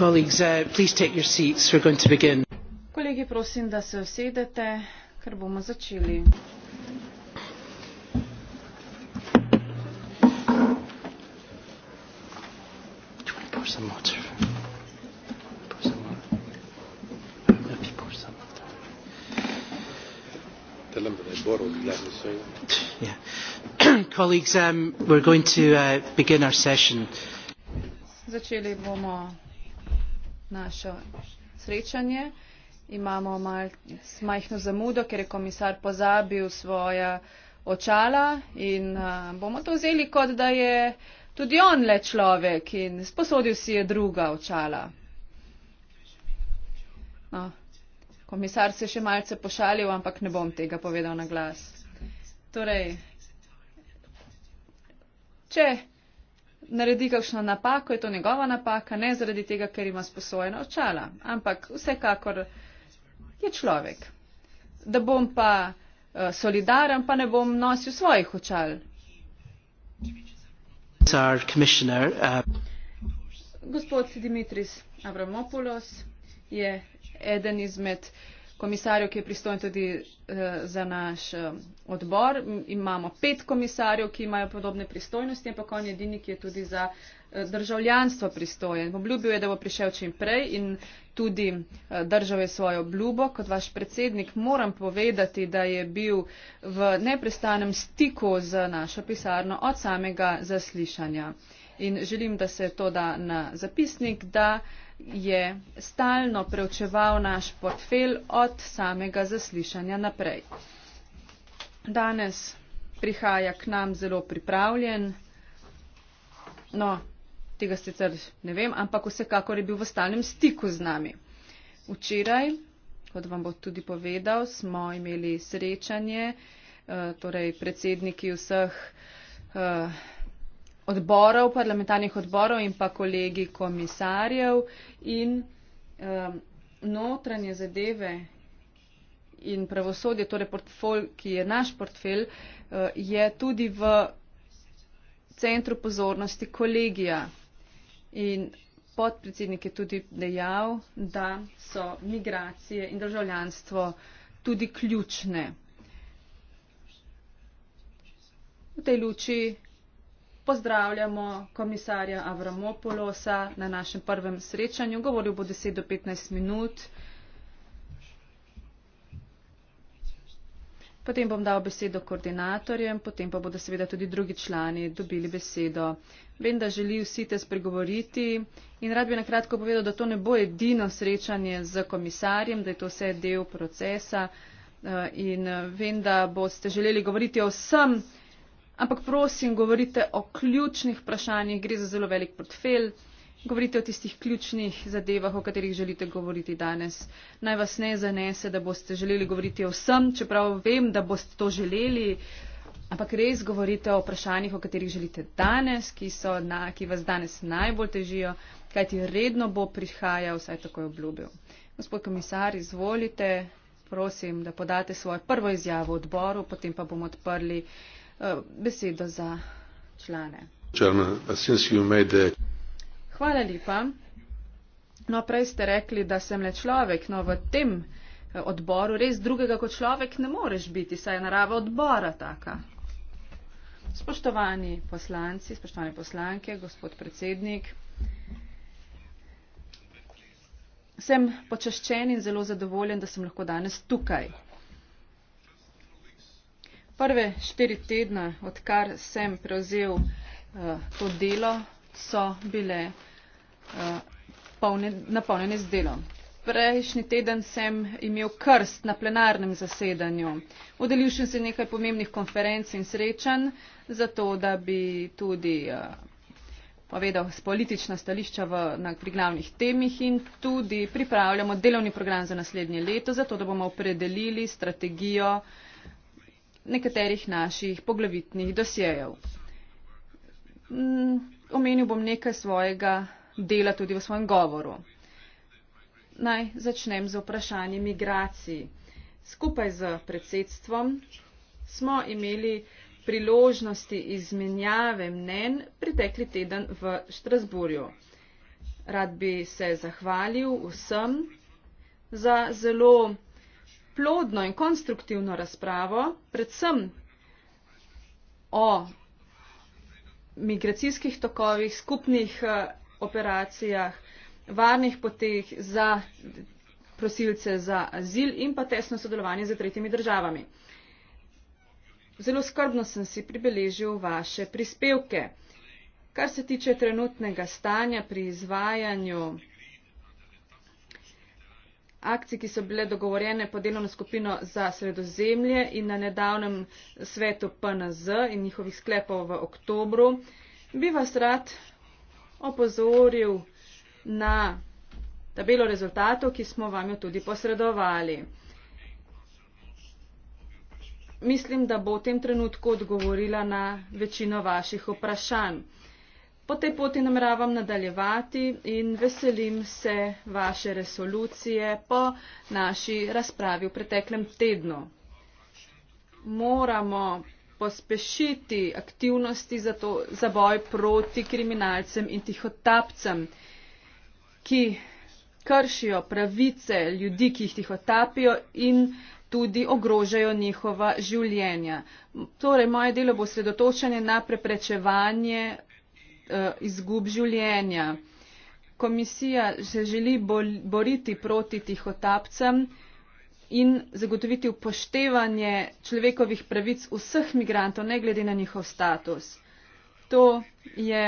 Uh, Kolegi, prosim, da se usedete, ker bomo začeli. Um, uh, začeli bomo naše srečanje. Imamo mal, majhno zamudo, ker je komisar pozabil svoja očala in uh, bomo to vzeli kot, da je tudi on le človek in sposodil si je druga očala. No, komisar se je še malce pošalil, ampak ne bom tega povedal na glas. Torej, če naredi kakšno napako, je to njegova napaka, ne zaradi tega, ker ima sposojena očala, ampak vsekakor je človek. Da bom pa eh, solidaren, pa ne bom nosil svojih očal. Uh, Gospod Dimitris Avramopoulos je eden izmed uh, komisarju, ki je pristojen tudi eh, za naš eh, odbor. Imamo pet komisarjev, ki imajo podobne pristojnosti, ampak on je edini, ki je tudi za eh, državljanstvo pristojen. Obljubil je, da bo prišel čim prej in tudi eh, držal je svojo obljubo. Kot vaš predsednik moram povedati, da je bil v neprestanem stiku z našo pisarno od samega zaslišanja. In želim, da se to da na zapisnik, da. Eh, je stalno preučeval naš portfelj od samega zaslišanja naprej. Danes prihaja k nam zelo pripravljen. No, tega sicer ne vem, ampak vsekakor je bil v stalnem stiku z nami. Včeraj, kot vam bo tudi povedal, smo imeli srečanje, eh, torej predsedniki vseh eh, odborov, parlamentarnih odborov in pa kolegi komisarjev in um, notranje zadeve in pravosodje, torej portfolj, ki je naš portfelj, uh, je tudi v centru pozornosti kolegija. In podpredsednik je tudi dejal, da so migracije in državljanstvo tudi ključne. V tej luči pozdravljamo komisarja Avramopolosa na našem prvem srečanju. Govoril bo 10 do 15 minut. Potem bom dal besedo koordinatorjem, potem pa bodo seveda tudi drugi člani dobili besedo. Vem, da želi vsi te spregovoriti in rad bi na kratko povedal, da to ne bo edino srečanje z komisarjem, da je to vse del procesa eh, in eh, vem, da boste želeli govoriti o vsem. Ampak prosim, govorite o ključnih vprašanjih, gre za zelo velik portfelj, govorite o tistih ključnih zadevah, o katerih želite govoriti danes. Naj vas ne zanese, da boste želeli govoriti o vsem, čeprav vem, da boste to želeli, ampak res govorite o vprašanjih, o katerih želite danes, ki, so, na, ki vas danes najbolj težijo, kajti redno bo prihajal, vsaj tako je obljubil. Gospod komisar, izvolite, prosim, da podate svojo prvo izjavo odboru, potem pa bomo odprli. Eh, besedo za člane. Uh, Hvala lepa. No, prej ste rekli, da sem le človek, no v tem eh, odboru res drugega kot človek ne moreš biti, saj je narava odbora taka. Spoštovani poslanci, spoštovane poslanke, gospod predsednik, sem počaščen in zelo zadovoljen, da sem lahko danes tukaj. Prve štiri tedne, odkar sem prevzel uh, to delo, so bile uh, polne, napolnjene z delom. Prejšnji teden sem imel krst na plenarnem zasedanju. Odelil sem se nekaj pomembnih konferenc in srečanj, zato da bi tudi uh, povedal politična stališča v, na, pri glavnih temih in tudi pripravljamo delovni program za naslednje leto, zato da bomo opredelili strategijo uh, nekaterih naših poglavitnih dosjejev. Mm, omenil bom nekaj svojega dela tudi v svojem govoru. Naj začnem z vprašanjem migracij. Skupaj z predsedstvom smo imeli priložnosti izmenjave mnen pretekli teden v Štrasburju. Rad bi se zahvalil vsem za zelo plodno in konstruktivno razpravo, predvsem o migracijskih tokovih, skupnih eh, operacijah, varnih poteh za prosilce za azil in pa tesno sodelovanje z tretjimi državami. Zelo skrbno sem si pribeležil vaše prispevke. Kar se tiče trenutnega stanja pri izvajanju akcij, ki so bile dogovorjene pod delovno skupino za sredozemlje in na nedavnem svetu PNZ in njihovih sklepov v oktobru, bi vas rad opozoril na tabelo rezultatov, ki smo vam jo tudi posredovali. Mislim, da bo v tem trenutku odgovorila na večino vaših vprašanj. Po tej poti nameravam nadaljevati in veselim se vaše resolucije po naši razpravi v preteklem tednu. Moramo pospešiti aktivnosti za, to, za boj proti kriminalcem in tihotapcem, ki kršijo pravice ljudi, ki jih tihotapijo in tudi ogrožajo njihova življenja. Torej, moje delo bo sredotočanje na preprečevanje Eh, izgub življenja. Komisija se želi boriti proti tihotapcem in zagotoviti upoštevanje človekovih pravic vseh migrantov, ne glede na njihov status. To je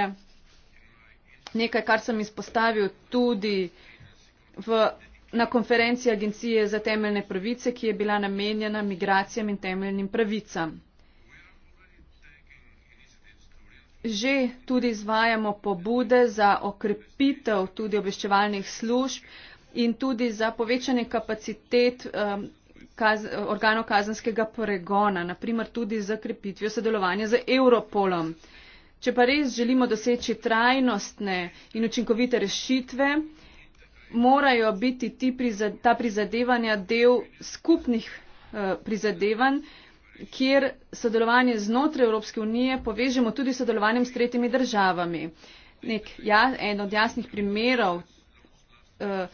nekaj, kar sem izpostavil tudi v, na konferenci Agencije za temeljne pravice, ki je bila namenjena migracijam in temeljnim pravicam. že tudi izvajamo pobude za okrepitev tudi obveščevalnih služb in tudi za povečanje kapacitet um, kaz, organov kazanskega pregona, naprimer tudi za krepitvijo sodelovanja z Europolom. Če pa res želimo doseči trajnostne in učinkovite rešitve, morajo biti ti prizade, ta prizadevanja del skupnih eh, prizadevanj, kjer sodelovanje znotraj Evropske unije povežemo tudi sodelovanjem s tretjimi državami. Nek, ja, en od jasnih primerov uh,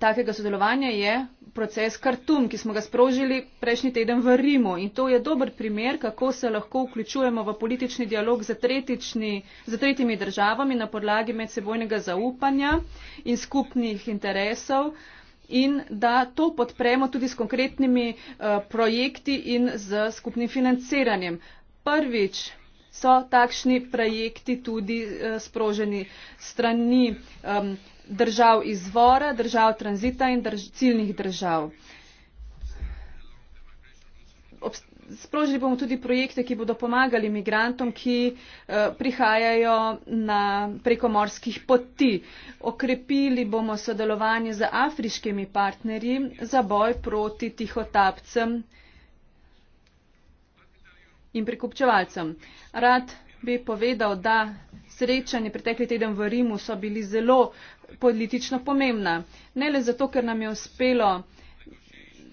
takega sodelovanja je proces Kartum, ki smo ga sprožili prejšnji teden v Rimu. In to je dober primer, kako se lahko vključujemo v politični dialog z, tretični, z tretjimi državami na podlagi medsebojnega zaupanja in skupnih interesov. Uh, in da to podpremo tudi s konkretnimi eh, projekti in z skupnim financiranjem. Prvič so takšni projekti tudi eh, sproženi strani držav izvora, držav tranzita in drž ciljnih držav. Obst sprožili bomo tudi projekte, ki bodo pomagali migrantom, ki eh, prihajajo na prekomorskih poti. Okrepili bomo sodelovanje z afriškimi partnerji za boj proti tihotapcem in prekupčevalcem. Rad bi povedal, da srečanje pretekli teden v Rimu so bili zelo politično pomembna. Ne le zato, ker nam je uspelo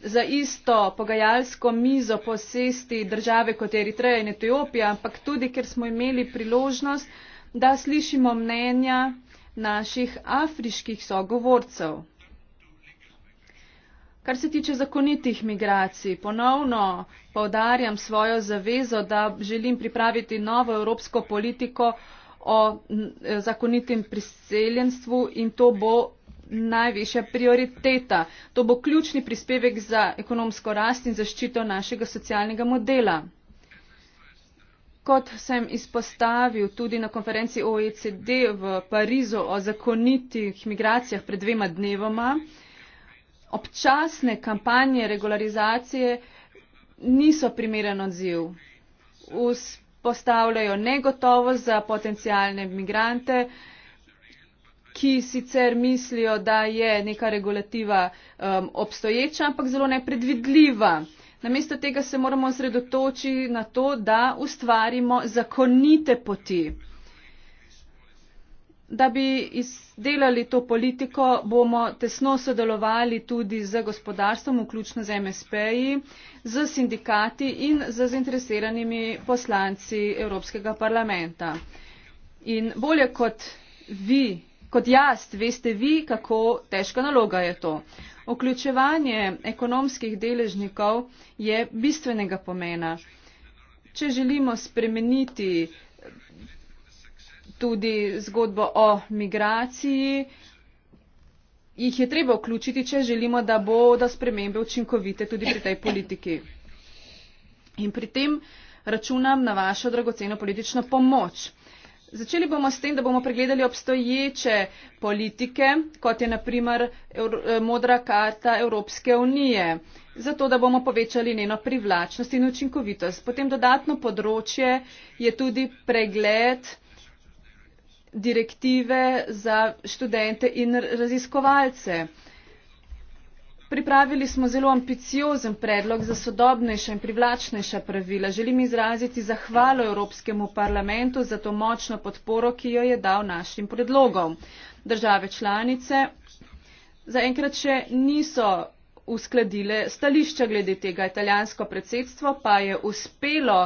za isto pogajalsko mizo posesti države, kot je Eritreja in Etiopija, ampak tudi, ker smo imeli priložnost, da slišimo mnenja naših afriških sogovorcev. Kar se tiče zakonitih migracij, ponovno povdarjam svojo zavezo, da želim pripraviti novo evropsko politiko o e, zakonitem priseljenstvu in to bo najvišja prioriteta. To bo ključni prispevek za ekonomsko rast in zaščito našega socialnega modela. Kot sem izpostavil tudi na konferenci OECD v Parizu o zakonitih migracijah pred dvema dnevoma, občasne kampanje regularizacije niso primeren odziv. Vspostavljajo negotovost za potencijalne migrante ki sicer mislijo, da je neka regulativa um, obstoječa, ampak zelo nepredvidljiva. Namesto tega se moramo osredotočiti na to, da ustvarimo zakonite poti. Da bi izdelali to politiko, bomo tesno sodelovali tudi z gospodarstvom, vključno z MSP-ji, z sindikati in z zainteresiranimi poslanci Evropskega parlamenta. In bolje kot vi kot jaz, veste vi, kako težka naloga je to. Vključevanje ekonomskih deležnikov je bistvenega pomena. Če želimo spremeniti tudi zgodbo o migraciji, jih je treba vključiti, če želimo, da bodo spremembe učinkovite tudi pri tej politiki. In pri tem računam na vašo dragoceno politično pomoč. Začeli bomo s tem, da bomo pregledali obstoječe politike, kot je naprimer eh, modra karta Evropske unije, zato da bomo povečali njeno privlačnost in učinkovitost. Potem dodatno področje je tudi pregled direktive za študente in raziskovalce. Pripravili smo zelo ambiciozen predlog za sodobnejša in privlačnejša pravila. Želim izraziti zahvalo Evropskemu parlamentu za to močno podporo, ki jo je dal našim predlogom. Države članice zaenkrat še niso uskladile stališča glede tega. Italijansko predsedstvo pa je uspelo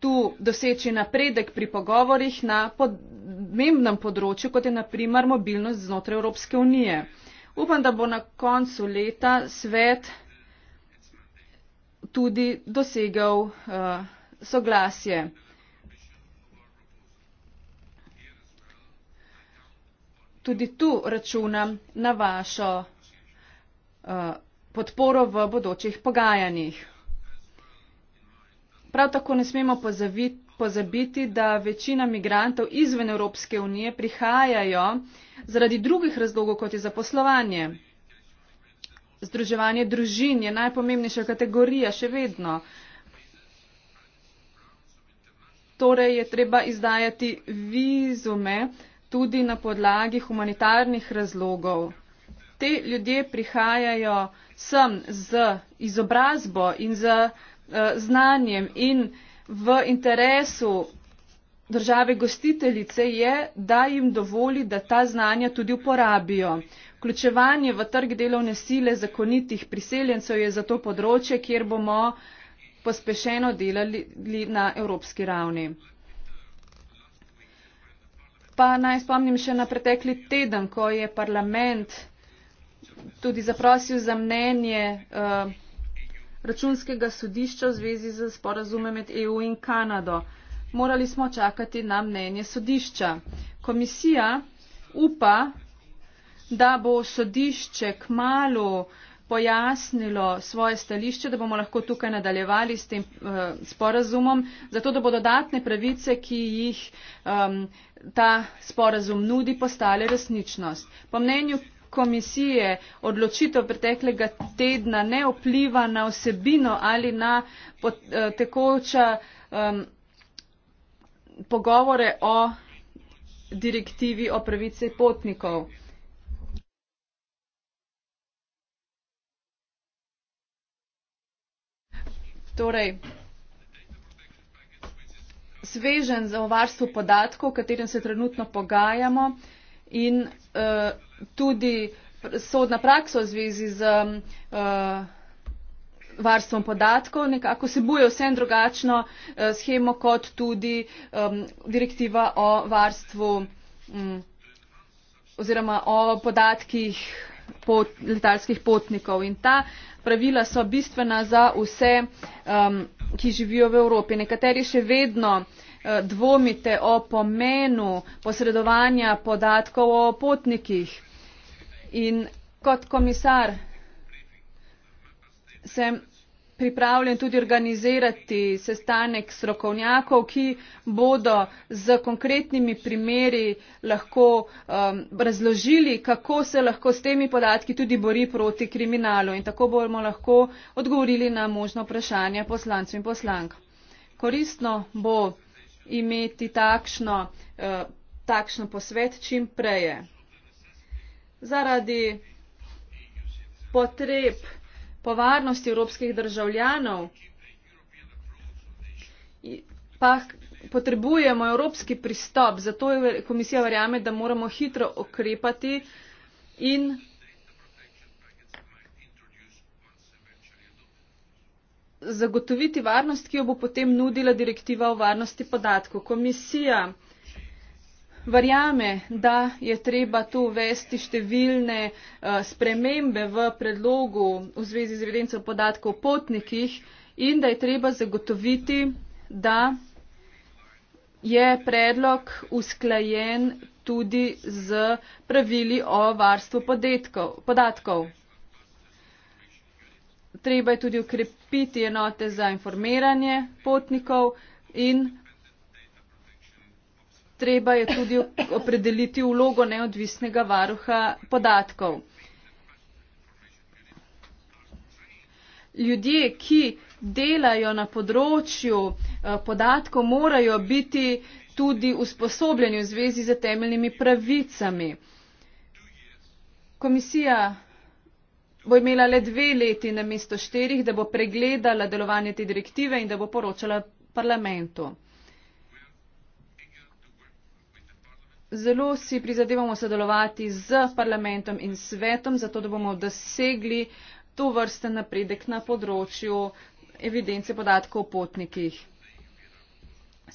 tu doseči napredek pri pogovorjih na pomembnem področju, kot je naprimer mobilnost znotraj Evropske unije. Upam, da bo na koncu leta svet tudi dosegel uh, soglasje. Tudi tu računam na vašo uh, podporo v bodočih pogajanjih. Prav tako ne smemo pozaviti, pozabiti, da večina migrantov izven Evropske unije prihajajo zaradi drugih razlogov, kot je zaposlovanje. Združevanje družin je najpomembnejša kategorija še vedno. Torej je treba izdajati vizume tudi na podlagi humanitarnih razlogov. Te ljudje prihajajo sem z izobrazbo in z uh, znanjem in uh, v interesu države gostiteljice je, da jim dovoli, da ta znanja tudi uporabijo. Vključevanje v trg delovne sile zakonitih priseljencev je zato področje, kjer bomo pospešeno delali na evropski ravni. Pa naj spomnim še na pretekli teden, ko je parlament tudi zaprosil za mnenje uh, računskega sodišča v zvezi z sporazume med EU in Kanado. Morali smo čakati na mnenje sodišča. Komisija upa, da bo sodišče k malu pojasnilo svoje stališče, da bomo lahko tukaj nadaljevali s tem uh, sporazumom, zato da bodo dodatne pravice, ki jih um, ta sporazum nudi, postale resničnost. Po mnenju komisije odločitev preteklega tedna ne vpliva na osebino ali na eh, tekoča um, pogovore o direktivi o pravice potnikov. Torej, svežen za varstvo podatkov, o katerem se trenutno pogajamo in uh, tudi sodna praksa v zvezi z um, uh, varstvom podatkov, nekako se boje vsem drugačno uh, schemo kot tudi um, direktiva o varstvu um, oziroma o podatkih pot, letalskih potnikov. In ta pravila so bistvena za vse, um, ki živijo v Evropi. Nekateri še vedno uh, dvomite o pomenu posredovanja podatkov o potnikih in kot komisar sem pripravljen tudi organizirati sestanek strokovnjakov, ki bodo z konkretnimi primeri lahko um, razložili, kako se lahko s temi podatki tudi bori proti kriminalu in tako bomo lahko odgovorili na možno vprašanje poslancev in poslank. Koristno bo imeti takšno, uh, takšno posvet čim preje zaradi potreb po varnosti evropskih državljanov pa potrebujemo evropski pristop. Zato je komisija verjame, da moramo hitro okrepati in zagotoviti varnost, ki jo bo potem nudila direktiva o varnosti podatkov. Komisija verjame, da je treba tu uvesti številne eh, spremembe v predlogu v zvezi z evidenco podatkov o potnikih in da je treba zagotoviti, da je predlog usklajen tudi z pravili o varstvu podatkov. Treba je tudi ukrepiti enote za informiranje potnikov in treba je tudi opredeliti vlogo neodvisnega varuha podatkov. Ljudje, ki delajo na področju eh, podatkov, morajo biti tudi usposobljeni v zvezi z temeljnimi pravicami. Komisija bo imela le dve leti na mesto štirih, da bo pregledala delovanje te direktive in da bo poročala parlamentu. Zelo si prizadevamo sodelovati z parlamentom in svetom, zato da bomo dosegli to vrste napredek na področju evidence podatkov o potnikih.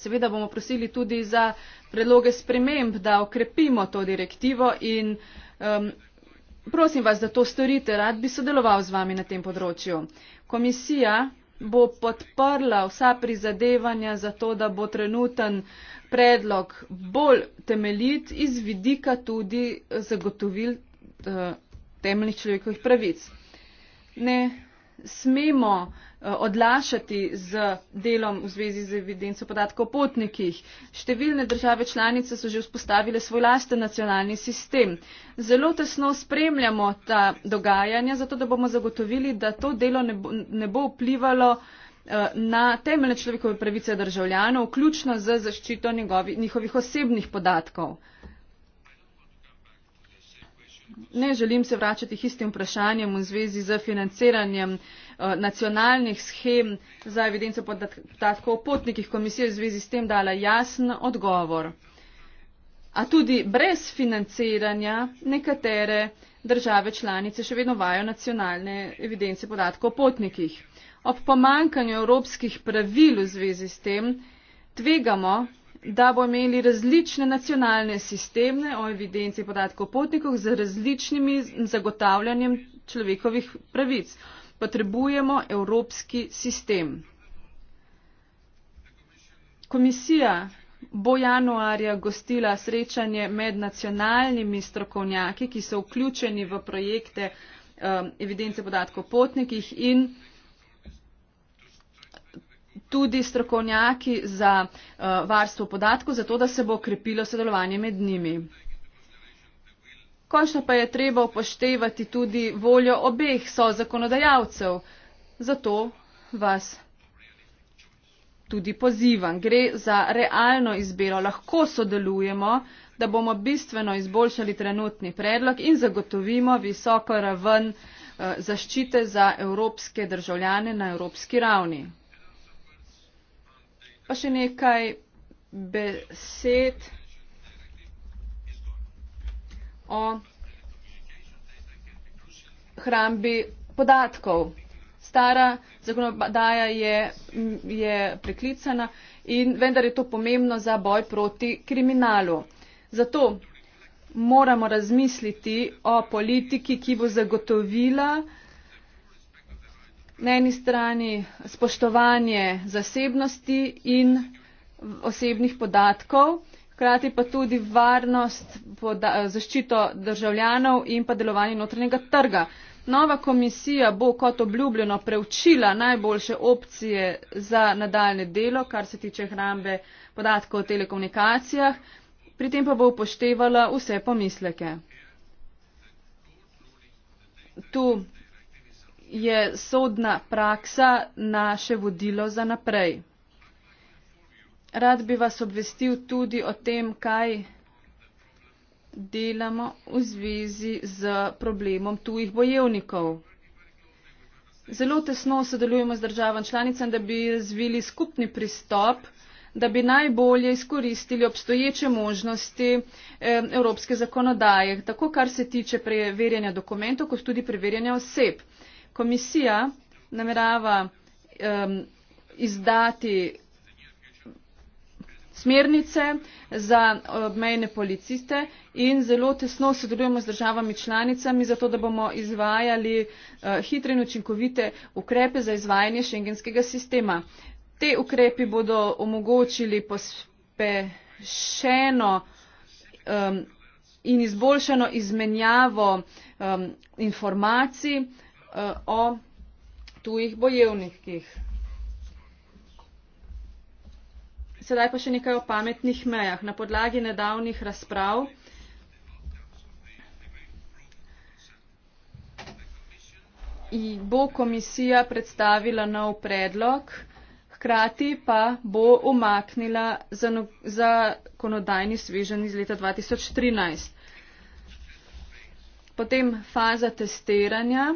Seveda bomo prosili tudi za predloge sprememb, da okrepimo to direktivo in um, prosim vas, da to storite. Rad bi sodeloval z vami na tem področju. Komisija bo podprla vsa prizadevanja za to, da bo trenuten predlog bolj temeljit iz vidika tudi zagotovil eh, temeljnih človekovih pravic. Ne smemo eh, odlašati z delom v zvezi z evidenco podatkov o potnikih. Številne države članice so že vzpostavile svoj lasten nacionalni sistem. Zelo tesno spremljamo ta dogajanja, zato da bomo zagotovili, da to delo ne bo, ne bo vplivalo eh, na temeljne človekove pravice državljanov, vključno z zaščito njegovi, njihovih osebnih podatkov. Ne želim se vračati k istim vprašanjem v zvezi z financiranjem eh, nacionalnih schem za evidenco podatkov o potnikih. Komisija je v zvezi s tem dala jasen odgovor. A tudi brez financiranja nekatere države članice še vedno vajo nacionalne evidence podatkov o potnikih. Ob pomankanju evropskih pravil v zvezi s tem tvegamo, da bo imeli različne nacionalne sisteme o evidenci podatkov potnikov z različnimi zagotavljanjem človekovih pravic. Potrebujemo evropski sistem. Komisija bo januarja gostila srečanje med nacionalnimi strokovnjaki, ki so vključeni v projekte um, evidence podatkov potnikih in tudi strokovnjaki za uh, varstvo podatkov, zato da se bo okrepilo sodelovanje med njimi. Končno pa je treba upoštevati tudi voljo obeh so zakonodajalcev. Zato vas tudi pozivam. Gre za realno izbiro. Lahko sodelujemo, da bomo bistveno izboljšali trenutni predlog in zagotovimo visoko raven eh, zaščite za evropske državljane na evropski ravni. Pa še nekaj besed o hrambi podatkov. Stara zakonodaja je, je preklicana in vendar je to pomembno za boj proti kriminalu. Zato moramo razmisliti o politiki, ki bo zagotovila, na eni strani spoštovanje zasebnosti in osebnih podatkov, hkrati pa tudi varnost, zaščito državljanov in pa delovanje notranjega trga. Nova komisija bo kot obljubljeno preučila najboljše opcije za nadaljne delo, kar se tiče hrambe podatkov o telekomunikacijah, pri tem pa bo upoštevala vse pomisleke. Tu je sodna praksa naše vodilo za naprej. Rad bi vas obvestil tudi o tem, kaj delamo v zvezi z problemom tujih bojevnikov. Zelo tesno sodelujemo z državam članicam, da bi razvili skupni pristop, da bi najbolje izkoristili obstoječe možnosti eh, evropske zakonodaje, tako kar se tiče preverjanja dokumentov, kot tudi preverjanja oseb. Komisija namerava um, izdati smernice za obmejne policiste in zelo tesno sodelujemo z državami članicami, zato da bomo izvajali eh, hitre in učinkovite ukrepe za izvajanje šengenskega sistema. Te ukrepi bodo omogočili pospešeno um, in izboljšano izmenjavo um, informacij, Eh, o tujih bojevnikih. Sedaj pa še nekaj o pametnih mejah. Na podlagi nedavnih razprav bo komisija predstavila nov predlog, hkrati pa bo umaknila zakonodajni svežen iz leta 2013. Potem faza testiranja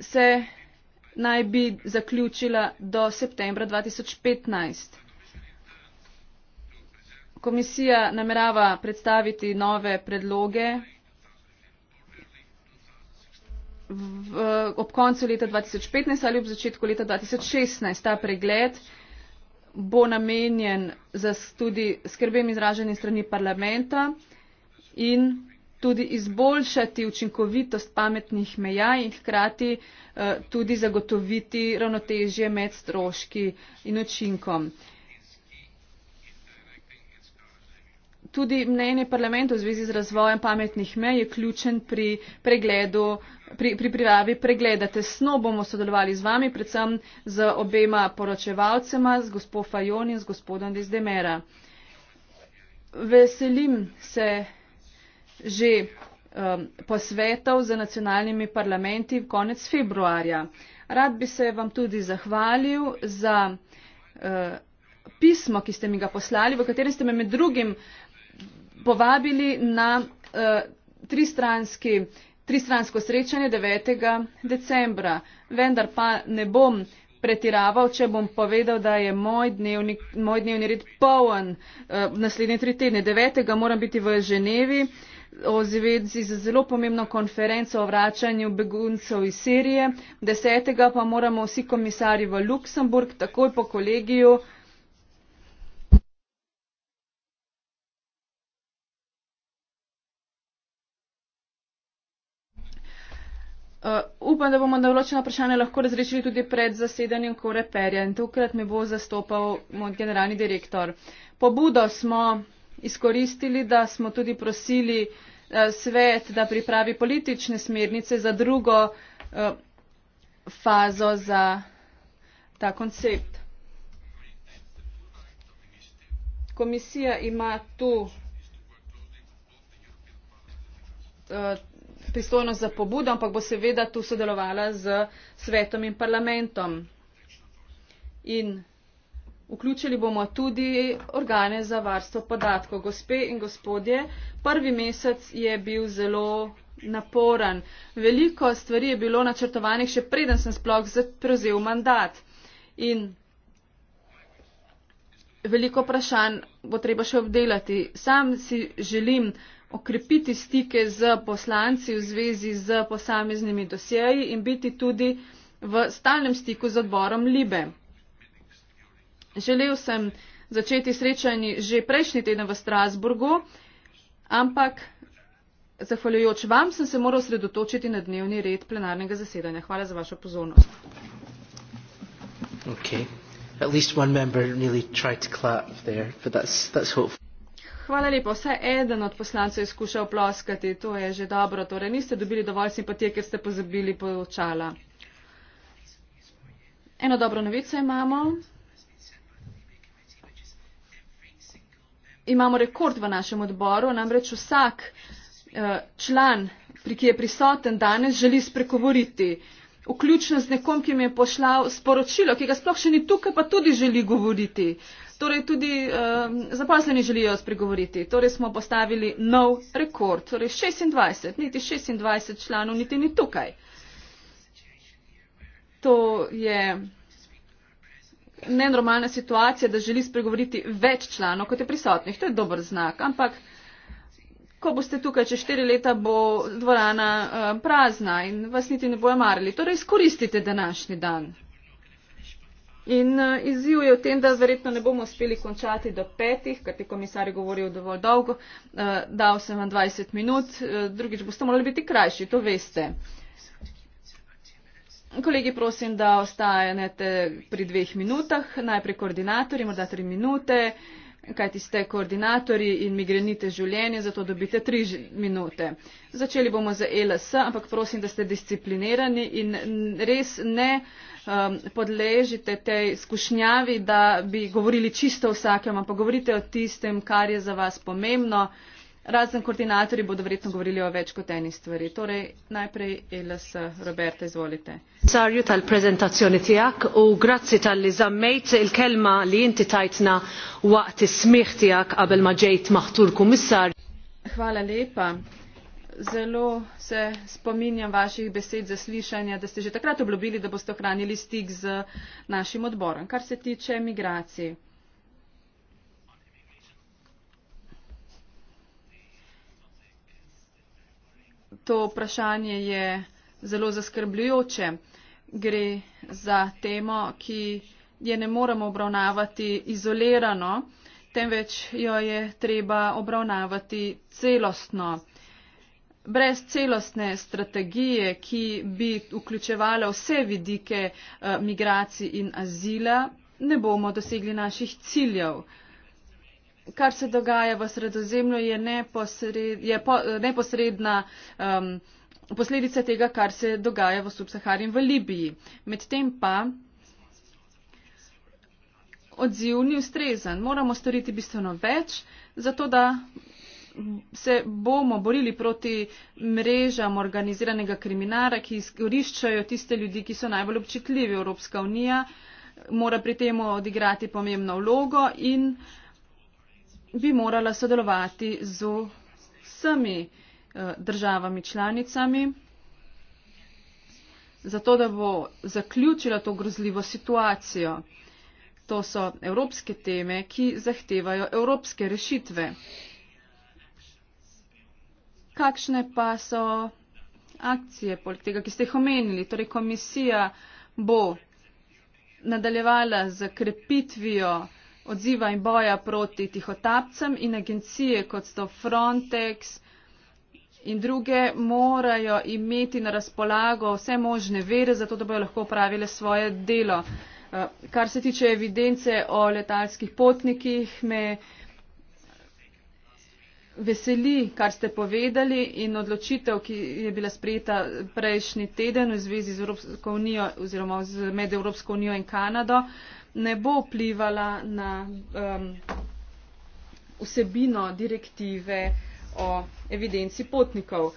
se naj bi zaključila do septembra 2015. Komisija namerava predstaviti nove predloge v, ob koncu leta 2015 ali ob začetku leta 2016. Ta pregled bo namenjen za tudi skrbem izraženi strani parlamenta in tudi izboljšati učinkovitost pametnih meja in hkrati eh, tudi zagotoviti ravnotežje med stroški in učinkom. Tudi mnenje parlamentu v zvezi z razvojem pametnih mej je ključen pri pregledu, pri, pri pripravi pregleda. Tesno bomo sodelovali z vami, predvsem z obema poročevalcema, z gospod Fajon in z gospodom Dezdemera. Veselim se že um, posvetov z nacionalnimi parlamenti konec februarja. Rad bi se vam tudi zahvalil za uh, pismo, ki ste mi ga poslali, v katerem ste me med drugim povabili na uh, tristranski, tristransko srečanje 9. decembra. Vendar pa ne bom pretiraval, če bom povedal, da je moj, dnevnik, moj dnevni red poln uh, naslednje tri tedne. 9. moram biti v Ženevi. Uh, o zvezi z zelo pomembno konferenco o vračanju beguncev iz Sirije. Desetega pa moramo vsi komisari v Luksemburg, takoj po kolegiju. Uh, upam, da bomo na določena vprašanja lahko razrešili tudi pred zasedanjem Koreperja in tokrat me bo zastopal moj generalni direktor. Pobudo smo izkoristili, da smo tudi prosili eh, svet, da pripravi politične smernice za drugo eh, fazo za ta koncept. Komisija ima tu eh, pristojnost za pobudo, ampak bo seveda tu sodelovala z svetom in parlamentom. In Vključili bomo tudi organe za varstvo podatkov. Gospe in gospodje, prvi mesec je bil zelo naporen. Veliko stvari je bilo načrtovanih, še preden sem sploh prevzel mandat. In veliko vprašanj bo treba še obdelati. Sam si želim okrepiti stike z poslanci v zvezi z posameznimi dosjeji in biti tudi v stalnem stiku z odborom Libe. Želel sem začeti srečanje že prejšnji teden v Strasburgu, ampak zahvaljujoč vam sem se moral sredotočiti na dnevni red plenarnega zasedanja. Hvala za vašo pozornost. Okay. Hvala lepa. Vse eden od poslancev je skušal ploskati. To je že dobro. Torej, niste dobili dovolj simpatije, ker ste pozabili počala. Eno dobro novico imamo. imamo rekord v našem odboru, namreč vsak eh, član, ki je prisoten danes, želi spregovoriti. Vključno z nekom, ki mi je poslal sporočilo, ki ga sploh še ni tukaj, pa tudi želi govoriti. Torej tudi um, zaposleni želijo spregovoriti. Torej smo postavili nov rekord. Torej 26, niti 26 članov, niti ni tukaj. To je nenormalna situacija, da želi spregovoriti več članov, kot je prisotnih. To je dober znak, ampak ko boste tukaj čez štiri leta, bo dvorana eh, prazna in vas niti ne bojo marili. Torej, izkoristite današnji dan. In eh, izziv je v tem, da verjetno ne bomo uspeli končati do petih, ker ti komisar je govoril dovolj dolgo, eh, dal sem vam 20 minut, drugič boste morali biti krajši, to veste. Kolegi, prosim, da ostanete pri dveh minutah. Najprej koordinatorji, morda tri minute, kajti ste koordinatorji in mi grenite življenje, zato dobite tri minute. Začeli bomo z e LS, ampak prosim, da ste disciplinirani in res ne um, podležite tej skušnjavi, da bi govorili čisto vsakem, ampak govorite o tistem, kar je za vas pomembno. Razen koordinatorji bodo verjetno govorili o več kot eni stvari. Torej, najprej LS Roberta, izvolite. Sarju tal prezentacijoni tijak, u grazi tal li zammejt il kelma li inti tajtna waqti smih tijak abel maġejt maħtur komisar. Hvala lepa. Zelo se spominjam vaših besed za slišanje, da ste že takrat obljubili, da boste ohranili stik z našim odborom. Kar se tiče migracije. to vprašanje je zelo zaskrbljujoče. Gre za temo, ki je ne moremo obravnavati izolirano, temveč jo je treba obravnavati celostno. Brez celostne strategije, ki bi vključevala vse vidike eh, migracij in azila, ne bomo dosegli naših ciljev kar se dogaja v sredozemlju je, neposred, je po, neposredna um, posledica tega, kar se dogaja v subsahari in v Libiji. Medtem pa odziv ni ustrezen. Moramo storiti bistveno več, zato da se bomo borili proti mrežam organiziranega kriminala, ki izkoriščajo tiste ljudi, ki so najbolj občutljivi. Evropska unija mora pri tem odigrati pomembno vlogo in uh, bi morala sodelovati z vsemi eh, državami članicami, zato da bo zaključila to grozljivo situacijo. To so evropske teme, ki zahtevajo evropske rešitve. Kakšne pa so akcije poleg tega, ki ste jih omenili? Torej, komisija bo nadaljevala z krepitvijo odziva in boja proti tihotapcem in agencije, kot sto Frontex in druge, morajo imeti na razpolago vse možne vere, zato da bojo lahko upravile svoje delo. Eh, kar se tiče evidence o letalskih potnikih, me veseli, kar ste povedali in odločitev, ki je bila sprejeta prejšnji teden v zvezi z Evropsko unijo oziroma med Evropsko unijo in Kanado. Uh, ne bo vplivala na um, vsebino direktive o evidenci potnikov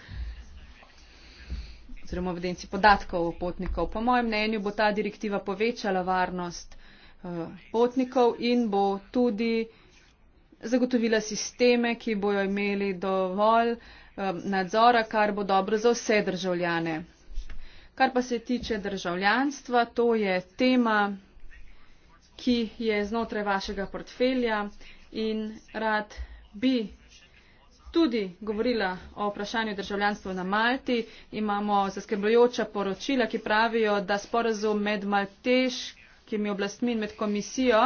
oziroma evidenci podatkov o potnikov. Po mojem mnenju bo ta direktiva povečala varnost uh, potnikov in bo tudi zagotovila sisteme, ki bojo imeli dovolj um, nadzora, kar bo dobro za vse državljane. Kar pa se tiče državljanstva, to je tema ki je znotraj vašega portfelja in rad bi tudi govorila o vprašanju državljanstva na Malti. Imamo zaskrbljujoča poročila, ki pravijo, da sporazum med malteškimi oblastmi in med komisijo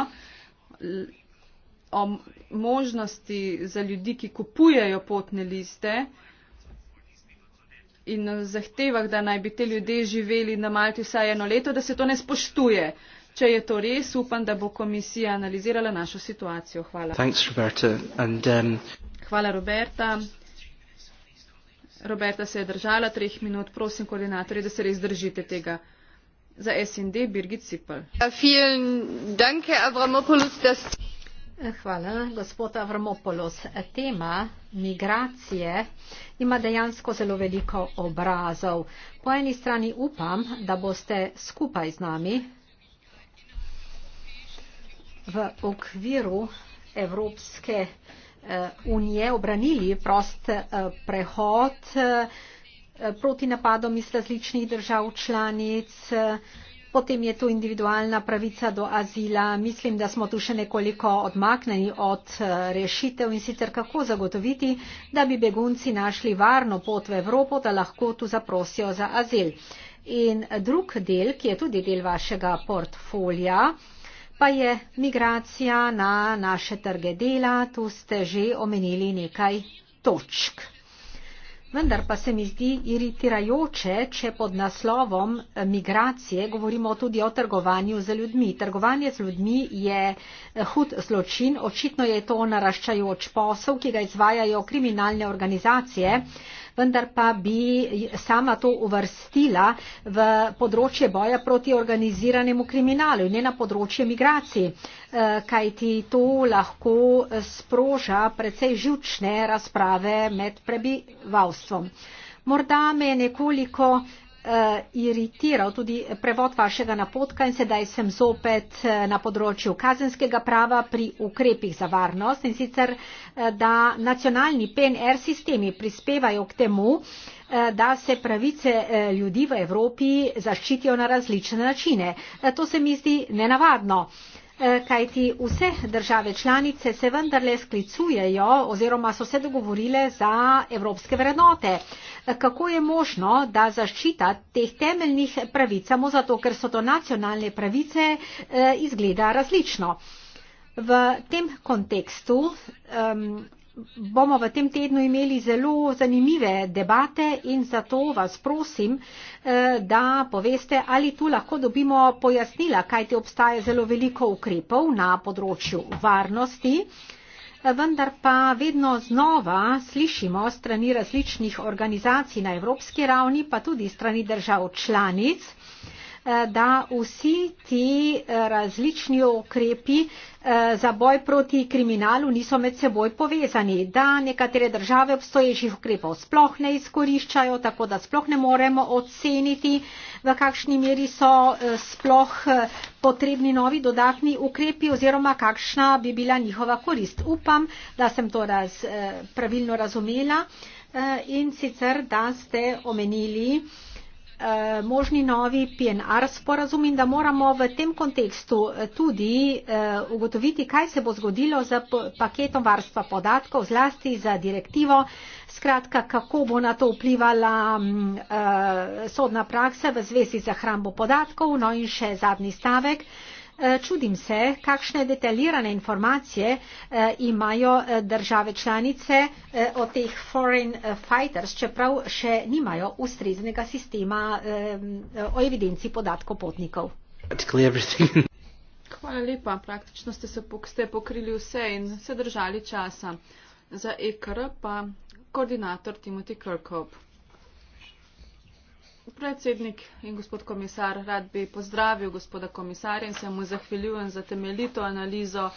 o možnosti za ljudi, ki kupujejo potne liste in zahtevah, da naj bi te ljudje živeli na Malti vsaj eno leto, da se to ne spoštuje. Če je to res, upam, da bo komisija analizirala našo situacijo. Hvala. Thanks, Roberta. And, um... Hvala, Roberta. Roberta se je držala treh minut. Prosim, koordinatorje, da se res držite tega. Za SND Birgit Cipel. Ja, eh, hvala, gospod Avramopoulos. Tema migracije ima dejansko zelo veliko obrazov. Po eni strani upam, da boste skupaj z nami v okviru Evropske eh, unije obranili prost eh, prehod eh, proti napadom iz različnih držav članic. Potem je tu individualna pravica do azila. Mislim, da smo tu še nekoliko odmaknjeni od rešitev in sicer kako zagotoviti, da bi begunci našli varno pot v Evropo, da lahko tu zaprosijo za azil. In drug del, ki je tudi del vašega portfolija, pa je migracija na naše trge dela, tu ste že omenili nekaj točk. Vendar pa se mi zdi iritirajoče, če pod naslovom eh, migracije govorimo tudi o trgovanju z ljudmi. Trgovanje z ljudmi je eh, hud zločin, očitno je to naraščajoč posel, ki ga izvajajo kriminalne organizacije vendar pa bi sama to uvrstila v področje boja proti organiziranemu kriminalu in ne na področje migracij, eh, kajti to lahko sproža precej živčne razprave med prebivalstvom. Morda me je nekoliko uh, uh, iritiral tudi prevod vašega napotka in sedaj sem zopet uh, na področju kazenskega prava pri ukrepih za varnost in sicer, uh, da nacionalni PNR sistemi prispevajo k temu, da se pravice ljudi v Evropi zaščitijo na različne načine. To se mi zdi nenavadno. Eh, kajti vse države članice se vendarle sklicujejo oziroma so se dogovorile za evropske vrednote. Eh, kako je možno, da zaščita teh temeljnih pravic samo zato, ker so to nacionalne pravice, eh, izgleda različno? V tem kontekstu um, bomo v tem tednu imeli zelo zanimive debate in zato vas prosim, eh, da poveste, ali tu lahko dobimo pojasnila, kaj ti obstaje zelo veliko ukrepov na področju varnosti. Vendar pa vedno znova slišimo strani različnih organizacij na evropski ravni, pa tudi strani držav članic, da vsi ti eh, različni okrepi eh, za boj proti kriminalu niso med seboj povezani, da nekatere države obstoječih ukrepov sploh ne izkoriščajo, tako da sploh ne moremo oceniti, v kakšni meri so eh, sploh potrebni novi dodatni ukrepi oziroma kakšna bi bila njihova korist. Upam, da sem to raz, pravilno razumela in sicer, da ste omenili, Eh, možni novi PNR sporazum in da moramo v tem kontekstu eh, tudi eh, ugotoviti, kaj se bo zgodilo z paketom varstva podatkov, zlasti za direktivo, skratka, kako bo na to vplivala mm, sodna praksa v zvezi za hrambo podatkov, no in še zadnji stavek. Eh, čudim se, kakšne detaljirane informacije eh, imajo eh, države članice o teh foreign fighters, čeprav še nimajo ustreznega sistema o evidenci podatkov potnikov. Hvala lepa, praktično ste se pok ste pokrili vse in se držali časa. Za EKR pa koordinator Timothy Kirkhope predsednik in gospod komisar, rad bi pozdravil gospoda komisarja in se mu zahvaljujem za temeljito analizo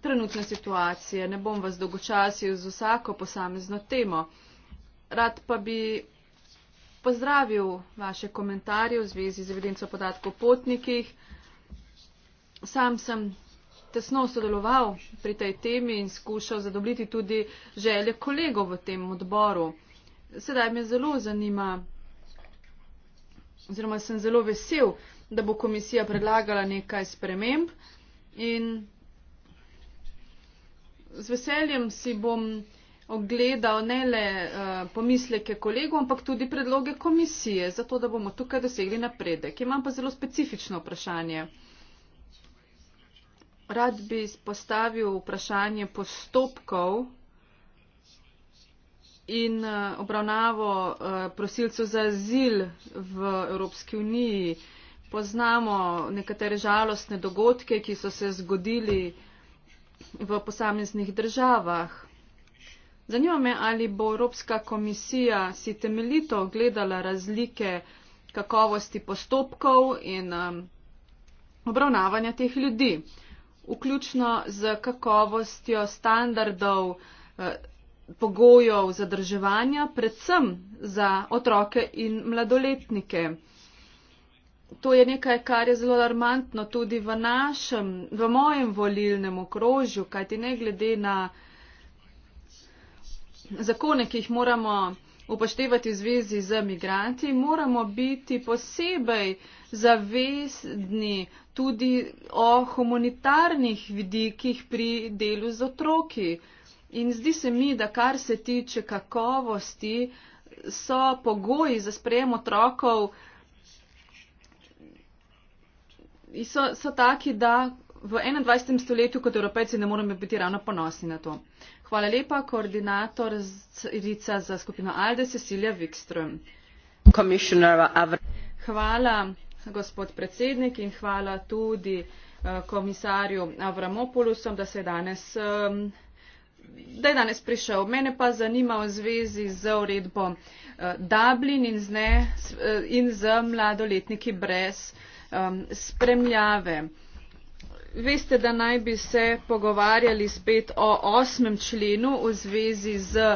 trenutne situacije. Ne bom vas dolgočasil z vsako posamezno temo. Rad pa bi pozdravil vaše komentarje v zvezi z evidenco podatkov o potnikih. Sam sem tesno sodeloval pri tej temi in skušal zadobiti tudi želje kolegov v tem odboru. Sedaj me zelo zanima oziroma sem zelo vesel, da bo komisija predlagala nekaj sprememb in z veseljem si bom ogledal ne le uh, pomisleke kolegov, ampak tudi predloge komisije, zato da bomo tukaj dosegli napredek. Imam pa zelo specifično vprašanje. Rad bi spostavil vprašanje postopkov in eh, obravnavo eh, prosilcev za azil v Evropski uniji. Poznamo nekatere žalostne dogodke, ki so se zgodili v posameznih državah. Zanima me, ali bo Evropska komisija si temeljito gledala razlike kakovosti postopkov in um, obravnavanja teh ljudi, vključno z kakovostjo standardov uh, pogojev zadrževanja, predvsem za otroke in mladoletnike. To je nekaj, kar je zelo alarmantno tudi v našem, v mojem volilnem okrožju, kajti ne glede na zakone, ki jih moramo upoštevati v zvezi z migranti, moramo biti posebej zavestni tudi o humanitarnih vidikih pri delu z otroki. In zdi se mi, da kar se tiče kakovosti, so pogoji za sprejem otrokov so, so taki, da v 21. stoletju kot evropejci ne moramo biti ravno ponosni na to. Hvala lepa, koordinatorica za skupino ALDE, Cecilia Wikström. Hvala, gospod predsednik, in hvala tudi eh, komisarju Avramopolusom, da se je danes. Um, da je danes prišel. Mene pa zanima v zvezi z uredbo eh, Dublin in z, ne, eh, in z mladoletniki brez um, spremljave. Veste, da naj bi se pogovarjali spet o osmem členu v zvezi z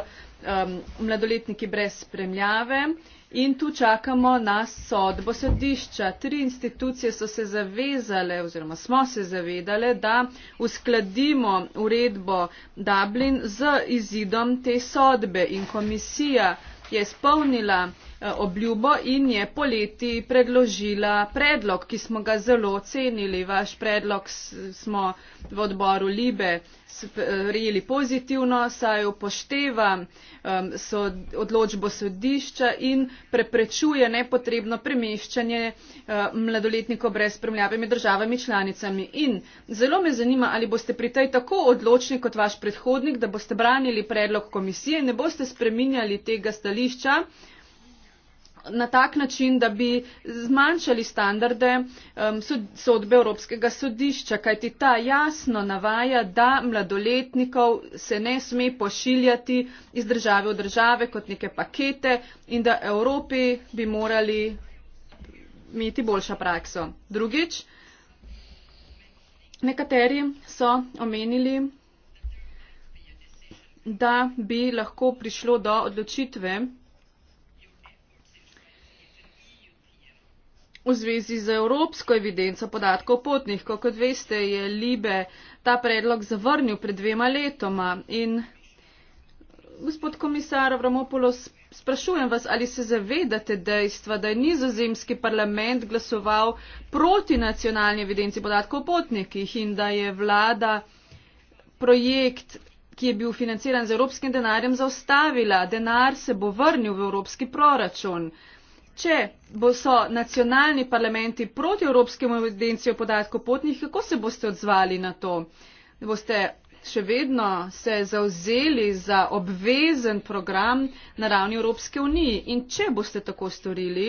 um, mladoletniki brez spremljave In tu čakamo na sodbo sodišča. Tri institucije so se zavezale oziroma smo se zavedale, da uskladimo uredbo Dublin z izidom te sodbe in komisija je izpolnila Eh, obljubo in je poleti predložila predlog, ki smo ga zelo ocenili. Vaš predlog smo v odboru Libe sprejeli eh, pozitivno, saj upošteva um, sod, odločbo sodišča in preprečuje nepotrebno premeščanje uh, mladoletnikov brez spremljave med državami članicami. In zelo me zanima, ali boste pri tej tako odločni kot vaš predhodnik, da boste branili predlog komisije, ne boste spreminjali tega stališča, uh, na tak način, da bi zmanjšali standarde um, sodbe Evropskega sodišča, kajti ta jasno navaja, da mladoletnikov se ne sme pošiljati iz države v države kot neke pakete in da Evropi bi morali imeti boljšo prakso. Drugič, nekateri so omenili, da bi lahko prišlo do odločitve V zvezi z Evropsko evidenco podatkov potnikov, kot veste, je Libe ta predlog zavrnil pred dvema letoma. In gospod komisar Avramopoulos, sprašujem vas, ali se zavedate dejstva, da je nizozemski parlament glasoval proti nacionalni evidenci podatkov potnikih in da je vlada projekt, ki je bil financiran z evropskim denarjem, zaustavila. Denar se bo vrnil v evropski proračun. Če bo so nacionalni parlamenti proti Evropskemu evidenciju o podatku potnih, kako se boste odzvali na to? Boste še vedno se zauzeli za obvezen program na ravni Evropske unije in če boste tako storili,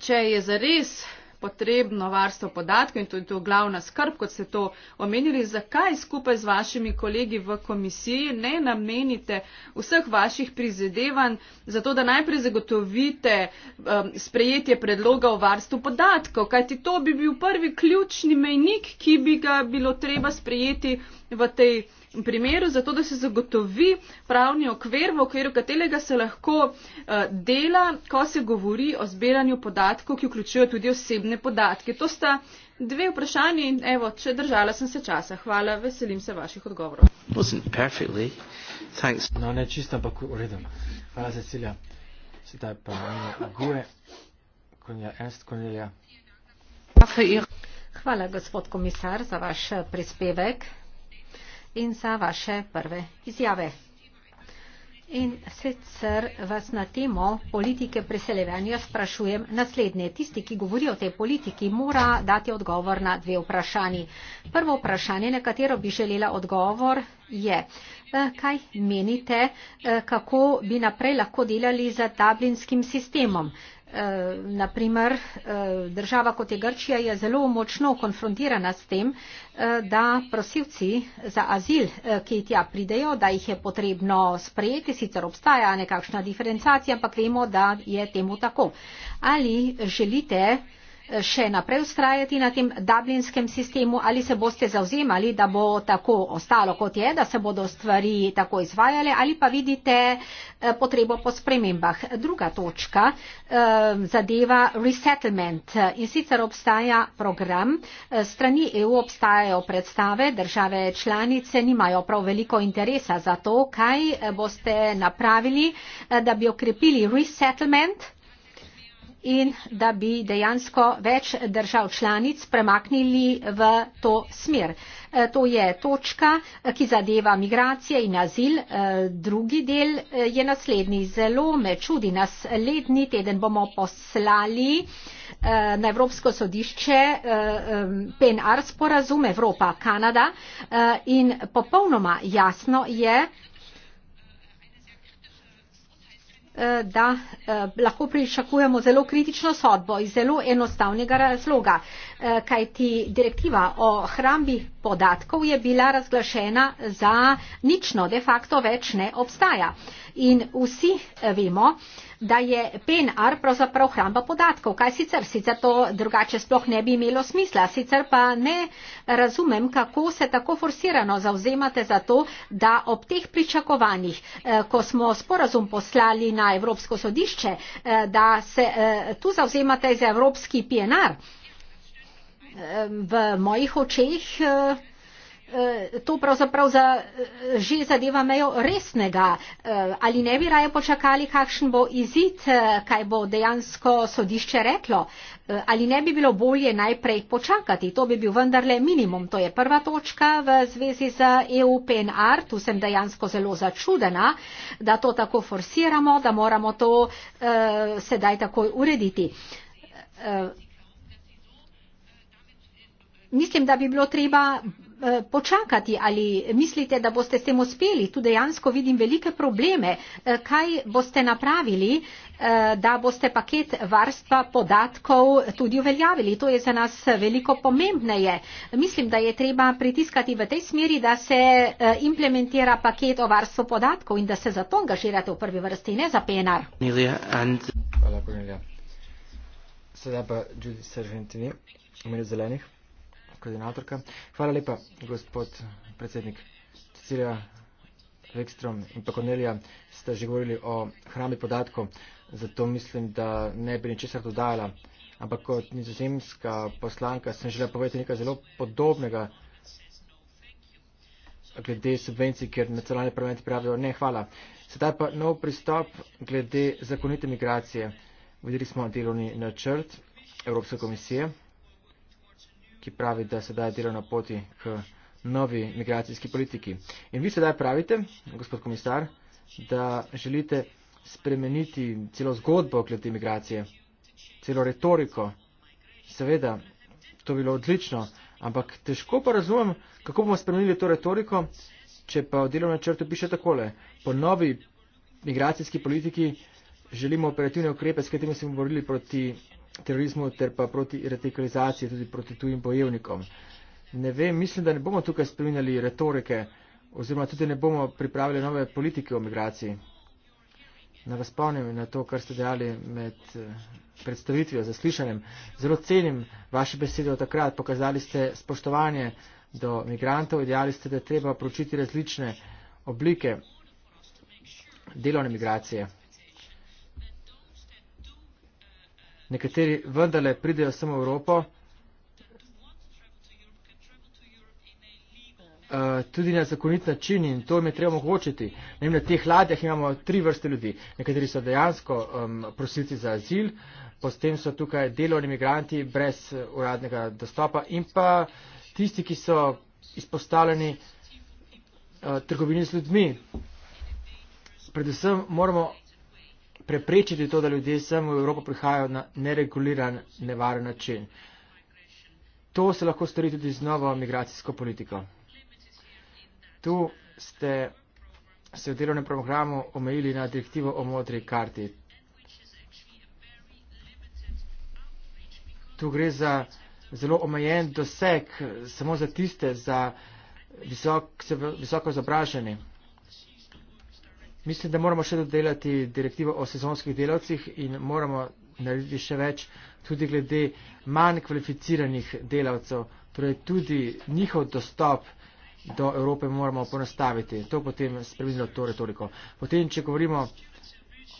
če je zares potrebno varstvo podatkov in tudi to glavna skrb, kot ste to omenili, zakaj skupaj z vašimi kolegi v komisiji ne namenite vseh vaših prizadevanj za to, da najprej zagotovite um, sprejetje predloga o varstvu podatkov, kajti to bi bil prvi ključni mejnik, ki bi ga bilo treba sprejeti v tej primeru, zato da se zagotovi pravni okvir, v okviru katerega se lahko eh, dela, ko se govori o zbiranju podatkov, ki vključujejo tudi osebne podatke. To sta dve vprašanje in evo, če držala sem se časa. Hvala, veselim se vaših odgovorov. No, ne čisto, ampak v redu. Hvala, Cecilija. Sedaj pa imamo Gue, Konja Ernst, Konja. Hvala, gospod komisar, za vaš prispevek in za vaše prve izjave. In sicer vas na temo politike preseljevanja sprašujem naslednje. Tisti, ki govori o tej politiki, mora dati odgovor na dve vprašanji. Prvo vprašanje, na katero bi želela odgovor, je, eh, kaj menite, eh, kako bi naprej lahko delali za tablinskim sistemom. Eh, naprimer eh, država kot je Grčija je zelo močno konfrontirana s tem, eh, da prosilci za azil, ki tja pridejo, da jih je potrebno sprejeti, sicer obstaja nekakšna diferencacija, ampak vemo, da je temu tako. Ali želite še naprej ustrajati na tem dublinskem sistemu ali se boste zauzemali, da bo tako ostalo, kot je, da se bodo stvari tako izvajale ali pa vidite eh, potrebo po spremembah. Druga točka eh, zadeva resettlement in sicer obstaja program. Eh, strani EU obstajajo predstave, države članice nimajo prav veliko interesa za to, kaj boste napravili, da bi okrepili resettlement in da bi dejansko več držav članic premaknili v to smer. E, to je točka, ki zadeva migracije in azil. E, drugi del e, je naslednji. Zelo me čudi, naslednji teden bomo poslali na Evropsko sodišče PNR sporazum Evropa-Kanada in popolnoma jasno je, Eh, da eh, lahko pričakujemo zelo kritično sodbo iz zelo enostavnega razloga. Eh, kajti direktiva o hrambi podatkov je bila razglašena za nično, de facto več ne obstaja. In vsi eh, vemo, da je PNR pravzaprav hramba podatkov. Kaj sicer? Sicer to drugače sploh ne bi imelo smisla. Sicer pa ne razumem, kako se tako forsirano zauzemate za to, da ob teh pričakovanjih, eh, ko smo sporazum poslali na Evropsko sodišče, da se tu zauzemate za evropski PNR v mojih očeh eh, eh, to pravzaprav za, eh, že zadeva mejo resnega. Ali ne bi raje počakali, kakšen bo izid, kaj bo dejansko sodišče reklo? Ali ne bi bilo bolje najprej počakati? To bi bil vendarle minimum. To je prva točka v zvezi z EU PNR. Tu sem dejansko zelo začudena, da to tako forsiramo, da moramo to uh, sedaj takoj urediti. Uh, mislim, da bi bilo treba eh, počakati ali mislite, da boste s tem uspeli. Tu dejansko vidim velike probleme. Eh, kaj boste napravili, eh, da boste paket varstva podatkov tudi uveljavili? To je za nas veliko pomembneje. Mislim, da je treba pritiskati v tej smeri, da se implementira paket o varstvu podatkov in da se zato angažirate v prvi vrsti, ne za PNR. Hvala, Sedaj pa Judy Sergentini, umir zelenih koordinatorka. Hvala lepa, gospod predsednik Cecilija Vekstrom in pa Kornelija, ste že govorili o hrambi podatkov, zato mislim, da ne bi ničesar dodala. Ampak kot nizozemska poslanka sem želela povedati nekaj zelo podobnega glede subvencij, ker nacionalni parlamenti pravijo ne, hvala. Sedaj pa nov pristop glede zakonite migracije. Videli smo delovni načrt Evropske komisije ki pravi, da se daje delo na poti k novi migracijski politiki. In vi sedaj pravite, gospod komisar, da želite spremeniti celo zgodbo glede migracije, celo retoriko. Seveda, to bilo odlično, ampak težko pa razumem, kako bomo spremenili to retoriko, če pa v delovnem načrtu piše takole. Po novi migracijski politiki želimo operativne ukrepe, s katerimi smo borili proti terorizmu ter pa proti radikalizaciji, tudi proti tujim bojevnikom. Ne vem, mislim, da ne bomo tukaj spremenjali retorike oziroma tudi ne bomo pripravili nove politike o migraciji. Na vas spomnim na to, kar ste dejali med eh, predstavitvijo, zaslišanjem. Zelo cenim vaše besede od takrat. Pokazali ste spoštovanje do migrantov, idejali ste, da treba pročiti različne oblike delovne migracije. nekateri vendarle pridejo samo v Evropo. Eh, tudi na zakonit način in to jim je treba omogočiti. Ne vem, na teh ladjah imamo tri vrste ljudi. Nekateri so dejansko um, prosilci za azil, potem so tukaj delovni migranti brez eh, uradnega dostopa in pa tisti, ki so izpostavljeni uh, trgovini z ljudmi. Predvsem moramo preprečiti to, da ljudje sem v Evropo prihajajo na nereguliran, nevaren način. To se lahko stori tudi z novo migracijsko politiko. Tu ste se v delovnem programu omejili na direktivo o modri karti. Tu gre za zelo omejen doseg samo za tiste, za visok, visoko izobraženi. Mislim, da moramo še dodelati direktivo o sezonskih delavcih in moramo narediti še več tudi glede manj kvalificiranih delavcev. Torej tudi njihov dostop do Evrope moramo ponastaviti. To potem spremenilo to retoriko. Potem, če govorimo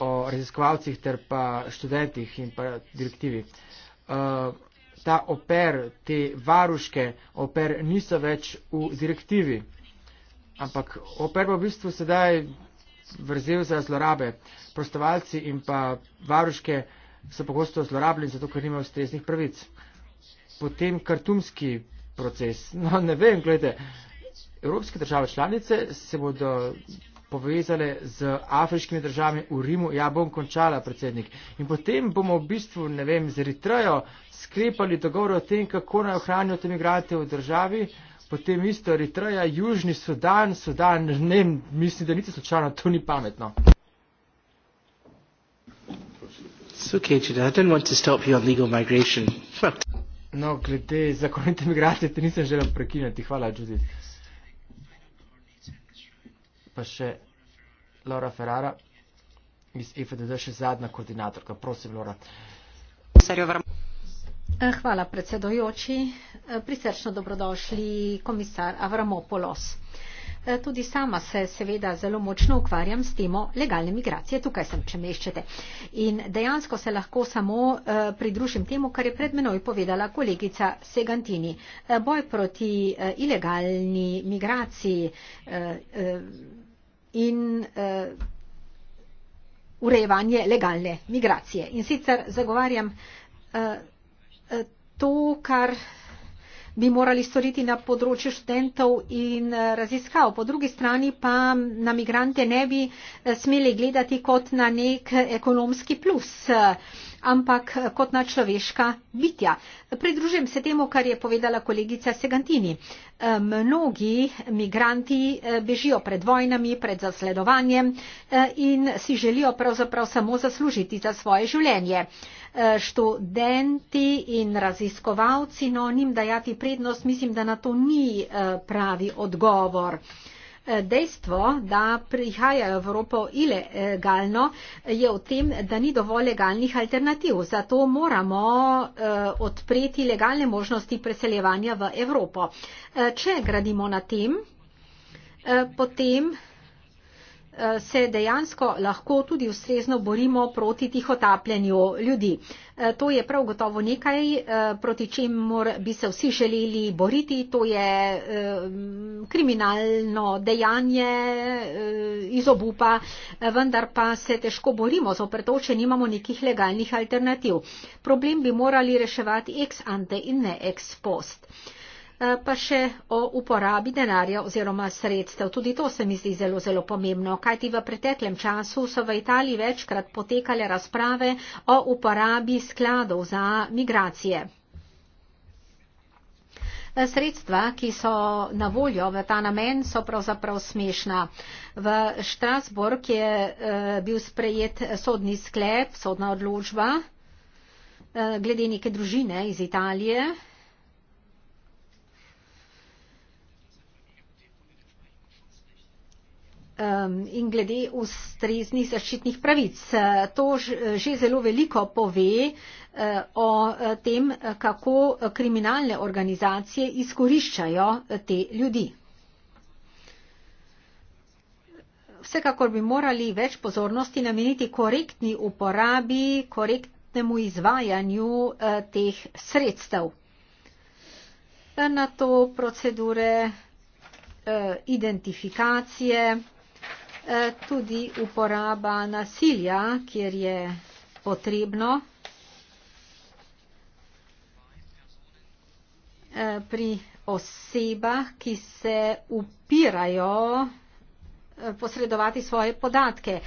o raziskovalcih ter pa študentih in pa direktivi. Uh, ta oper, te varuške oper niso več v direktivi, ampak oper v bistvu sedaj vrzel za zlorabe. Prostovalci in pa varuške so pogosto zlorabljeni, zato ker nimajo ustreznih pravic. Potem kartumski proces. No, ne vem, gledajte, evropske države članice se bodo povezale z afriškimi državami v Rimu, ja bom končala, predsednik. In potem bomo v bistvu, ne vem, z Eritrejo sklepali dogovor o tem, kako naj ohranijo te migrante v državi, potem isto Eritreja, Južni Sudan, Sudan, ne, mislim, da niti slučajno, to ni pametno. No, glede zakonite migracije, te nisem želel prekinjati. Hvala, Judith. Pa še Laura Ferrara iz IFDD, še zadnja koordinatorka. Prosim, Laura. Serio, Eh, hvala, predsedojoči. Eh, prisrčno dobrodošli, komisar Avramopoulos. Eh, tudi sama se seveda zelo močno ukvarjam s temo legalne migracije. Tukaj sem, če me iščete. In dejansko se lahko samo pridružim temu, kar je pred menoj povedala kolegica Segantini. Boj proti ilegalni migraciji in urejevanje legalne migracije. In sicer zagovarjam Eh, to, kar bi morali storiti na področju študentov in eh, raziskav. Po drugi strani pa na migrante ne bi eh, smeli gledati kot na nek ekonomski plus ampak eh, kot na človeška bitja. Pridružim se temu, kar je povedala kolegica Segantini. Eh, mnogi migranti eh, bežijo pred vojnami, pred zasledovanjem in si želijo pravzaprav samo zaslužiti za svoje življenje. Študenti in raziskovalci, no, njim dajati prednost, mislim, da na to ni pravi odgovor. Dejstvo, da prihajajo v Evropo ilegalno, je v tem, da ni dovolj legalnih alternativ. Zato moramo eh, odpreti legalne možnosti preseljevanja v Evropo. Eh, če gradimo na tem, eh, potem Eh, se dejansko lahko tudi ustrezno borimo proti tihotapljenju ljudi. Eh, to je prav gotovo nekaj, eh, proti čemur bi se vsi želeli boriti. To je kriminalno dejanje iz obupa, vendar pa se težko borimo z oprto, če nimamo nekih legalnih alternativ. Problem bi morali reševati ex ante in ne ex post. Eh, pa še o uporabi denarja oziroma sredstev. Tudi to se mi zdi zelo, zelo pomembno, kajti v preteklem času so v Italiji večkrat potekale razprave o uporabi skladov za migracije. Eh, sredstva, ki so na voljo v ta namen, so pravzaprav smešna. V Štrasburg je eh, bil sprejet sodni sklep, sodna odločba glede neke družine iz Italije, in glede ustreznih zaščitnih pravic. Eh, to že zelo veliko pove eh, o eh, tem, kako kriminalne organizacije izkoriščajo te ljudi. Vsekakor bi morali več pozornosti nameniti korektni uporabi, korektnemu izvajanju teh sredstev. Na to procedure identifikacije, Eh, tudi uporaba nasilja, kjer je potrebno eh, pri osebah, ki se upirajo eh, posredovati svoje podatke.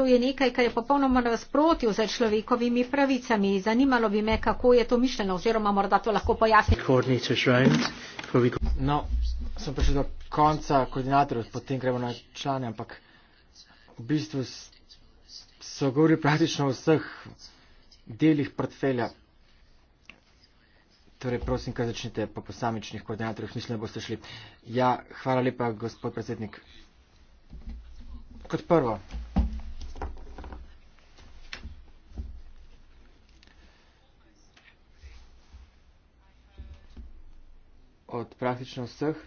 To je nekaj, kar je popolnoma na sprotju za človekovimi pravicami. Zanimalo bi me, kako je to mišljeno, oziroma morda to lahko pojasnite. No, sem prišel do konca koordinatorjev, potem gremo na člane, ampak v bistvu so govori praktično o vseh delih portfelja. Torej, prosim, kaj začnite po posamičnih koordinatorjih, mislim, da boste šli. Ja, hvala lepa, gospod predsednik. Kot prvo. Od praktično vseh.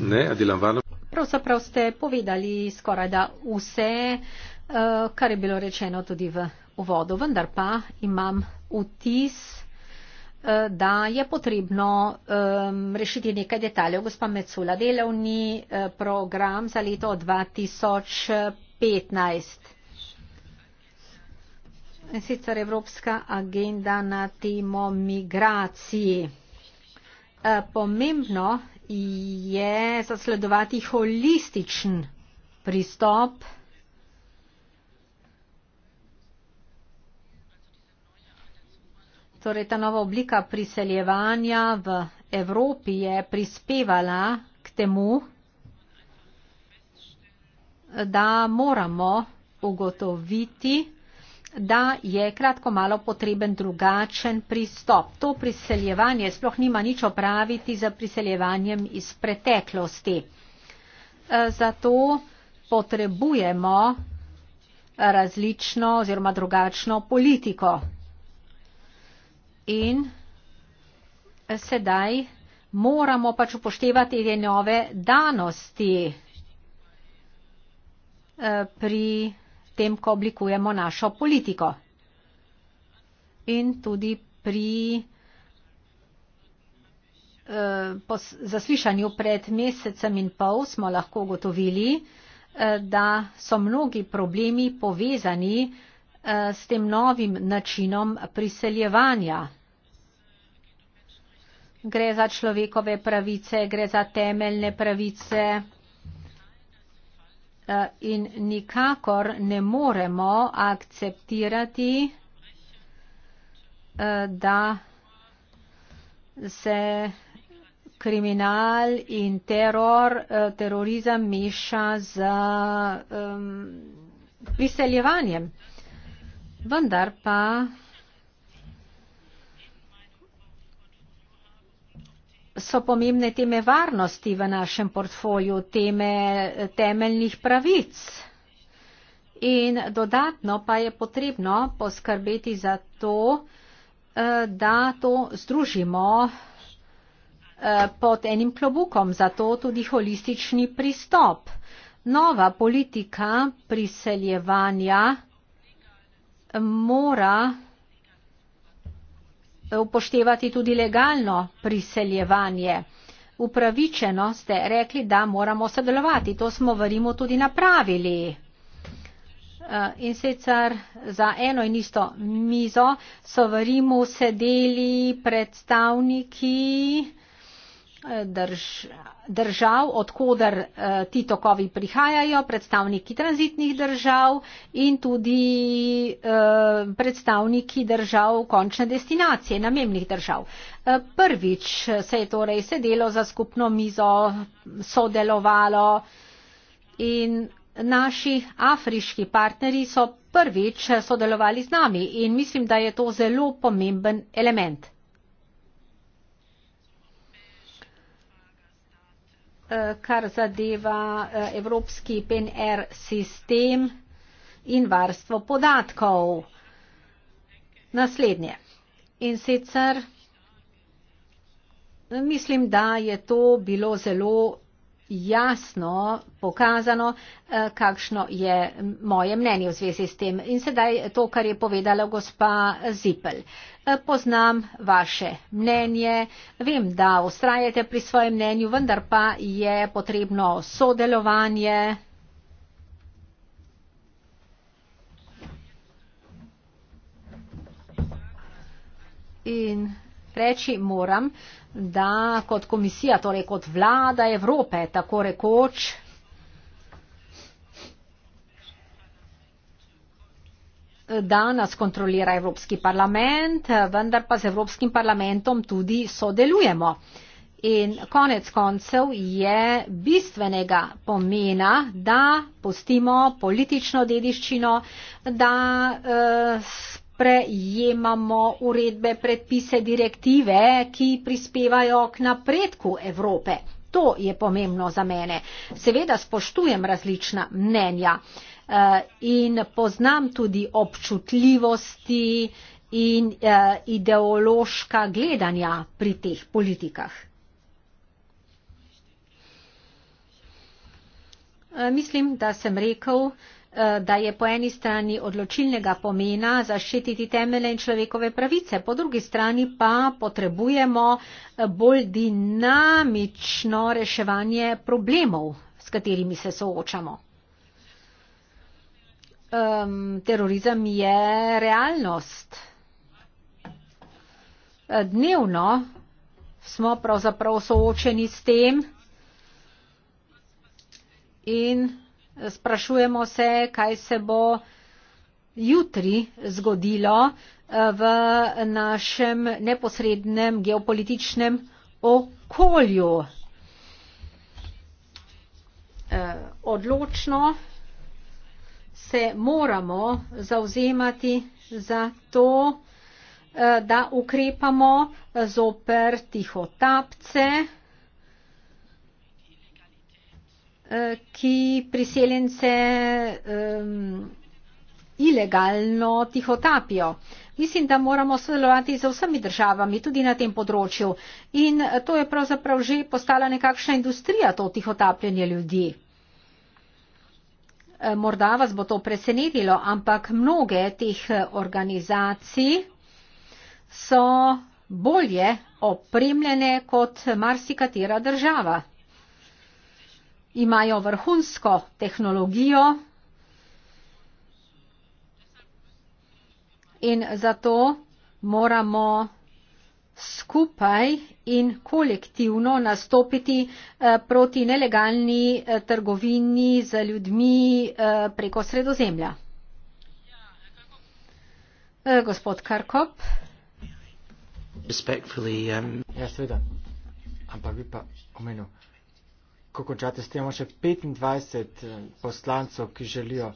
Ne, Adilan Varno pravzaprav ste povedali skoraj da vse, eh, kar je bilo rečeno tudi v uvodu, vendar pa imam vtis, eh, da je potrebno ehm, rešiti nekaj detaljev. Gospa Mecula, delovni eh, program za leto 2015. In sicer Evropska agenda na temo migracij. Pomembno je zasledovati holističen pristop. Torej, ta nova oblika priseljevanja v Evropi je prispevala k temu, da moramo ugotoviti, da je kratko malo potreben drugačen pristop. To priseljevanje sploh nima nič opraviti z priseljevanjem iz preteklosti. E, zato potrebujemo različno oziroma drugačno politiko. In sedaj moramo pač upoštevati te nove danosti e, pri tem, ko oblikujemo našo politiko. In tudi pri eh, zaslišanju pred mesecem in pol smo lahko ugotovili, eh, da so mnogi problemi povezani eh, s tem novim načinom priseljevanja. Gre za človekove pravice, gre za temeljne pravice. Eh, in nikakor ne moremo akceptirati, eh, da se kriminal in teror, eh, terorizem miša z um, priseljevanjem. Vendar pa. so pomembne teme varnosti v našem portfolju, teme temeljnih pravic. In dodatno pa je potrebno poskrbeti za to, eh, da to združimo eh, pod enim klobukom, zato tudi holistični pristop. Nova politika priseljevanja mora upoštevati tudi legalno priseljevanje. Upravičeno ste rekli, da moramo sodelovati. To smo v Rimu tudi napravili. Eh, in sicer za eno in isto mizo so v Rimu sedeli predstavniki eh, držav držav, odkuder eh, ti tokovi prihajajo, predstavniki tranzitnih držav in tudi eh, predstavniki držav končne destinacije, namemnih držav. Eh, prvič se je torej sedelo za skupno mizo, sodelovalo in naši afriški partneri so prvič sodelovali z nami in mislim, da je to zelo pomemben element. Eh, kar zadeva eh, evropski PNR sistem in varstvo podatkov. Naslednje. In sicer mislim, da je to bilo zelo jasno pokazano, eh, kakšno je moje mnenje v zvezi s tem. In sedaj to, kar je povedala gospa Zipel. Eh, poznam vaše mnenje, vem, da ustrajate pri svojem mnenju, vendar pa je potrebno sodelovanje. In reči moram, da kot komisija, torej kot vlada Evrope, tako rekoč. da nas kontrolira Evropski parlament, vendar pa z Evropskim parlamentom tudi sodelujemo. In konec koncev je bistvenega pomena, da postimo politično dediščino, da eh, prejemamo uredbe, predpise, direktive, ki prispevajo k napredku Evrope. To je pomembno za mene. Seveda spoštujem različna mnenja eh, in poznam tudi občutljivosti in eh, ideološka gledanja pri teh politikah. Eh, mislim, da sem rekel, Eh, da je po eni strani odločilnega pomena zaščititi temelje in človekove pravice, po drugi strani pa potrebujemo eh, bolj dinamično reševanje problemov, s katerimi se soočamo. Um, terorizem je realnost. Eh, dnevno smo pravzaprav soočeni s tem in sprašujemo se, kaj se bo jutri zgodilo eh, v našem neposrednem geopolitičnem okolju. Eh, odločno se moramo zauzemati za to, eh, da ukrepamo zoper tihotapce, ki priseljence um, ilegalno tihotapijo. Mislim, da moramo sodelovati z vsemi državami tudi na tem področju in to je pravzaprav že postala nekakšna industrija, to tihotapljenje ljudi. E, morda vas bo to presenetilo, ampak mnoge teh e, organizacij so bolje opremljene kot marsikatera država imajo vrhunsko tehnologijo in zato moramo skupaj in kolektivno nastopiti eh, proti nelegalni eh, trgovini z ljudmi eh, preko sredozemlja. Gospod Karkop. Respektfully, um, ja, seveda, ampak bi pa omenil ko končate s tem, še 25 eh, poslancev, ki želijo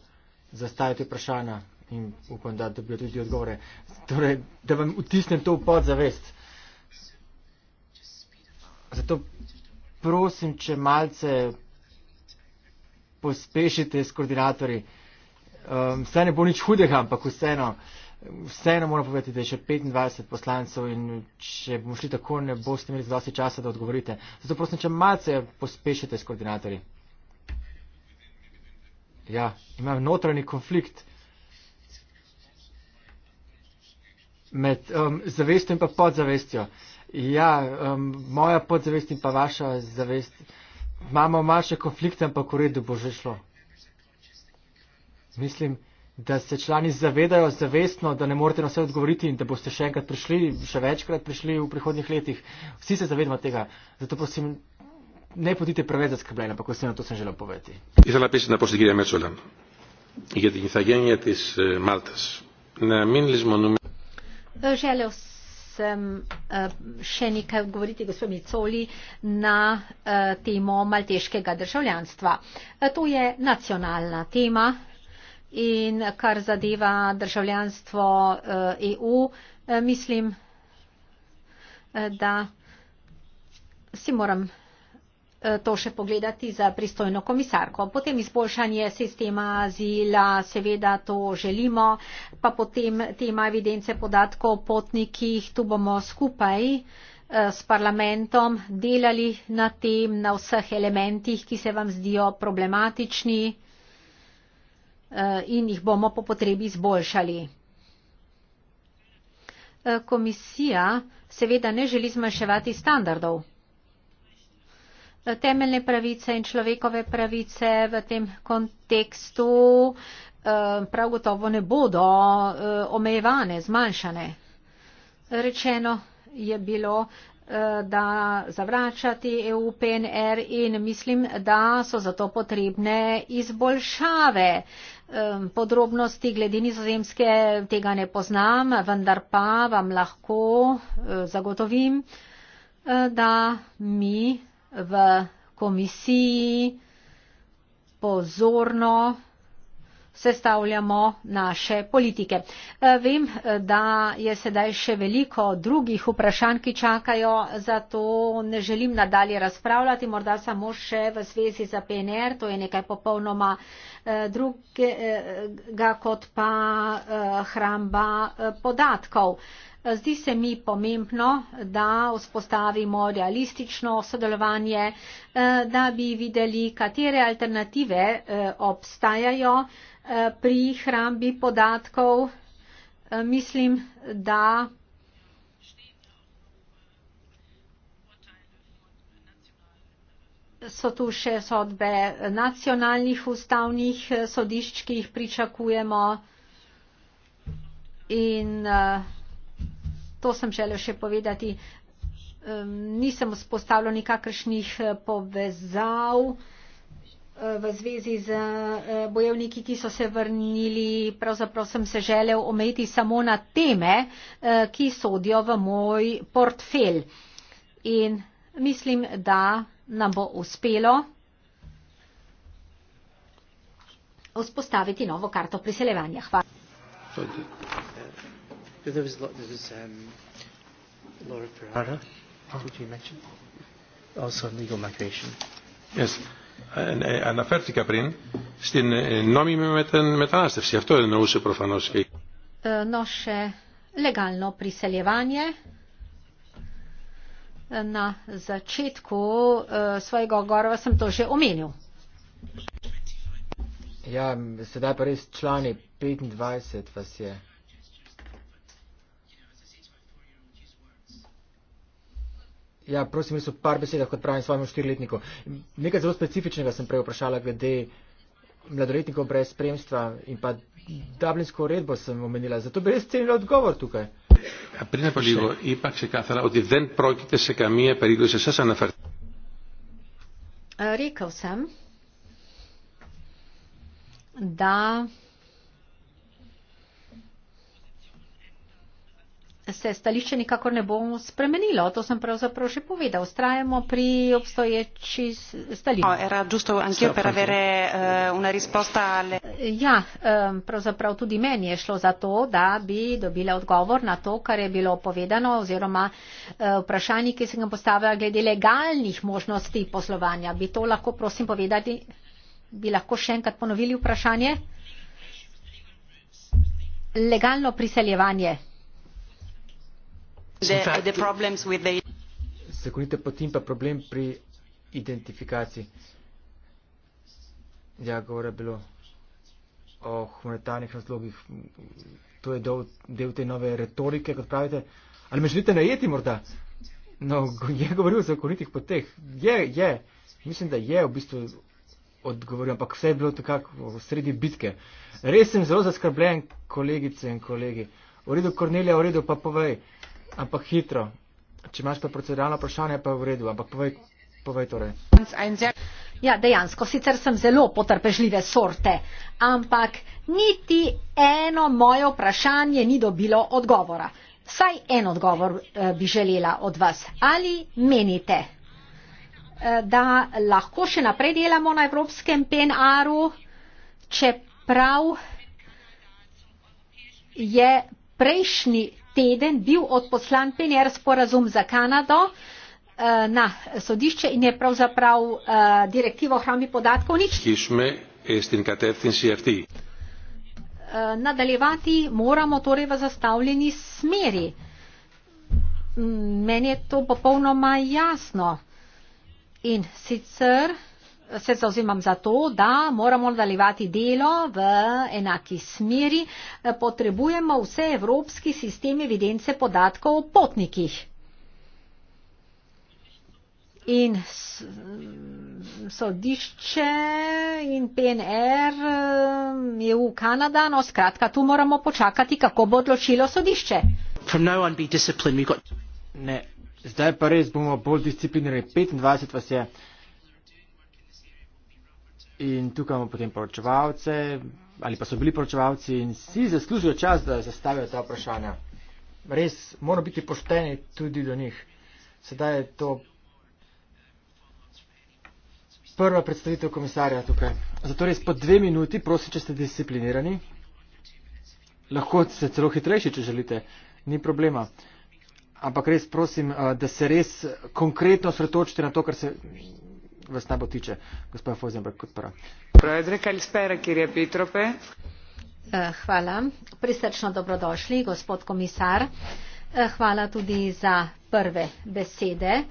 zastaviti vprašanja in upam, da dobijo tudi odgovore. Torej, da vam vtisnem to v podzavest. Zato prosim, če malce pospešite s koordinatorji. Um, ehm, vse ne bo nič hudega, ampak vseeno. Uh, vseeno moram povedati, da je še 25 poslancev in če bomo šli tako, ne boste imeli dosti časa, da odgovorite. Zato prosim, če malce pospešite s koordinatorji. Ja, imam notranji konflikt med um, zavestjo in pa podzavestjo. Ja, um, moja podzavest in pa vaša zavest. Imamo manjše konflikte, ampak v redu bo že šlo. Mislim, da se člani zavedajo zavestno, da ne morete na vse odgovoriti in da boste še enkrat prišli, še večkrat prišli v prihodnjih letih. Vsi se zavedamo tega. Zato prosim, ne podite preveč zaskrbljeni, ampak vse na to sem želel povedati. Ήθελα επίση να πω στην κυρία Μέτσολα για την ηθαγένεια τη Μάλτα. Να μην λησμονούμε. Želel sem uh, še nekaj odgovoriti, gospod Micoli, na uh, temo malteškega državljanstva. Uh, to je nacionalna tema, in kar zadeva državljanstvo EU, eh, e eh, mislim, eh, da si moram to še pogledati za pristojno komisarko. Potem izboljšanje sistema azila, seveda to želimo, pa potem tema evidence podatkov o potnikih, tu bomo skupaj s parlamentom delali na tem, na vseh elementih, ki se vam zdijo problematični. Eh, in jih bomo po potrebi izboljšali. Eh, komisija seveda ne želi zmanjševati standardov. Eh, temeljne pravice in človekove pravice v tem kontekstu prav gotovo ne bodo omejevane, zmanjšane. Rečeno je bilo, da zavračati EU PNR in mislim, da so zato potrebne izboljšave podrobnosti glede nizozemske tega ne poznam, vendar pa vam lahko e, zagotovim, e, da mi v komisiji pozorno sestavljamo naše politike. E, vem, e, da je sedaj še veliko drugih vprašanj, ki čakajo, zato ne želim nadalje razpravljati, morda samo še v zvezi za PNR, to je nekaj popolnoma e, drugega kot pa hramba podatkov. Zdi se mi pomembno, da vzpostavimo realistično sodelovanje, eh, da bi videli, katere alternative eh, obstajajo eh, pri hrambi podatkov. Mislim, da so tu še sodbe nacionalnih ustavnih sodišč, ki jih pričakujemo in uh, To sem želel še povedati. Um, nisem vzpostavljal nikakršnih eh, povezav eh, v zvezi z eh, bojevniki, ki so se vrnili. Pravzaprav sem se želel omejiti samo na teme, ki sodijo v moj portfelj. In mislim, da nam bo uspelo vzpostaviti novo karto priseljevanja. Hvala there was, there was um, Laura Ferrara, what did you mention? Also on legal migration. Yes. Αναφέρθηκα πριν στην νόμιμη μετανάστευση. Αυτό εννοούσε προφανώ και. Νόσε λεγάλνο πρισελιεβάνιε. Να ζατσίτκου σφαίγω γόρβα σαν το ζε ομίνιου. Ja, sedaj pa res člani 25, vas je. Ja, prosim, res v par besedah, kot pravim svojemu štiriletniku. Nekaj zelo specifičnega sem prej vprašala glede mladoletnikov brez spremstva in pa dublinsko uredbo sem omenila. Zato bi res cenila odgovor tukaj. Ja, eh, rekel sem, da se stališče nikakor ne bo spremenilo. To sem pravzaprav že povedal. Ustrajamo pri obstoječi stališči. No, eh, ja, pravzaprav tudi meni je šlo za to, da bi dobila odgovor na to, kar je bilo povedano oziroma eh, vprašanje, ki sem ga postavila glede legalnih možnosti poslovanja. Bi to lahko, prosim, povedali? Bi lahko še enkrat ponovili vprašanje? Legalno priseljevanje. Se govorite potem pa problem pri identifikaciji. Ja, govore bilo o humanitarnih razlogih. To je del, del te nove retorike, kot pravite. Ali me želite najeti morda? No, je govoril o zakonitih poteh. Je, je. Mislim, da je v bistvu odgovoril, ampak vse je bilo tako v sredi bitke. Res sem zelo zaskrbljen, kolegice in kolegi. V redu, Kornelija, v redu, pa povej ampak hitro. Če imaš pa proceduralno vprašanje, pa je v redu, ampak povej, povej torej. Ja, dejansko, sicer sem zelo potrpežljive sorte, ampak niti eno moje vprašanje ni dobilo odgovora. Saj en odgovor eh, bi želela od vas. Ali menite, eh, da lahko še naprej delamo na evropskem PNR-u, čeprav je prejšnji teden bil odposlan PNR sporazum za Kanado eh, na sodišče in je pravzaprav eh, direktivo hrambi podatkov nič. Er eh, nadaljevati moramo torej v zastavljeni smeri. Mm, meni je to popolnoma jasno. In sicer se zauzemam za to, da moramo nadaljevati delo v enaki smeri. Potrebujemo vse evropski sistem evidence podatkov o potnikih. In sodišče in PNR, EU, eh, e Kanada, no skratka, tu moramo počakati, kako bo odločilo sodišče. Ne, zdaj pa res bomo bolj disciplinirani. 25 vas je in tukaj imamo potem poročevalce ali pa so bili poročevalci in si zaslužijo čas, da zastavijo ta vprašanja. Res moramo biti pošteni tudi do njih. Sedaj je to prva predstavitev komisarja tukaj. Zato res po dve minuti, prosim, če ste disciplinirani, lahko se celo hitrejši, če želite, ni problema. Ampak res prosim, eh, da se res konkretno sretočite na to, kar se vas najbolj tiče, gospod Fozenberg, kot prva. Predreka ali spera, kjer je Petrope? Eh, hvala. Prisrčno dobrodošli, gospod komisar. Eh, hvala tudi za prve besede.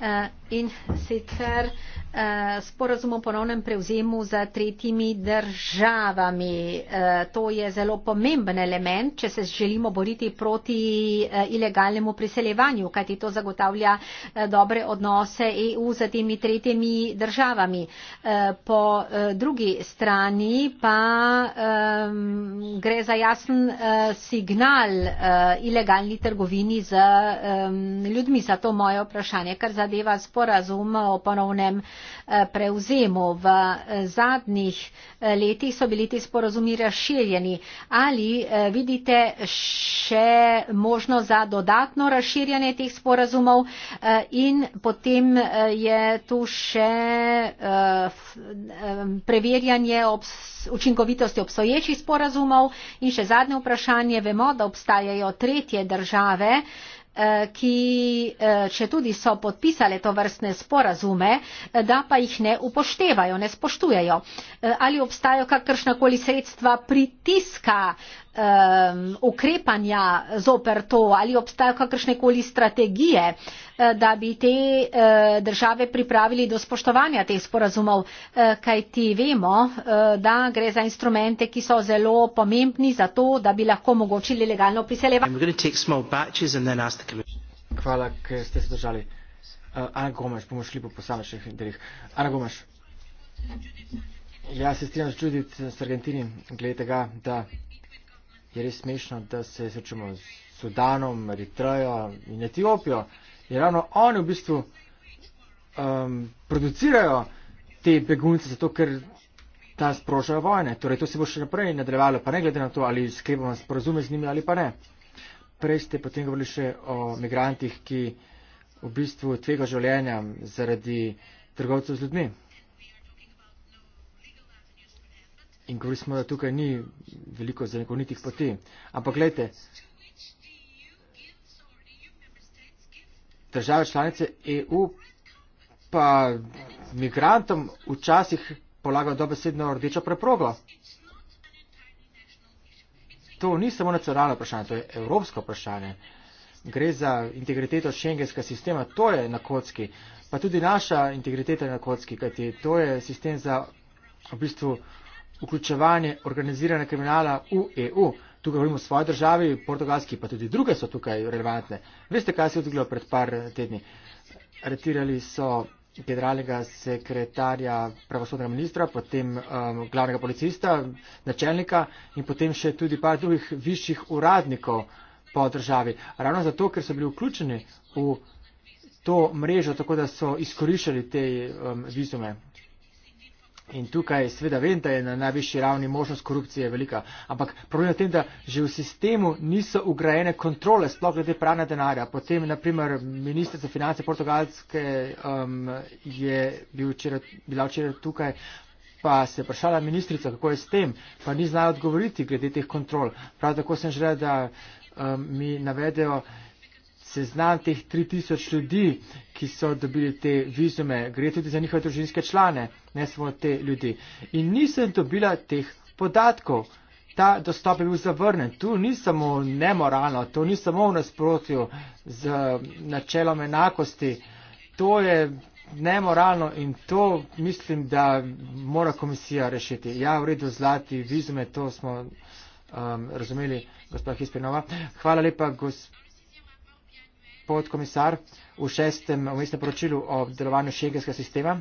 Eh, in sicer eh, sporazum o ponovnem prevzemu za tretjimi državami. Eh, to je zelo pomemben element, če se želimo boriti proti eh, ilegalnemu priseljevanju, kajti to zagotavlja eh, dobre odnose EU za temi tretjimi državami. Eh, po eh, drugi strani pa eh, gre za jasen eh, signal eh, ilegalni trgovini z eh, ljudmi. Zato moje vprašanje, kar zadeva spor sporazuma o ponovnem eh, prevzemu. V eh, zadnjih eh, letih so bili ti sporazumi razširjeni. Ali vidite še možno za dodatno razširjanje teh sporazumov in potem je tu še preverjanje učinkovitosti obstoječih sporazumov in še zadnje vprašanje. Vemo, da obstajajo tretje države, Eh, ki eh, če tudi so podpisale to vrstne sporazume, eh, da pa jih ne upoštevajo, ne spoštujejo. Ali obstajajo kakršnakoli sredstva pritiska um, ukrepanja zoper to, ali obstajajo kakršne koli strategije, eh, da bi te uh, države pripravili do spoštovanja teh sporazumov, uh, eh, kaj ti vemo, uh, da gre za instrumente, ki so zelo pomembni za to, da bi lahko omogočili legalno priseljevanje. Hvala, ker ste se držali. Uh, Ana Gomaš, bomo šli po posamečnih delih. Ana Gomaš. Ja, se strinjam z Judith iz Argentini, glede tega, da je res smešno, da se srečamo z Sudanom, Eritrejo in Etiopijo. In ravno oni v bistvu um, producirajo te begunce, zato ker ta sprožajo vojne. Torej, to se bo še naprej nadaljevalo, pa ne glede na to, ali sklepamo sporozume z njimi ali pa ne. Prej ste potem govorili še o migrantih, ki v bistvu tvega življenja zaradi trgovcev z ljudmi. in govorili smo, da tukaj ni veliko zanekonitih poti. Ampak gledajte, države članice EU pa migrantom včasih polaga dobesedno rdečo preprogo. To ni samo nacionalno vprašanje, to je evropsko vprašanje. Gre za integriteto šengenskega sistema, to je na kocki. Pa tudi naša integriteta je na kocki, kajti to je sistem za v bistvu vključevanje organizirane kriminala v EU. Tukaj govorimo o svoji državi, portugalski, pa tudi druge so tukaj relevantne. Veste, kaj se je zgodilo pred par tedni? Retirali so generalnega sekretarja pravosodnega ministra, potem um, glavnega policista, načelnika in potem še tudi par drugih višjih uradnikov po državi. Ravno zato, ker so bili vključeni v to mrežo, tako da so izkoriščali te um, vizume. In tukaj seveda vem, da je na najvišji ravni možnost korupcije velika. Ampak problem je v tem, da že v sistemu niso ugrajene kontrole, sploh glede pranja denarja. Potem, naprimer, ministr za finance Portugalske um, je bil včera, bila včeraj tukaj. Pa se je vprašala ministrica, kako je s tem, pa ni znala odgovoriti glede teh kontrol. Prav tako sem želela, da um, mi navedejo seznam teh 3000 ljudi, ki so dobili te vizume, gre tudi za njihove družinske člane, ne samo te ljudi. In nisem dobila teh podatkov. Ta dostop je bil zavrnen. Tu ni samo nemoralno, to ni samo v nasprotju z eh, načelom enakosti. To je nemoralno in to mislim, da mora komisija rešiti. Ja, v redu, zlati vizume, to smo um, razumeli, gospod Hispinova. Hvala lepa, gospod podkomisar v šestem umestnem poročilu o delovanju šengenskega sistema.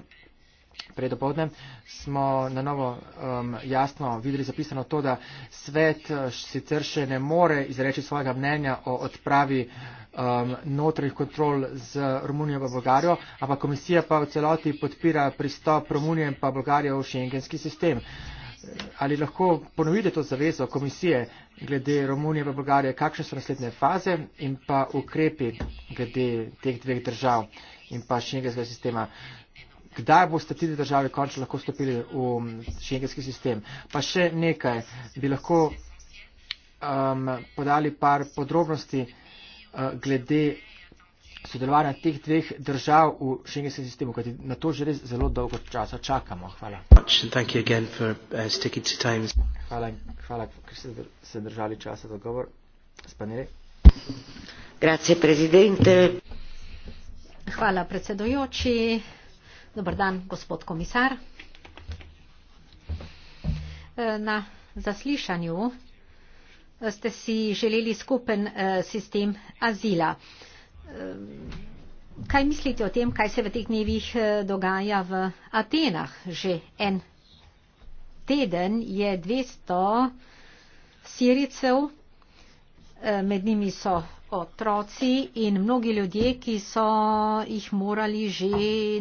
Predopodne smo na novo um, jasno videli zapisano to, da svet uh, sicer še ne more izreči svojega mnenja o odpravi um, notranjih kontrol z Romunijo v Bolgarijo, ampak komisija pa v celoti podpira pristop Romunije in pa Bolgarijo v šengenski sistem. Uh, ali lahko ponovite to zavezo komisije glede Romunije in Bolgarije, kakšne so naslednje faze in pa ukrepi glede teh dveh držav in pa šengenskega sistema. Kdaj boste ti države končno lahko vstopili v šengenski sistem? Pa še nekaj, bi lahko um, podali par podrobnosti uh, glede sodelovanja teh dveh držav v šengenskem sistemu, kajti na to že res zelo dolgo časa čakamo. Hvala. For, uh, hvala, hvala, ker ste se držali časa za govor. Grazie, presidente. Hvala, predsedojoči. Dobar dan, gospod komisar. Eh, na zaslišanju eh, ste si želeli skupen eh, sistem azila. Ehm, kaj mislite o tem, kaj se v teh dnevih eh, dogaja v Atenah? Že en teden je 200 siricev, eh, med njimi so otroci in mnogi ljudje, ki so jih morali že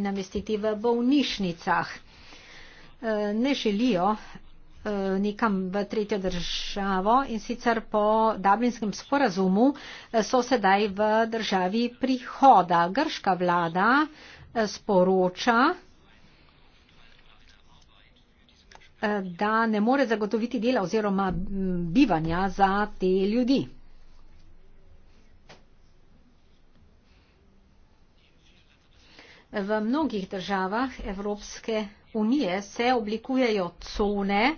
namestiti v bolnišnicah. Eh, ne želijo, Eh, nekam v tretjo državo in sicer po Dublinskem sporazumu eh, so sedaj v državi prihoda. Grška vlada eh, sporoča, da ne more zagotoviti dela oziroma mm, bivanja za te ljudi. V mnogih državah Evropske unije unije se oblikujejo cone,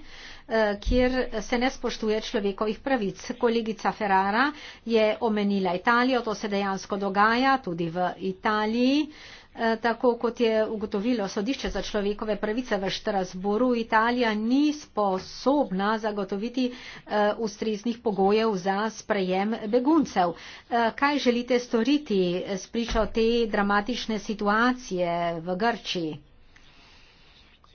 eh, kjer se ne spoštuje človekovih pravic. Kolegica Ferrara je omenila Italijo, to se dejansko dogaja tudi v Italiji. Eh, tako kot je ugotovilo sodišče za človekove pravice v Štrasboru, Italija ni sposobna zagotoviti eh, ustreznih pogojev za sprejem beguncev. Kaj želite storiti spričo te dramatične situacije v Grčiji?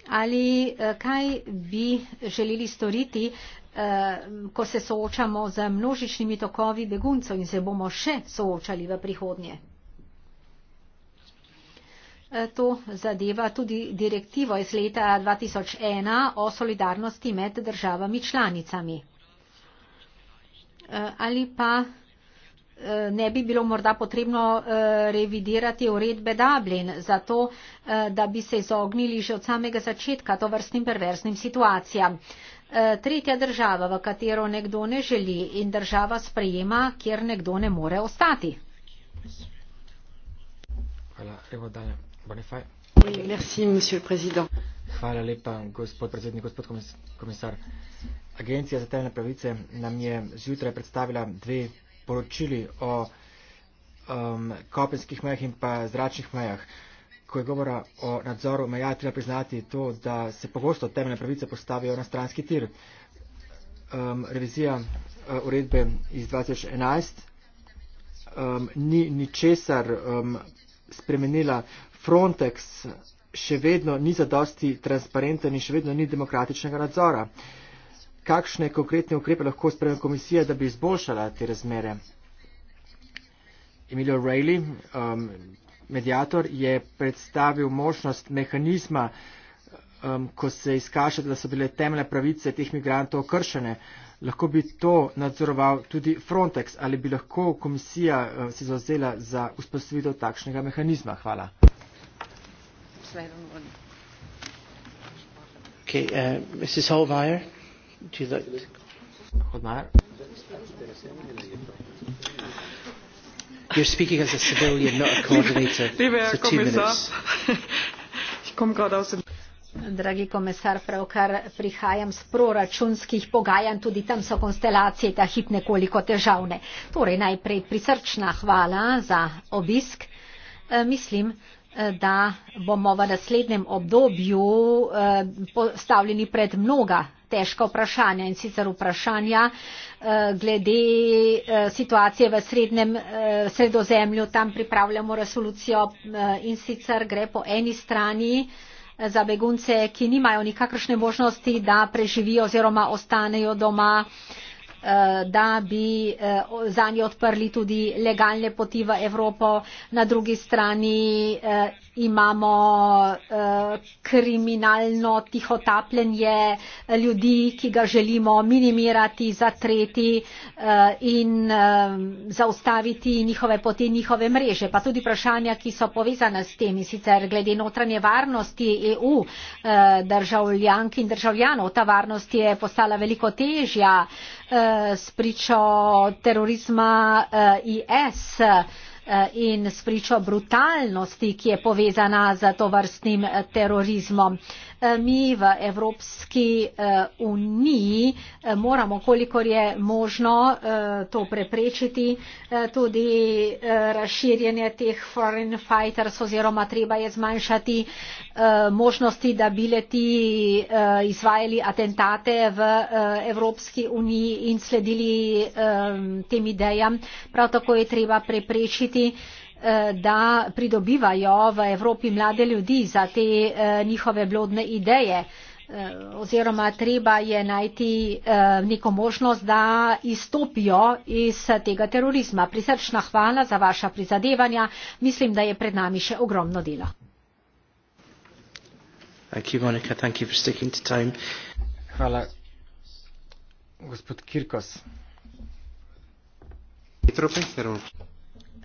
ali eh, kaj bi želeli storiti, eh, ko se soočamo z množičnimi tokovi beguncov in se bomo še soočali v prihodnje. Eh, to zadeva tudi direktivo iz leta 2001 o solidarnosti med državami članicami. Ali pa Eh, ne bi bilo morda potrebno eh, revidirati uredbe Dublin za to, eh, da bi se izognili že od samega začetka to vrstnim perverznim situacijam. Tretja država, v katero nekdo ne želi in država sprejema, kjer nekdo ne more ostati. Hvala, evo, Hvala lepa, gospod predsednik, gospod komisar. Agencija za telne pravice nam je zjutraj predstavila dve poročili o um, kopenskih mejah in pa zračnih mejah. Ko je govora o nadzoru meja, treba priznati to, da se pogosto temeljne pravice postavijo na stranski tir. Um, revizija uh, uredbe iz 2011 um, ni ničesar um, spremenila. Frontex še vedno ni zadosti transparenten in še vedno ni demokratičnega nadzora kakšne konkretne ukrepe lahko sprejme komisija, da bi izboljšala te razmere. Emilio Rayli, um, medijator, je predstavil možnost mehanizma, um, ko se izkaže, da so bile temeljne pravice teh migrantov kršene. Lahko bi to nadzoroval tudi Frontex ali bi lahko komisija uh, se zauzela za vzpostavitev takšnega mehanizma. Hvala. Okay, uh, Mrs. Dragi komisar, pravkar prihajam z proračunskih pogajanj, tudi tam so konstelacije ta hip nekoliko težavne. Torej najprej prisrčna hvala za obisk. E, mislim, e, da bomo v naslednjem obdobju e, postavljeni pred mnoga težka vprašanja in sicer vprašanja eh, glede eh, situacije v srednjem, eh, sredozemlju. Tam pripravljamo resolucijo in sicer gre po eni strani za begunce, ki nimajo nikakršne možnosti, da preživijo oziroma ostanejo doma da bi za njo odprli tudi legalne poti v Evropo. Na drugi strani imamo uh, kriminalno tihotapljenje ljudi, ki ga želimo minimirati, zatreti uh, in uh, zaustaviti njihove poti, njihove mreže. Pa tudi vprašanja, ki so povezane s tem in sicer glede notranje varnosti EU uh, državljank in državljanov. Ta varnost je postala veliko težja uh, s pričo terorizma uh, IS. Uh, Eh, in spričo brutalnosti, ki je povezana z to vrstnim terorizmom. Eh, mi v Evropski eh, uniji eh, moramo, kolikor je možno, to preprečiti. Tudi razširjenje teh foreign fighters oziroma treba je zmanjšati možnosti, da bi leti izvajali atentate v Evropski uniji in sledili tem idejam. Prav tako je treba preprečiti Eh, da pridobivajo v Evropi mlade ljudi za te eh, njihove blodne ideje eh, oziroma treba je najti neko možnost, da izstopijo iz tega terorizma. Prisrčna hvala za vaša prizadevanja. Mislim, da je pred nami še ogromno dela. Thank you, Monika. Thank you for sticking to time. Hvala. Gospod Kirkos. Petro Pekerov.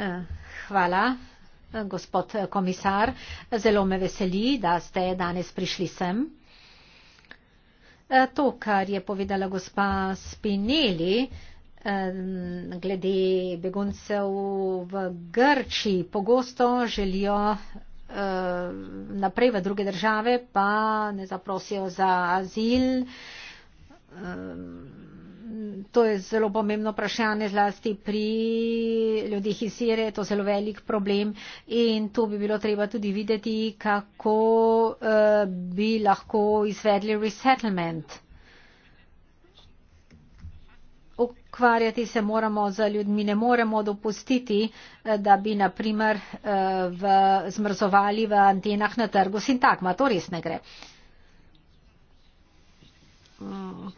Uh. Hvala, gospod komisar. Zelo me veseli, da ste danes prišli sem. To, kar je povedala gospa Spinelli, glede beguncev v Grčiji, pogosto želijo naprej v druge države, pa ne zaprosijo za azil to je zelo pomembno vprašanje, zlasti pri ljudih iz Sirije, to je zelo velik problem in tu bi bilo treba tudi videti, kako uh, bi lahko izvedli resettlement. Ukvarjati se moramo za ljudmi, ne moremo dopustiti, eh, da bi naprimer eh, v, zmrzovali v antenah na trgu sintagma, to res ne gre. Uh,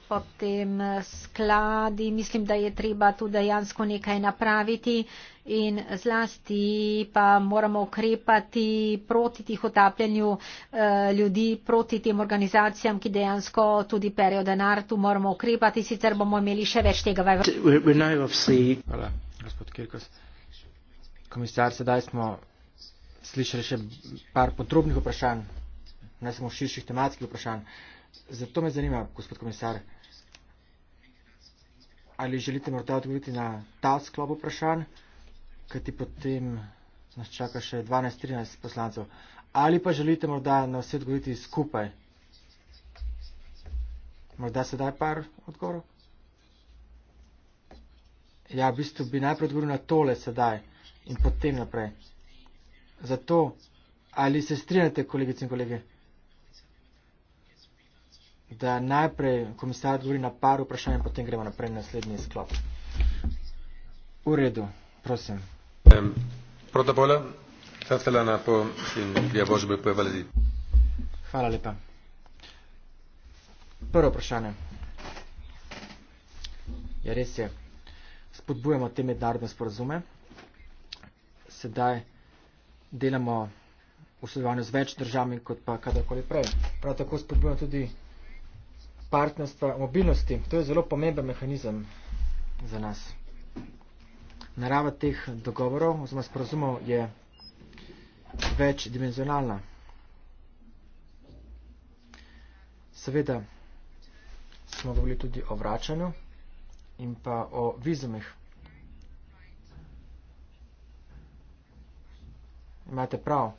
potem skladi, mislim, da je treba tu dejansko nekaj napraviti in zlasti pa moramo ukrepati proti tih otapljanju eh, ljudi, proti tem organizacijam, ki dejansko tudi perejo denar, tu moramo ukrepati, sicer bomo imeli še več tega. Hvala, gospod Kirkos. Komisar, sedaj smo slišali še par podrobnih vprašanj, ne samo širših tematskih vprašanj. Zato me zanima, gospod komisar, ali želite morda odgovoriti na ta sklop vprašanj, kajti potem nas čaka še 12-13 poslancev, ali pa želite morda na vse odgovoriti skupaj. Morda sedaj par odgovorov. Ja, v bistvu bi najprej odgovoril na tole sedaj in potem naprej. Zato, ali se strinjate, kolegice in kolege? da najprej komisar odgovori na par vprašanj in potem gremo naprej na naslednji sklop. V redu, prosim. Protokola, sadkala na po in je božbe po evalizi. Hvala lepa. Prvo vprašanje. Ja, res je. Spodbujamo te mednarodne sporazume. Sedaj delamo v sodelovanju z več državami, kot pa kadarkoli prej. Prav tako spodbujamo tudi partnerstva mobilnosti. To je zelo pomemben mehanizem za nas. Narava teh dogovorov, oziroma sporozumov, je večdimenzionalna. Seveda smo govorili tudi o vračanju in pa o vizumih. Imate prav.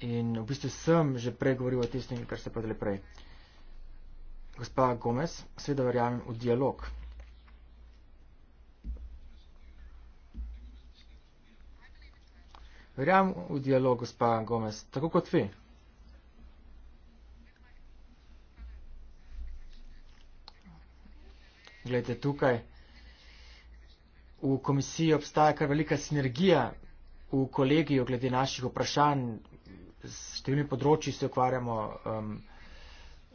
In v bistvu sem že pregovoril o tistem, kar se podali prej. Gospa Gomez, seveda verjamem v dialog. Verjamem v dialog, gospa Gomez, tako kot vi. Glejte, tukaj v komisiji obstaja kar velika sinergija v kolegiju glede naših vprašanj. S številnimi področji se ukvarjamo. Um,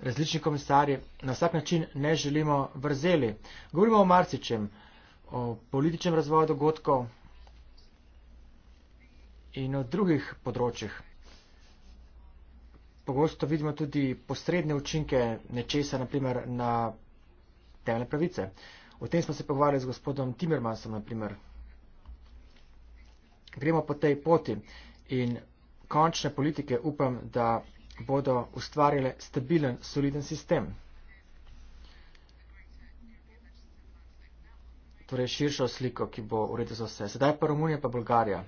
različni komisari na vsak način ne želimo vrzeli. Govorimo o marsičem, o političnem razvoju dogodkov in o drugih področjih. Pogosto vidimo tudi posredne učinke nečesa, naprimer na temeljne pravice. O tem smo se pogovarjali z gospodom Timmermansom, naprimer. Gremo po tej poti in končne politike upam, da bodo ustvarile stabilen, soliden sistem. Torej širšo sliko, ki bo uredila za vse. Sedaj pa Romunija, pa Bolgarija.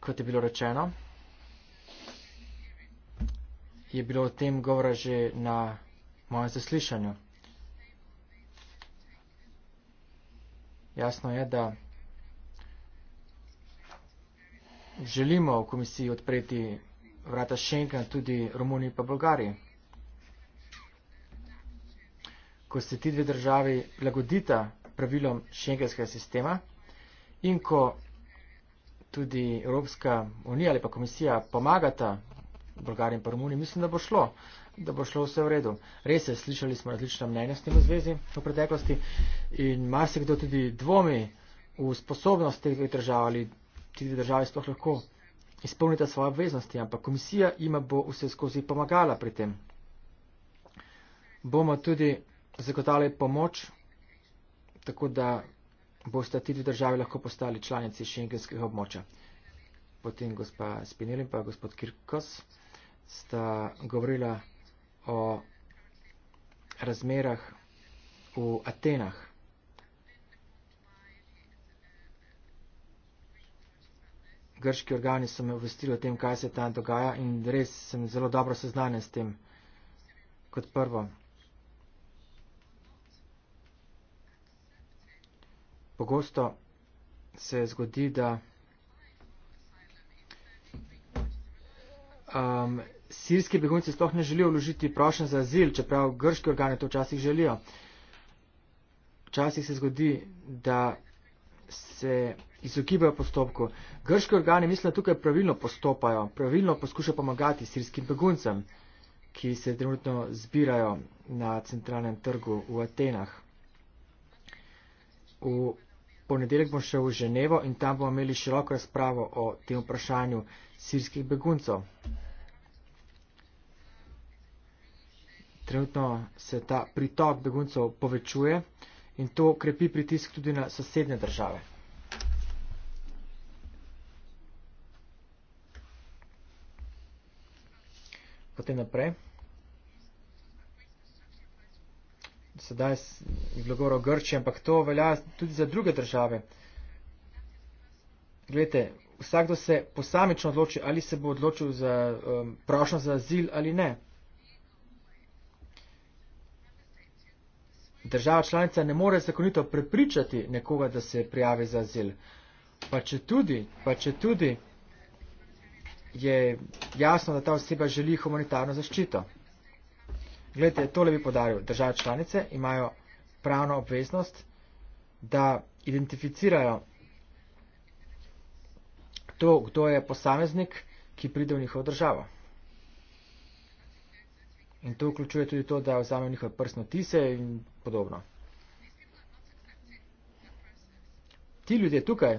Kot je bilo rečeno, je bilo o tem govora že na mojem zaslišanju. Jasno je, da želimo v komisiji odpreti vrata Schengen tudi Romuniji pa Bolgariji. Ko se ti dve državi lagodita pravilom šengenskega sistema in ko tudi Evropska unija ali pa komisija pomagata Bolgariji in pa Romuniji, mislim, da bo šlo, da bo šlo vse v redu. Res je, slišali smo različna mnenja s tem v zvezi v preteklosti in marsikdo tudi dvomi v sposobnost teh dveh držav ali tudi države sploh lahko izpolnite svoje obveznosti, ampak komisija ima bo vse skozi pomagala pri tem. Bomo tudi zagotavljali pomoč, tako da boste tudi države lahko postali članici šengenskega območja. Potem gospa Spinelin pa gospod Kirkos sta govorila o razmerah v Atenah. grški organi so me obvestili o tem, kaj se tam dogaja in res sem zelo dobro seznanjen s tem. Kot prvo. Pogosto se zgodi, da um, sirski begunci sploh ne želijo vložiti prošen za azil, čeprav grški organi to včasih želijo. Včasih se zgodi, da se izogibajo postopku. Grški organi mislim, da tukaj pravilno postopajo, pravilno poskušajo pomagati sirskim beguncem, ki se trenutno zbirajo na centralnem trgu v Atenah. V ponedeljek bom šel v Ženevo in tam bomo imeli široko razpravo o tem vprašanju sirskih beguncev. Trenutno se ta pritok beguncev povečuje in to krepi pritisk tudi na sosednje države. Potem naprej. Sedaj je bilo govor o Grči, ampak to velja tudi za druge države. Glede, vsakdo se posamično odloči, ali se bo odločil za um, prošnjo za azil ali ne. Država članica ne more zakonito prepričati nekoga, da se prijavi za azil. Pa če tudi, pa če tudi je jasno, da ta oseba želi humanitarno zaščito. Glede, tole bi podaril. Države članice imajo pravno obveznost, da identificirajo to, kdo je posameznik, ki pride v njihovo državo. In to vključuje tudi to, da vzamejo njihove prstne tise in podobno. Ti ljudje tukaj,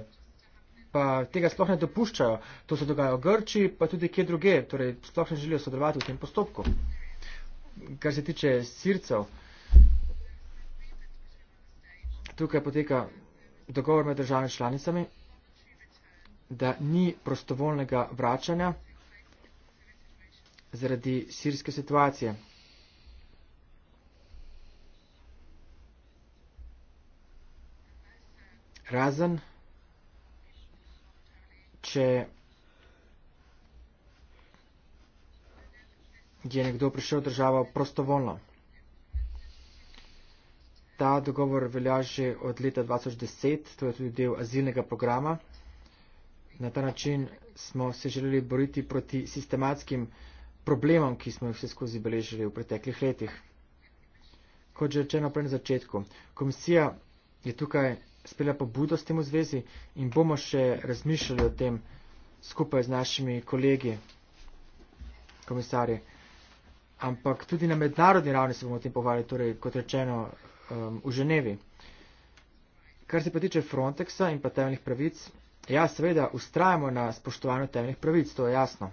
pa tega sploh ne dopuščajo. To se dogaja v Grči, pa tudi kje druge, torej sploh ne želijo sodelovati v tem postopku. Kar se tiče sircev, tukaj poteka dogovor med državami članicami, da ni prostovoljnega vračanja zaradi sirske situacije. Razen če je nekdo prišel v državo prostovoljno. Ta dogovor velja že od leta 2010, to je tudi del azilnega programa. Na ta način smo se želeli boriti proti sistematskim problemom, ki smo jih vse skozi beležili v preteklih letih. Kot že rečeno pri začetku, komisija je tukaj sprejela pobudo s tem v zvezi in bomo še razmišljali o tem skupaj z našimi kolegi, komisarji. Ampak tudi na mednarodni ravni se bomo o tem povali, torej kot rečeno um, v Ženevi. Kar se pa tiče Frontexa in pa temeljnih pravic, ja, seveda, ustrajamo na spoštovanju temeljnih pravic, to je jasno.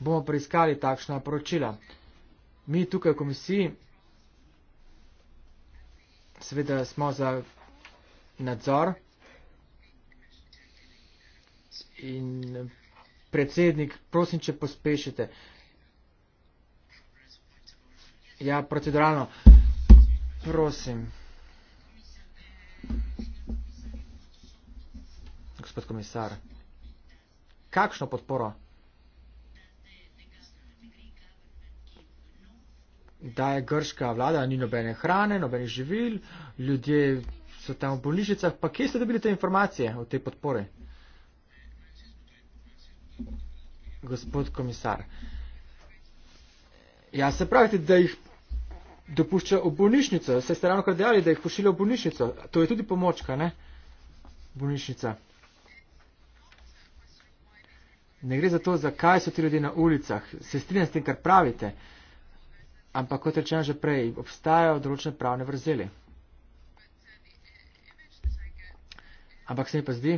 Bomo preiskali takšna poročila. Mi tukaj v komisiji seveda smo za nadzor in predsednik, prosim, če pospešite. Ja, proceduralno. Prosim. Gospod komisar, kakšno podporo? da je grška vlada, ni nobene hrane, nobene živil, ljudje so tam v bolnišnicah. Pa kje ste dobili te informacije o tej podpore? Gospod komisar, ja se pravite, da jih dopušča v bolnišnico, se ste ravno kar dejali, da jih pošilja v bolnišnico, to je tudi pomočka, ne? Bolnišnica. Ne gre za to, zakaj so ti ljudje na ulicah. Se strinjam s tem, kar pravite. Ampak kot rečeno že prej, obstajajo določene pravne vrzeli. Ampak se mi pa zdi,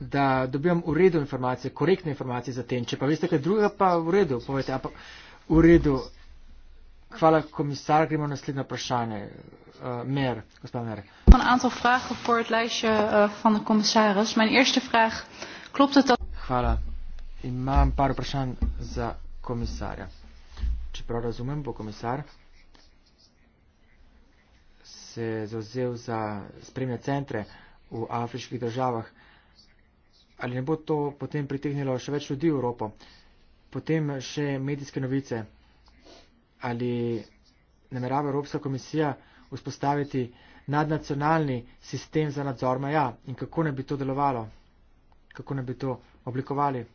da dobivam v redu informacije, korektne informacije za tem, če pa veste kaj drugega, pa v redu, povete, ampak v redu. Hvala, komisar, gremo na naslednje vprašanje. Uh, mer, gospod Mer. Een aantal vragen voor het lijstje uh, van de commissaris. Mijn eerste vraag, klopt het dat... Hvala imam par vprašanj za komisarja. Čeprav razumem, bo komisar se zauzel za spremlja centre v afriških državah. Ali ne bo to potem pritegnilo še več ljudi v Evropo? Potem še medijske novice. Ali namerava Evropska komisija vzpostaviti nadnacionalni sistem za nadzor meja in kako ne bi to delovalo? Kako ne bi to oblikovali?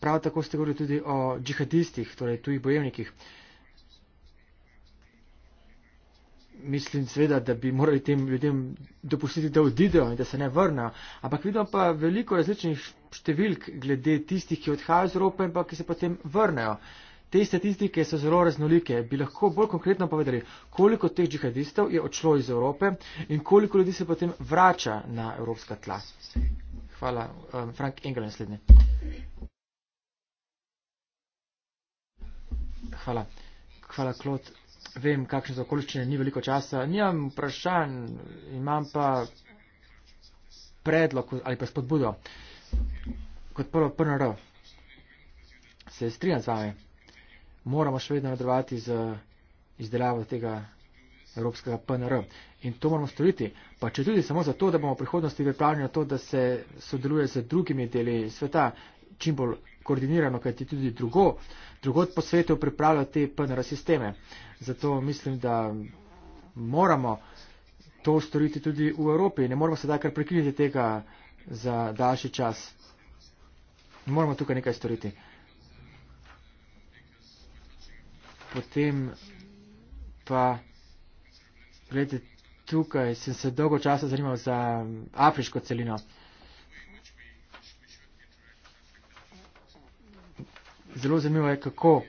Prav tako ste govorili tudi o džihadistih, torej tujih bojevnikih. Mislim seveda, da bi morali tem ljudem dopustiti, da odidejo in da se ne vrnejo. Ampak vidim pa veliko različnih številk glede tistih, ki odhajajo iz Evrope in pa ki se potem vrnejo. Te statistike so zelo raznolike. Bi lahko bolj konkretno povedali, koliko teh džihadistov je odšlo iz Evrope in koliko ljudi se potem vrača na evropska tla. Hvala. Um, Frank Engel, naslednji. Hvala. Hvala, Klot. Vem, kakšne so okoliščine, ni veliko časa. Nimam vprašanj, imam pa predlog ali pa spodbudo. Kot prvo, PNR. Se strinjam z vami. Moramo še vedno nadaljevati z izdelavo tega evropskega PNR. In to moramo storiti. Pa če tudi samo zato, da bomo v prihodnosti pripravljeni na to, da se sodeluje z drugimi deli sveta, čim bolj koordinirano, kajti tudi drugo, drugod po svetu pripravljajo te PNR sisteme. Zato mislim, da moramo to storiti tudi v Evropi. Ne moramo sedaj kar prekiniti tega za daljši čas. Moramo tukaj nekaj storiti. Potem pa, gledajte, tukaj sem se dolgo časa zanimal za afriško celino. zelo zanimivo je, kako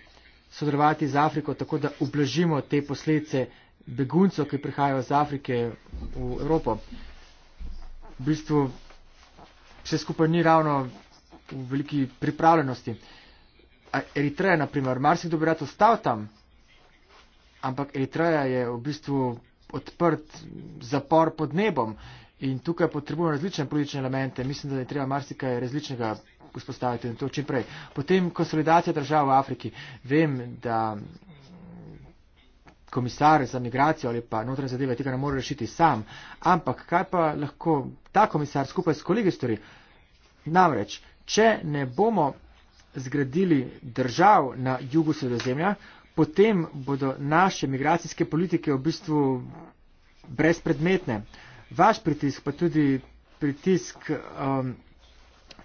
sodelovati z Afriko, tako da ublažimo te posledice beguncev, ki prihajajo z Afrike v Evropo. V bistvu vse skupaj ni ravno v veliki pripravljenosti. Eritreja, naprimer, marsikdo bi rad ostal tam, ampak Eritreja je v bistvu odprt zapor pod nebom. In tukaj potrebujemo različne politične elemente. Mislim, da je treba marsikaj različnega vzpostaviti in to čim prej. Potem konsolidacija držav v Afriki. Vem, da komisar za migracijo ali pa notranje zadeve tega ne more rešiti sam, ampak kaj pa lahko ta komisar skupaj s kolegi stori? Namreč, če ne bomo zgradili držav na jugu sredozemlja, potem bodo naše migracijske politike v bistvu brezpredmetne. Uh, vaš pritisk, pa tudi pritisk um,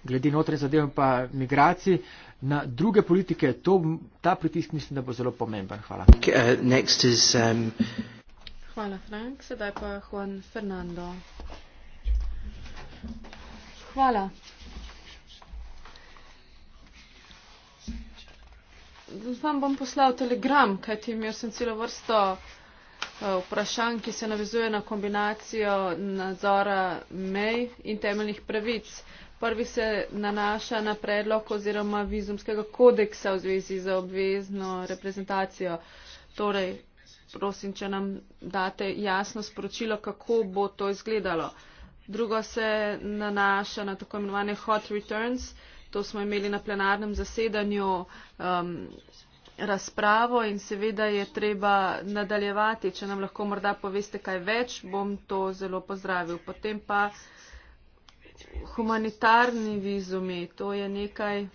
glede notranje zadev in pa migracij na druge politike, to, ta pritisk mislim, da bo zelo pomemben. Hvala. Uh, is, um... Hvala, Frank. Sedaj pa Juan Fernando. Hvala. Vam bom poslal telegram, kajti imel sem celo vrsto Eh, vprašanj, ki se navizuje na kombinacijo nadzora mej in temeljnih pravic. Prvi se nanaša na predlog oziroma vizumskega kodeksa v zvezi z obvezno reprezentacijo. Torej, prosim, če nam date jasno sporočilo, kako bo to izgledalo. Drugo se nanaša na tako imenovane hot returns. To smo imeli na plenarnem zasedanju um, razpravo in seveda je treba nadaljevati. Če nam lahko morda poveste kaj več, bom to zelo pozdravil. Potem pa humanitarni vizumi, to je nekaj,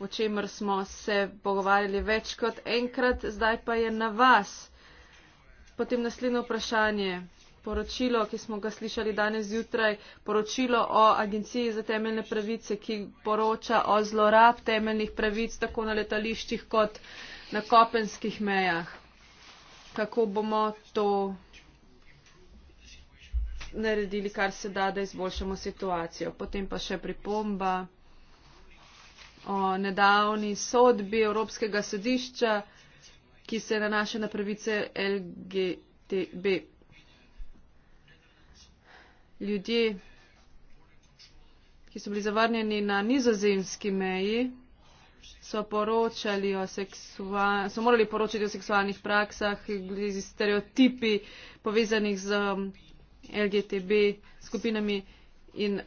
o čemer smo se pogovarjali več kot enkrat, zdaj pa je na vas. Potem naslednje vprašanje poročilo, ki smo ga slišali danes zjutraj, poročilo o Agenciji za temeljne pravice, ki poroča o zlorab temeljnih pravic tako na letališčih kot na kopenskih mejah. Kako bomo to naredili, kar se da, da izboljšamo situacijo. Potem pa še pripomba o nedavni sodbi Evropskega sodišča, ki se nanaša na pravice LGTB ljudje, ki so bili zavrnjeni na nizozemski meji, so, poročali o so morali poročati o seksualnih praksah, stereotipi povezanih z um, LGTB skupinami in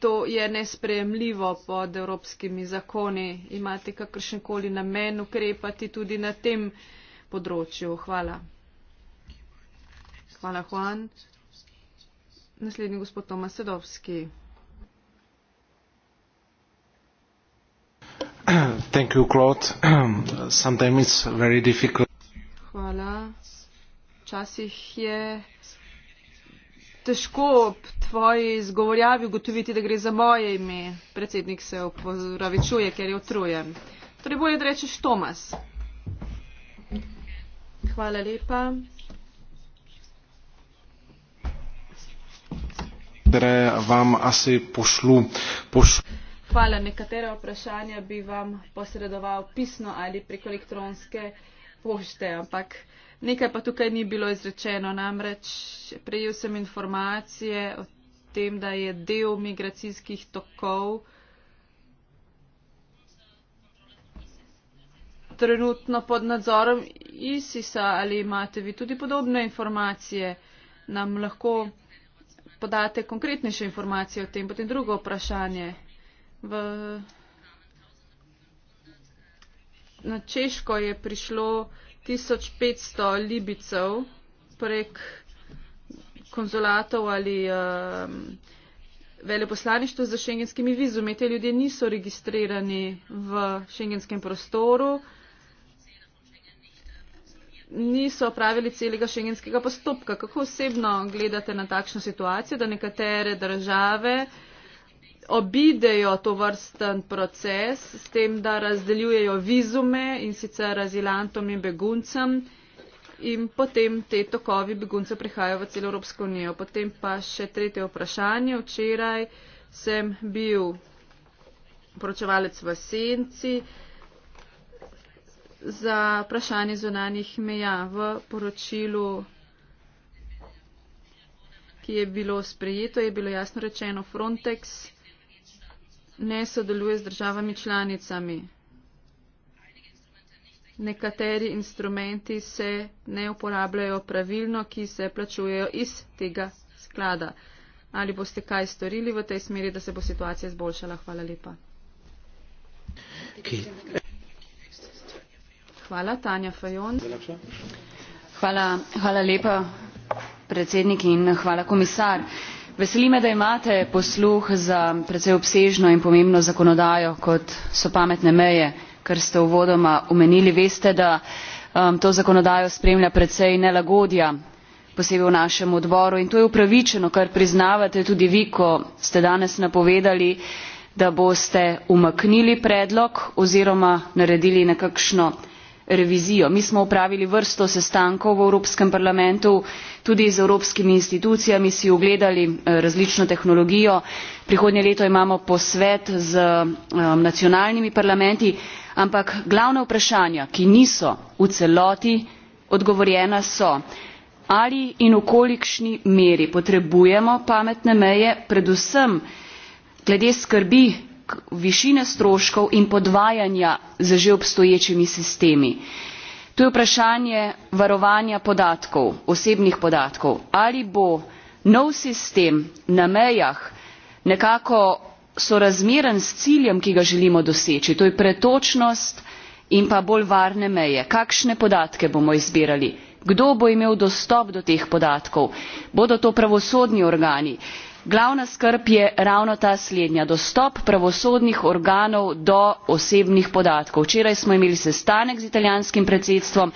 to je nesprejemljivo pod evropskimi zakoni. Imate kakršenkoli namen ukrepati tudi na tem področju. Hvala. Hvala, Juan. Naslednji gospod Tomas Sedovski. Thank you, Claude. Sometimes it's very difficult. Hvala. Včasih je težko ob tvoji zgovorjavi ugotoviti, da gre za moje ime. Predsednik se opravičuje, ker je otrujen. Torej bolje, da rečeš Tomas. Hvala lepa. katere vam asi pošlu. pošlu. Hvala. Nekatere vprašanja bi vam posredoval pisno ali preko elektronske pošte, ampak nekaj pa tukaj ni bilo izrečeno. Namreč prejel sem informacije o tem, da je del migracijskih tokov trenutno pod nadzorom ISIS-a. Ali imate vi tudi podobne informacije? Nam lahko podate konkretnejše informacije o tem. Potem drugo vprašanje. V Na Češko je prišlo 1500 Libicev prek konzulatov ali um, veleposlaništva za šengenskimi vizumi. Te ljudje niso registrirani v šengenskem prostoru. Uh, niso pravili celega šengenskega postopka. Kako osebno gledate na takšno situacijo, da nekatere države obidejo to vrsten proces s tem, da razdeljujejo vizume in sicer razilantom in beguncem in potem te tokovi beguncev prihajajo v celo Evropsko unijo. Potem pa še tretje vprašanje. Včeraj sem bil poročevalec v Senci za vprašanje zunanjih meja v poročilu, ki je bilo sprejeto, je bilo jasno rečeno, Frontex ne sodeluje z državami članicami. Nekateri instrumenti se ne uporabljajo pravilno, ki se plačujejo iz tega sklada. Ali boste kaj storili v tej smeri, da se bo situacija izboljšala? Hvala lepa. Okay. Hvala, Tanja Fajon. Hvala, hvala lepa, predsednik in hvala, komisar. Veseli me, da imate posluh za precej obsežno in pomembno zakonodajo, kot so pametne meje, kar ste uvodoma omenili. Veste, da um, to zakonodajo spremlja precej nelagodja, posebej v našem odboru. In to je upravičeno, kar priznavate tudi vi, ko ste danes napovedali, da boste umaknili predlog oziroma naredili nekakšno revizijo. mi smo opravili vrsto sestankov v evropskem parlamentu tudi z evropskimi institucijami si ogledali eh, različno tehnologijo prihodnje leto imamo posvet z eh, nacionalnimi parlamenti ampak glavna vprašanja ki niso v celoti odgovorjena so ali in v kolikšni meri potrebujemo pametne meje predvsem glede skrbi višine stroškov in podvajanja z že obstoječimi sistemi. tu je vprašanje varovanja podatkov osebnih podatkov ali bo nov sistem na mejah nekako sorazmeren s ciljem ki ga želimo doseči to je pretočnost in pa bolj varne meje kakšne podatke bomo izbirali kdo bo imel dostop do teh podatkov bodo to pravosodni organi? glavna skrb je ravno ta slednja dostop pravosodnih organov do osebnih podatkov. včeraj smo imeli sestanek z italijanskim predsedstvom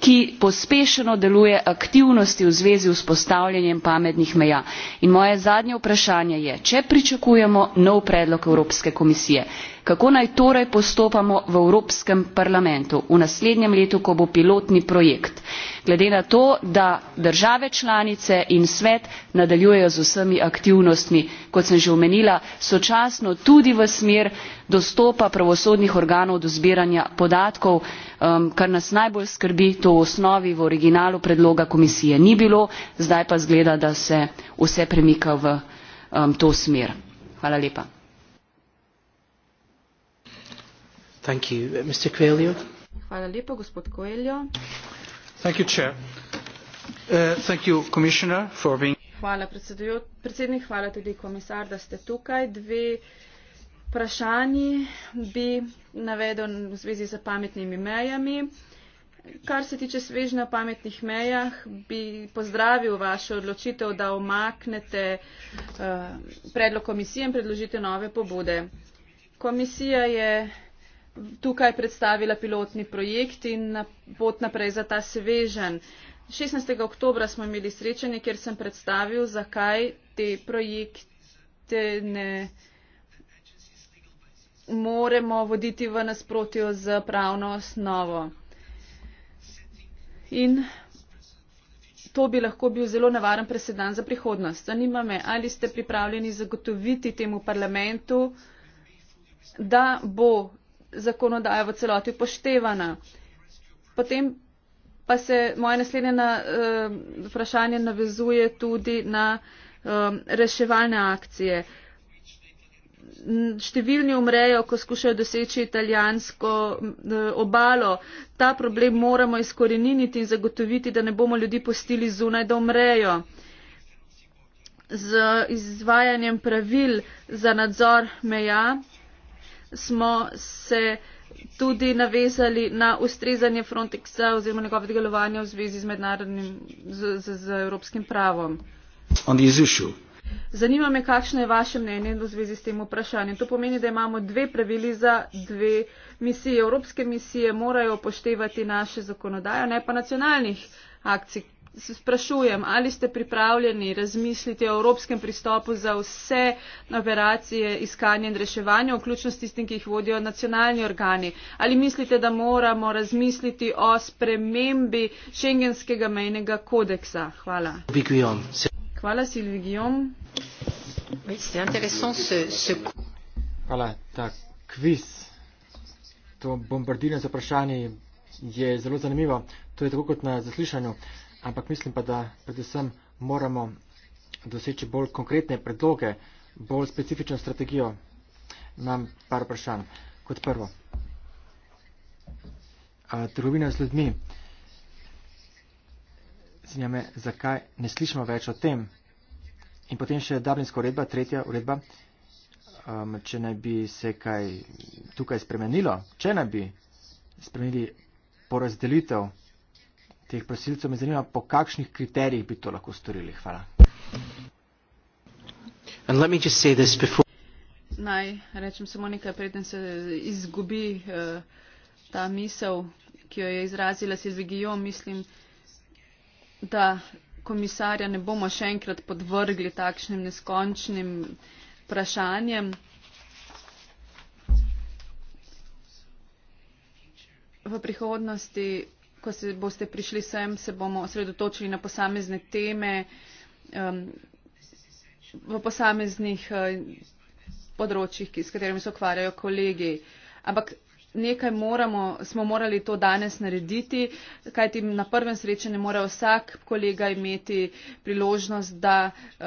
ki pospešeno deluje aktivnosti v zvezi z vzpostavljanjem pametnih meja in moje zadnje vprašanje je če pričakujemo nov predlog evropske komisije kako naj torej postopamo v evropskem parlamentu v naslednjem letu ko bo pilotni projekt glede na to da države članice in svet nadaljujejo z vsemi aktivnostmi kot sem že omenila sočasno tudi v smer dostopa pravosodnih organov do zbiranja podatkov um, kar nas najbolj skrbi to v osnovi v originalu predloga komisije ni bilo zdaj pa izgleda da se vse premika v um, to smer. Thank you. Uh, Mr. Coelho. Hvala lepo, gospod Coelho. Thank you, Chair. Uh, thank you, Commissioner, for being Hvala predsednik, hvala tudi komisar, da ste tukaj. Dve vprašanji bi navedel v zvezi z pametnimi mejami. Kar se tiče svežne o pametnih mejah, bi pozdravil vašo odločitev, da omaknete uh, predlog komisije in predložite nove pobude. Komisija je tukaj predstavila pilotni projekt in na pot naprej za ta svežen. 16. oktobra smo imeli srečanje, kjer sem predstavil, zakaj te projekte ne moremo voditi v nasprotju z pravno osnovo. In to bi lahko bil zelo nevaren presedan za prihodnost. Zanima me, ali ste pripravljeni zagotoviti temu parlamentu, da bo zakonodaja v celoti upoštevana. Potem pa se moje naslednje na, uh, vprašanje navezuje tudi na um, reševalne akcije. Številni umrejo, ko skušajo doseči italijansko eh, obalo. Ta problem moramo izkoreniniti in zagotoviti, da ne bomo ljudi postili zunaj, da umrejo. Z izvajanjem pravil za nadzor meja smo se tudi navezali na ustrezanje Frontexa oziroma njegove delovanja v zvezi z, z, z, z evropskim pravom. Zanima me, kakšno je vaše mnenje v zvezi s tem vprašanjem. To pomeni, da imamo dve pravili za dve misije. Evropske misije morajo poštevati naše zakonodajo, ne pa nacionalnih akcij, sprašujem, ali ste pripravljeni razmisliti o evropskem pristopu za vse operacije iskanja in reševanja, vključno s tistim, ki jih vodijo nacionalni organi. Ali mislite, da moramo razmisliti o spremembi šengenskega mejnega kodeksa? Hvala. Hvala, Silvi Gijom. Hvala, ta kviz, to bombardiranje z vprašanji je zelo zanimivo. To je tako kot na zaslišanju. Uh, ampak mislim pa, da predvsem moramo doseči bolj konkretne predloge, bolj specifično strategijo. Imam par vprašanj. Kot prvo, A, trgovina z ljudmi. Zanjame, zakaj ne slišimo več o tem? In potem še Dublinska uredba, tretja uredba. Um, če naj bi se kaj tukaj spremenilo, če naj bi spremenili porazdelitev teh prosilcev. Me zanima, po kakšnih kriterijih bi to lahko storili. Hvala. Naj rečem samo nekaj, preden se izgubi uh, ta misel, ki jo je izrazila Silvigijo. Mislim, da komisarja ne bomo še enkrat podvrgli takšnim neskončnim vprašanjem. V prihodnosti ko se boste prišli sem, se bomo osredotočili na posamezne teme um, v posameznih uh, področjih, ki, s katerimi se ukvarjajo kolegi. Ampak nekaj moramo, smo morali to danes narediti, kajti na prvem srečanju mora vsak kolega imeti priložnost, da uh,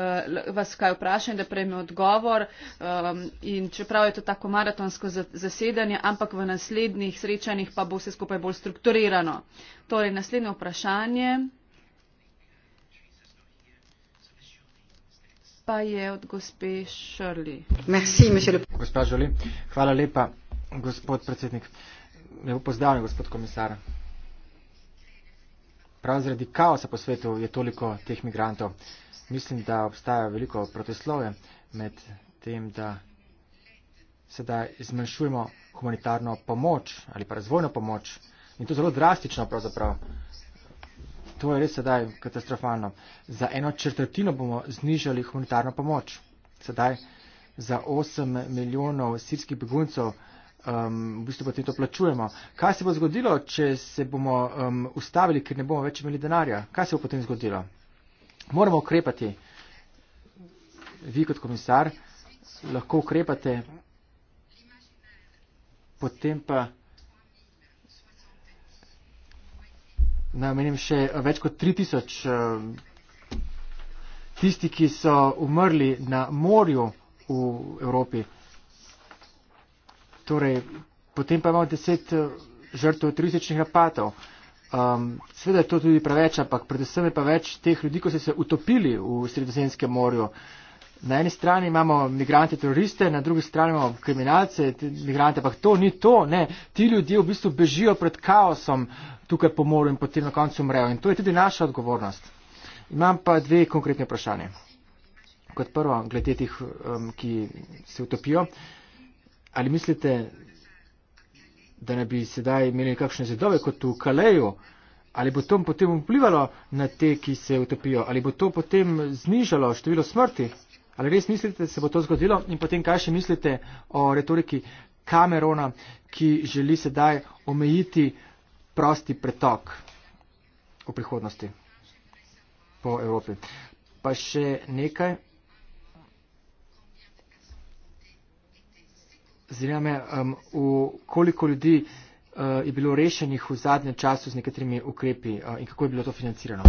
vas kaj vpraša in da prejme odgovor. Um, in čeprav je to tako maratonsko zasedanje, ampak v naslednjih srečanjih pa bo vse skupaj bolj strukturirano. Torej, naslednje vprašanje. Pa je od gospe Šrli. Gospa Šrli, hvala lepa gospod predsednik. Lepo pozdravljen, gospod komisar. Prav zaradi kaosa po svetu je toliko teh migrantov. Mislim, da obstaja veliko protislove med tem, da sedaj zmanjšujemo humanitarno pomoč ali pa razvojno pomoč. In to zelo drastično pravzaprav. To je res sedaj katastrofalno. Za eno četrtino bomo znižali humanitarno pomoč. Sedaj za 8 milijonov sirskih beguncov um, v bistvu potem to plačujemo. Kaj se bo zgodilo, če se bomo um, ustavili, ker ne bomo več imeli denarja? Kaj se bo potem zgodilo? Moramo ukrepati. Vi kot komisar lahko ukrepate. Potem pa namenim še več kot 3000 um, tisti, ki so umrli na morju v Evropi. Torej, potem pa imamo deset eh, žrtev terorističnih napadov. Um, Sveda je to tudi preveč, ampak predvsem je pa več teh ljudi, ko so se utopili v Sredozemskem morju. Na eni strani imamo migrante teroriste, na drugi strani imamo kriminalce, migrante, ampak to ni to, ne. Ti ljudje v bistvu bežijo pred kaosom tukaj po morju in potem na koncu umrejo. In to je tudi naša odgovornost. Imam pa dve konkretne vprašanje. Kot prvo, glede teh, um, ki se utopijo. Uh, ali mislite, da ne bi sedaj imeli kakšne zidove kot v Kaleju? Ali bo to potem vplivalo na te, ki se utopijo? Ali bo to potem znižalo število smrti? Ali res mislite, da se bo to zgodilo? In potem, kaj še mislite o retoriki Kamerona, ki želi sedaj omejiti prosti pretok v prihodnosti po Evropi? Pa še nekaj Zanima me, um, v koliko ljudi uh, je bilo rešenih v zadnjem času z nekaterimi ukrepi uh, in kako je bilo to financirano?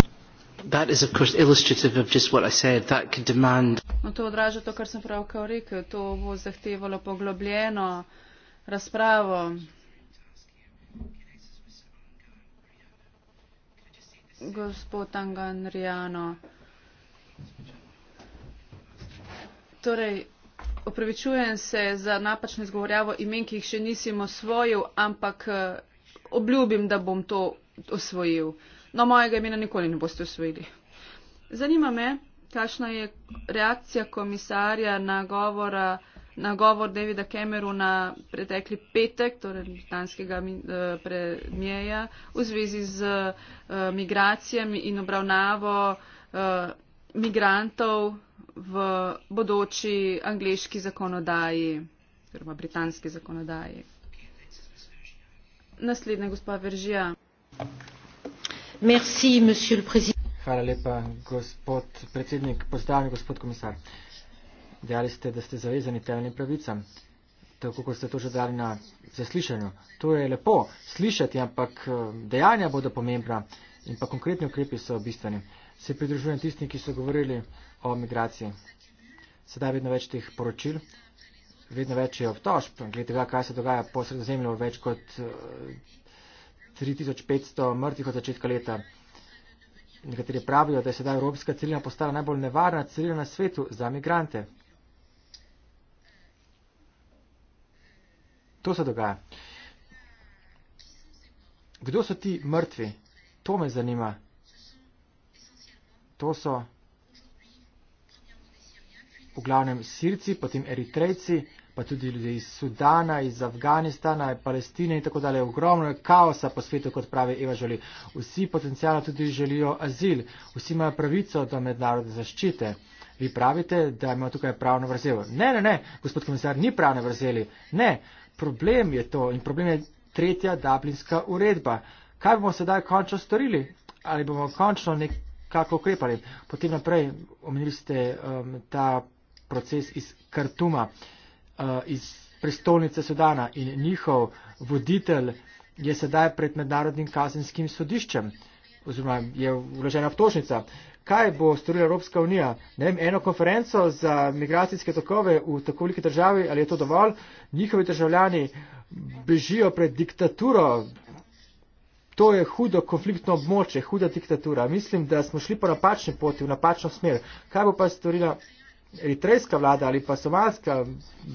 Demand... No, to odraža to, kar sem pravkar rekel. To bo zahtevalo poglobljeno razpravo. Gospod Anganriano. Torej, opravičujem se za napačno izgovorjavo imen, ki jih še nisimo svojil, ampak eh, obljubim, da bom to osvojil. No, mojega imena nikoli ne boste osvojili. Zanima me, kakšna je reakcija komisarja na govor, na govor Davida Kemeru na pretekli petek, torej danskega eh, premijeja, v zvezi z eh, migracijami in obravnavo migrantov v bodoči angliški zakonodaji, oziroma britanski zakonodaji. Naslednja gospa Veržija. Merci, Hvala lepa, gospod predsednik. Pozdravljen, gospod komisar. Dejali ste, da ste zavezani temeljnim pravicam, tako kot ste to že dali na zaslišanju. To je lepo slišati, ampak eh, dejanja bodo pomembna in pa konkretni ukrepi so bistveni. Se pridružujem tistim, ki so govorili o migraciji. Sedaj vedno več teh poročil, vedno več je obtožb, glede tega, kaj se dogaja po sredozemlju, več kot 3500 eh, mrtvih od začetka leta. Nekateri pravijo, da je sedaj Evropska celina postala najbolj nevarna celina na svetu za migrante. To se dogaja. Kdo so ti mrtvi? To me zanima. To so v glavnem Sirci, potem Eritrejci, pa tudi ljudje iz Sudana, iz Afganistana, Palestine in tako dalje. Ogromno je kaosa po svetu, kot pravi Eva Žoli. Vsi potencijalno tudi želijo azil, vsi imajo pravico do mednarodne zaščite. Vi pravite, da imamo tukaj pravno vrzel. Ne, ne, ne, gospod komisar, ni pravne vrzeli. Ne, problem je to in problem je tretja dablinska uredba. Kaj bomo sedaj končno storili? Ali bomo končno nekako ukrepali? Potem naprej omenili ste um, ta proces iz Kartuma, eh, iz prestolnice Sudana in njihov voditelj je sedaj pred mednarodnim kazenskim sodiščem oziroma je vložena obtožnica. Kaj bo storila Evropska unija? Ne vem, eno konferenco za migracijske tokove v tako veliki državi, ali je to dovolj? Njihovi državljani bežijo pred diktaturo. To je hudo konfliktno območje, huda diktatura. Mislim, da smo šli po napačni poti, v napačno smer. Kaj bo pa storila eritrejska vlada ali pa somalska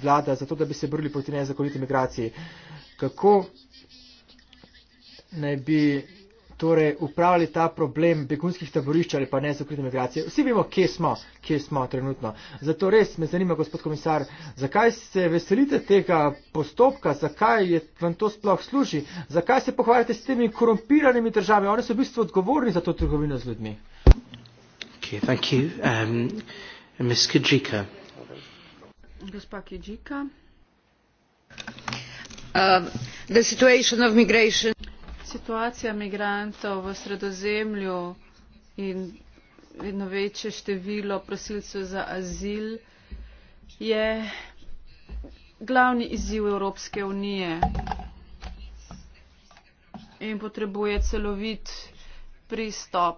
vlada za to, da bi se borili proti nezakoniti migraciji. Kako naj bi torej upravljali ta problem begunskih taborišč ali pa nezakonite migracije. Vsi vemo, kje smo, kje smo trenutno. Zato res me zanima, gospod komisar, zakaj se veselite tega postopka, zakaj je, vam to sploh služi, zakaj se pohvaljate s temi korumpiranimi državami, oni so v bistvu odgovorni za to trgovino z ljudmi. Okay, thank you. Um... Um, situacija migrantov v sredozemlju in vedno večje število prosilcev za azil je glavni izziv evropske unije in potrebuje celovit pristop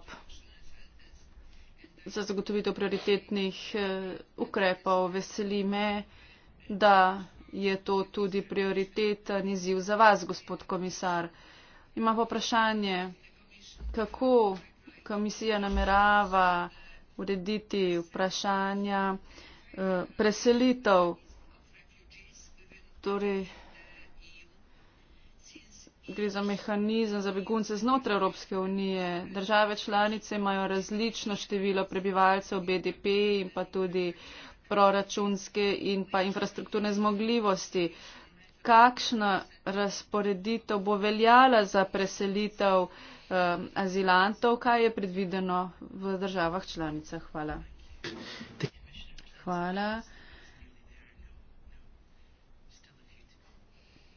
za zagotovitev prioritetnih eh, ukrepov. Veseli me, da je to tudi prioritetan izziv za vas, gospod komisar. Imam pa vprašanje, kako komisija namerava urediti vprašanja eh, preselitev. Torej, gre za mehanizem za begunce znotraj Evropske unije. Države članice imajo različno število prebivalcev, BDP in pa tudi proračunske in pa infrastrukturne zmogljivosti. Kakšna razporeditev bo veljala za preselitev um, azilantov, kaj je predvideno v državah članicah? Hvala. Hvala.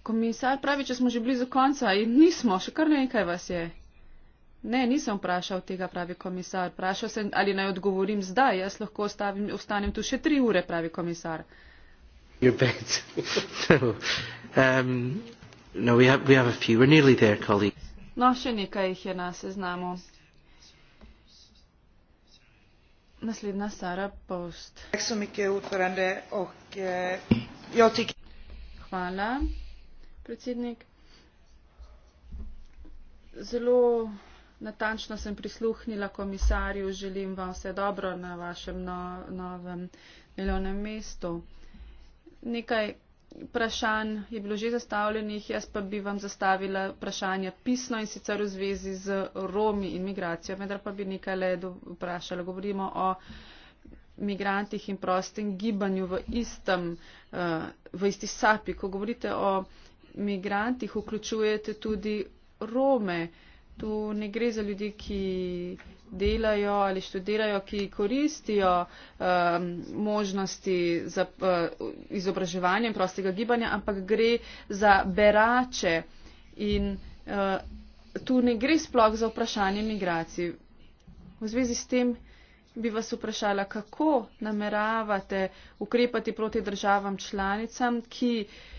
komisar pravi, če smo že blizu konca in nismo, še kar nekaj vas je. Ne, nisem vprašal tega, pravi komisar. Vprašal sem, ali naj odgovorim zdaj. Jaz lahko ostavim, ostanem tu še tri ure, pravi komisar. Um, no, no, še nekaj jih je na seznamu. Naslednja Sara Post. Eh, Hvala predsednik. Zelo natančno sem prisluhnila komisarju, želim vam vse dobro na vašem no, novem delovnem mestu. Nekaj vprašanj je bilo že zastavljenih, jaz pa bi vam zastavila vprašanja pisno in sicer v zvezi z Romi in migracijo, vendar pa bi nekaj le vprašala. Govorimo o migrantih in prostem gibanju v, istem, eh, v isti sapi. Ko govorite o migrantih vključujete tudi Rome. Tu ne gre za ljudi, ki delajo ali študirajo, ki koristijo um, možnosti za uh, izobraževanje in prostega gibanja, ampak gre za berače. In uh, tu ne gre sploh za vprašanje migracij. V zvezi s tem bi vas vprašala, kako nameravate ukrepati proti državam članicam, ki. Uh,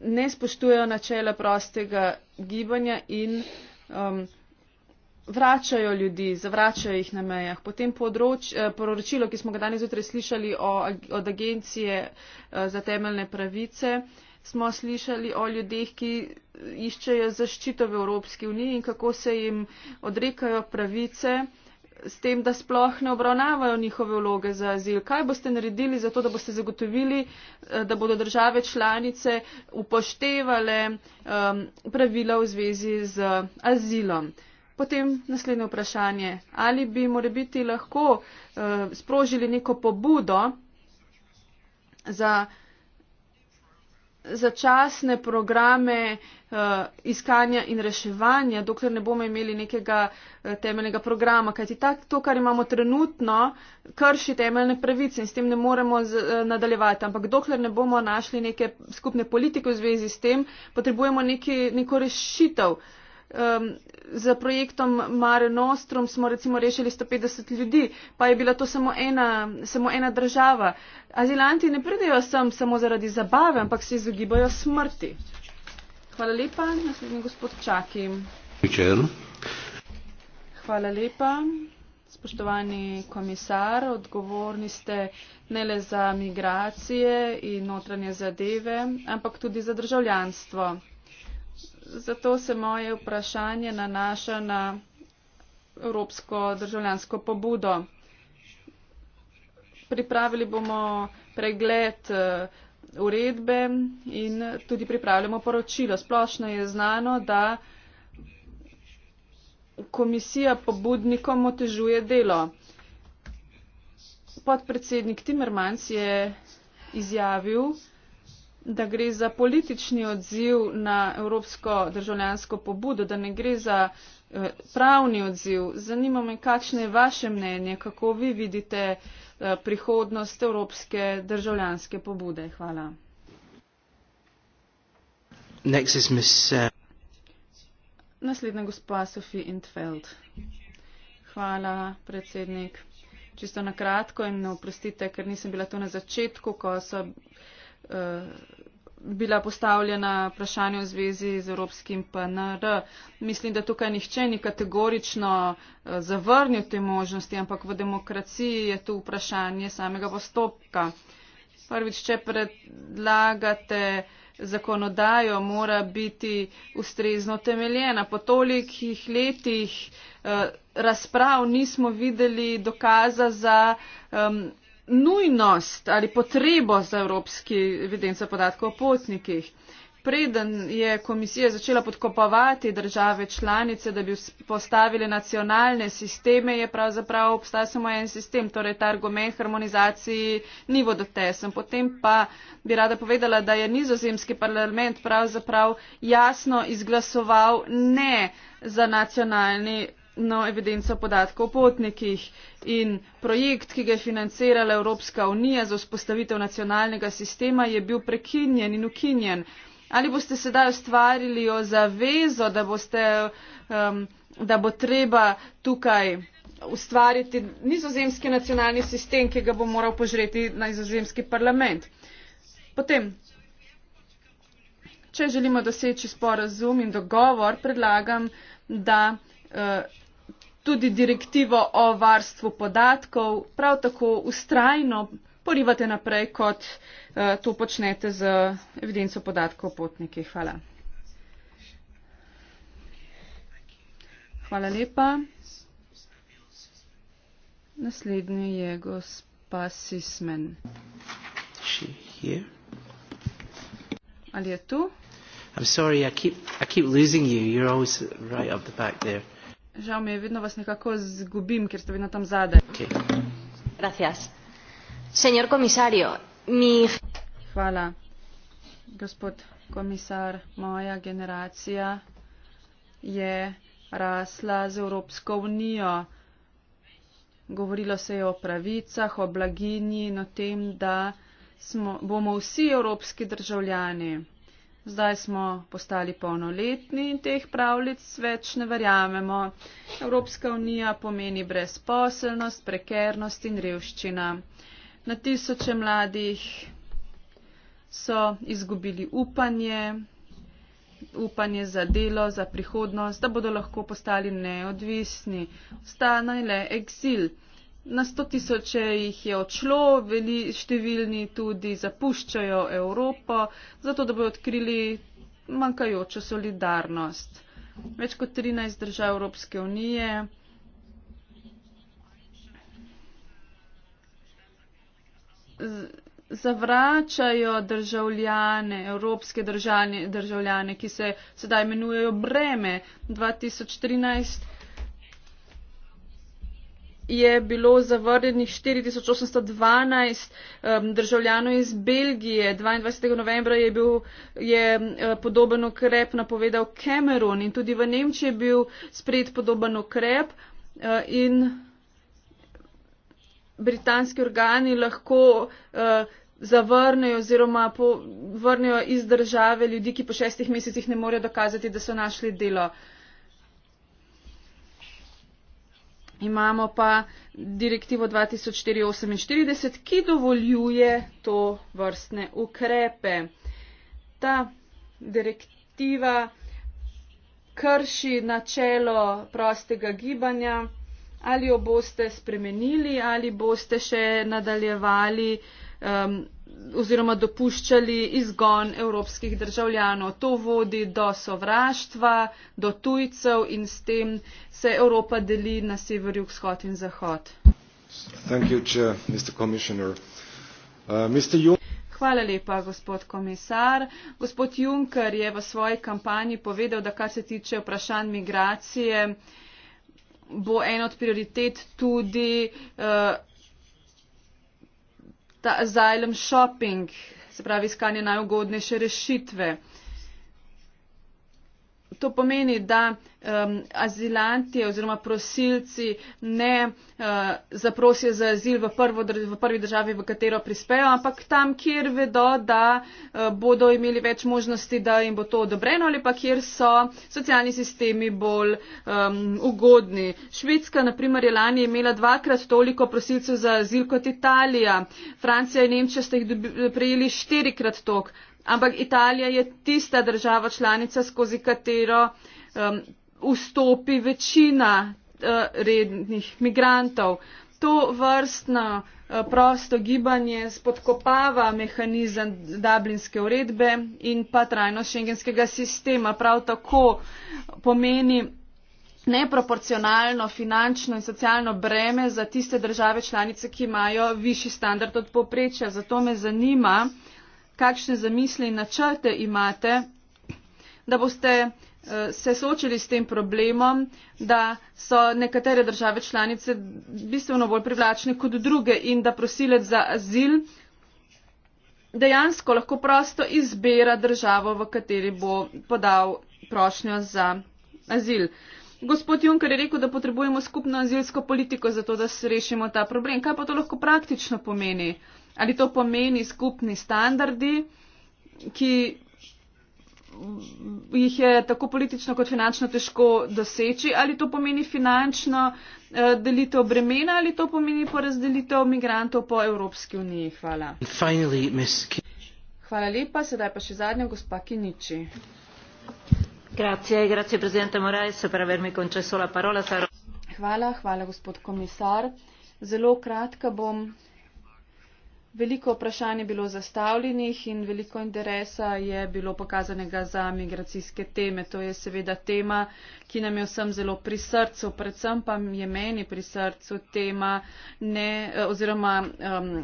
ne spoštujejo načela prostega gibanja in um, vračajo ljudi, zavračajo jih na mejah. Potem področ, eh, poročilo, ki smo ga danes zjutraj slišali o, od agencije eh, za temeljne pravice, smo slišali o ljudeh, ki eh, iščejo zaščito v Evropski uniji in kako se jim odrekajo pravice s tem, da sploh ne obravnavajo njihove vloge za azil. Kaj boste naredili za to, da boste zagotovili, eh, da bodo države članice upoštevale um, pravila v zvezi z azilom? Potem naslednje vprašanje. Ali bi morebiti lahko uh, sprožili neko pobudo za začasne programe uh, iskanja in reševanja, dokler ne bomo imeli nekega uh, temeljnega programa, kajti tak, to, kar imamo trenutno, krši temeljne pravice in s tem ne moremo z, uh, nadaljevati. Ampak dokler ne bomo našli neke skupne politike v zvezi s tem, potrebujemo neki, neko rešitev. Uh, um, za projektom Mare Nostrum smo recimo rešili 150 ljudi, pa je bila to samo ena, samo ena država. Azilanti ne pridejo sem samo zaradi zabave, ampak se izogibajo smrti. Hvala lepa, naslednji gospod Čaki. Večer. Hvala lepa. Spoštovani komisar, odgovorni ste ne le za migracije in notranje zadeve, ampak tudi za državljanstvo zato se moje vprašanje nanaša na evropsko državljansko pobudo. Pripravili bomo pregled eh, uredbe in tudi pripravljamo poročilo. Splošno je znano, da komisija pobudnikom otežuje delo. Podpredsednik Timmermans je izjavil, da gre za politični odziv na evropsko državljansko pobudo, da ne gre za eh, pravni odziv. Zanima me, kakšno je vaše mnenje, kako vi vidite eh, prihodnost evropske državljanske pobude. Hvala. Eh, Naslednja gospa Sofi Intfeld. Hvala, predsednik. Čisto na kratko in oprostite, ker nisem bila tu na začetku, ko so. Eh, bila postavljena vprašanja v zvezi z evropskim PNR. Mislim, da tukaj nihče ni kategorično eh, zavrnil te možnosti, ampak v demokraciji je tu vprašanje samega postopka. Prvič, če predlagate zakonodajo, mora biti ustrezno temeljena. Po tolikih letih eh, razprav nismo videli dokaza za. Eh, nujnost ali potrebo za evropski evidenco podatkov o potnikih. Preden je komisija začela podkopavati države članice, da bi postavili nacionalne sisteme, je pravzaprav obstajal samo en sistem, torej ta argument harmonizaciji ni vodotesen. Potem pa bi rada povedala, da je nizozemski parlament pravzaprav jasno izglasoval ne za nacionalni no, evidenco podatkov o potnikih in projekt, ki ga je financirala Evropska unija za vzpostavitev nacionalnega sistema, je bil prekinjen in ukinjen. Ali boste sedaj ustvarili jo zavezo, da, boste, um, da bo treba tukaj ustvariti nizozemski nacionalni sistem, ki ga bo moral požreti na nizozemski parlament. Potem, če želimo doseči sporazum in dogovor, predlagam, da uh, tudi direktivo o varstvu podatkov, prav tako ustrajno porivate naprej, kot eh, to počnete z evidenco podatkov o potnikih. Hvala. Hvala lepa. Naslednji je gospa Sismen. Ali je tu? I'm sorry, I keep, I keep losing you. You're always right up the back there. Žal mi je, vedno vas nekako zgubim, ker ste vedno tam zadaj. Okay. Señor komisario, mi... Hvala, gospod komisar. Moja generacija je rasla z Evropsko unijo. Govorilo se je o pravicah, o blaginji in o tem, da smo, bomo vsi evropski državljani. Zdaj smo postali polnoletni in teh pravljic več ne verjamemo. Evropska unija pomeni brezposelnost, prekernost in revščina. Na tisoče mladih so izgubili upanje, upanje za delo, za prihodnost, da bodo lahko postali neodvisni. Ostane le eksil. Na sto tisoče jih je odšlo, veli, številni tudi zapuščajo Evropo, zato da bojo odkrili manjkajočo solidarnost. Več kot 13 držav Evropske unije. Zavračajo državljane, evropske državljane, ki se sedaj imenujejo breme 2013 je bilo zavrnjenih 4812 um, državljanov iz Belgije. 22. novembra je, bil, je um, podoben ukrep napovedal Cameron in tudi v Nemčiji je bil sprejet podoben ukrep uh, in britanski organi lahko. Uh, zavrnejo oziroma vrnejo iz države ljudi, ki po šestih mesecih ne morejo dokazati, da so našli delo. Uh, Imamo pa direktivo 2048, ki dovoljuje to vrstne ukrepe. Ta direktiva krši načelo prostega gibanja. Ali jo boste spremenili ali boste še nadaljevali um, oziroma dopuščali izgon evropskih državljanov. To vodi do sovraštva, do tujcev in s tem se Evropa deli na sever, jug, vzhod in zahod. Uh, Hvala lepa, gospod komisar. Gospod Juncker je v svoji kampanji povedal, da kar se tiče vprašanj migracije, bo en od prioritet tudi uh, ta asylum shopping, se pravi iskanje najugodnejše rešitve to pomeni, da um, azilanti oziroma prosilci ne uh, zaprosijo za azil v, prvo, v prvi državi, v katero prispejo, ampak tam, kjer vedo, da uh, bodo imeli več možnosti, da jim bo to odobreno ali pa kjer so socialni sistemi bolj um, ugodni. Švedska, naprimer, je lani imela dvakrat toliko prosilcev za azil kot Italija. Francija in Nemčija ste jih prejeli štirikrat toliko ampak Italija je tista država članica, skozi katero um, vstopi večina uh, rednih migrantov. To vrstno uh, prosto gibanje spodkopava mehanizem Dublinske uredbe in pa trajno šengenskega sistema. Prav tako pomeni neproporcionalno finančno in socialno breme za tiste države članice, ki imajo višji standard od poprečja. Zato me zanima, uh, kakšne zamisli in načrte imate, da boste eh, se soočili s tem problemom, da so nekatere države članice bistveno bolj privlačne kot druge in da prosilec za azil dejansko lahko prosto izbira državo, v kateri bo podal prošnjo za azil. Gospod Juncker je rekel, da potrebujemo skupno azilsko politiko za to, da se rešimo ta problem. Kaj pa to lahko praktično pomeni? ali to pomeni skupni standardi, ki jih je tako politično kot finančno težko doseči, ali to pomeni finančno eh, delitev bremena, ali to pomeni porazdelitev migrantov po Evropski uniji. Hvala. Finally, Hvala lepa, sedaj pa še zadnja, gospa Kiniči. Grazie, grazie, prezidente Morales, per avermi concesso la parola. Hvala, hvala, gospod komisar. Zelo kratka bom veliko vprašanj je bilo zastavljenih in veliko interesa je bilo pokazanega za migracijske teme. To je seveda tema, ki nam je vsem zelo pri srcu, predvsem pa je meni pri srcu tema ne eh, oziroma. Um,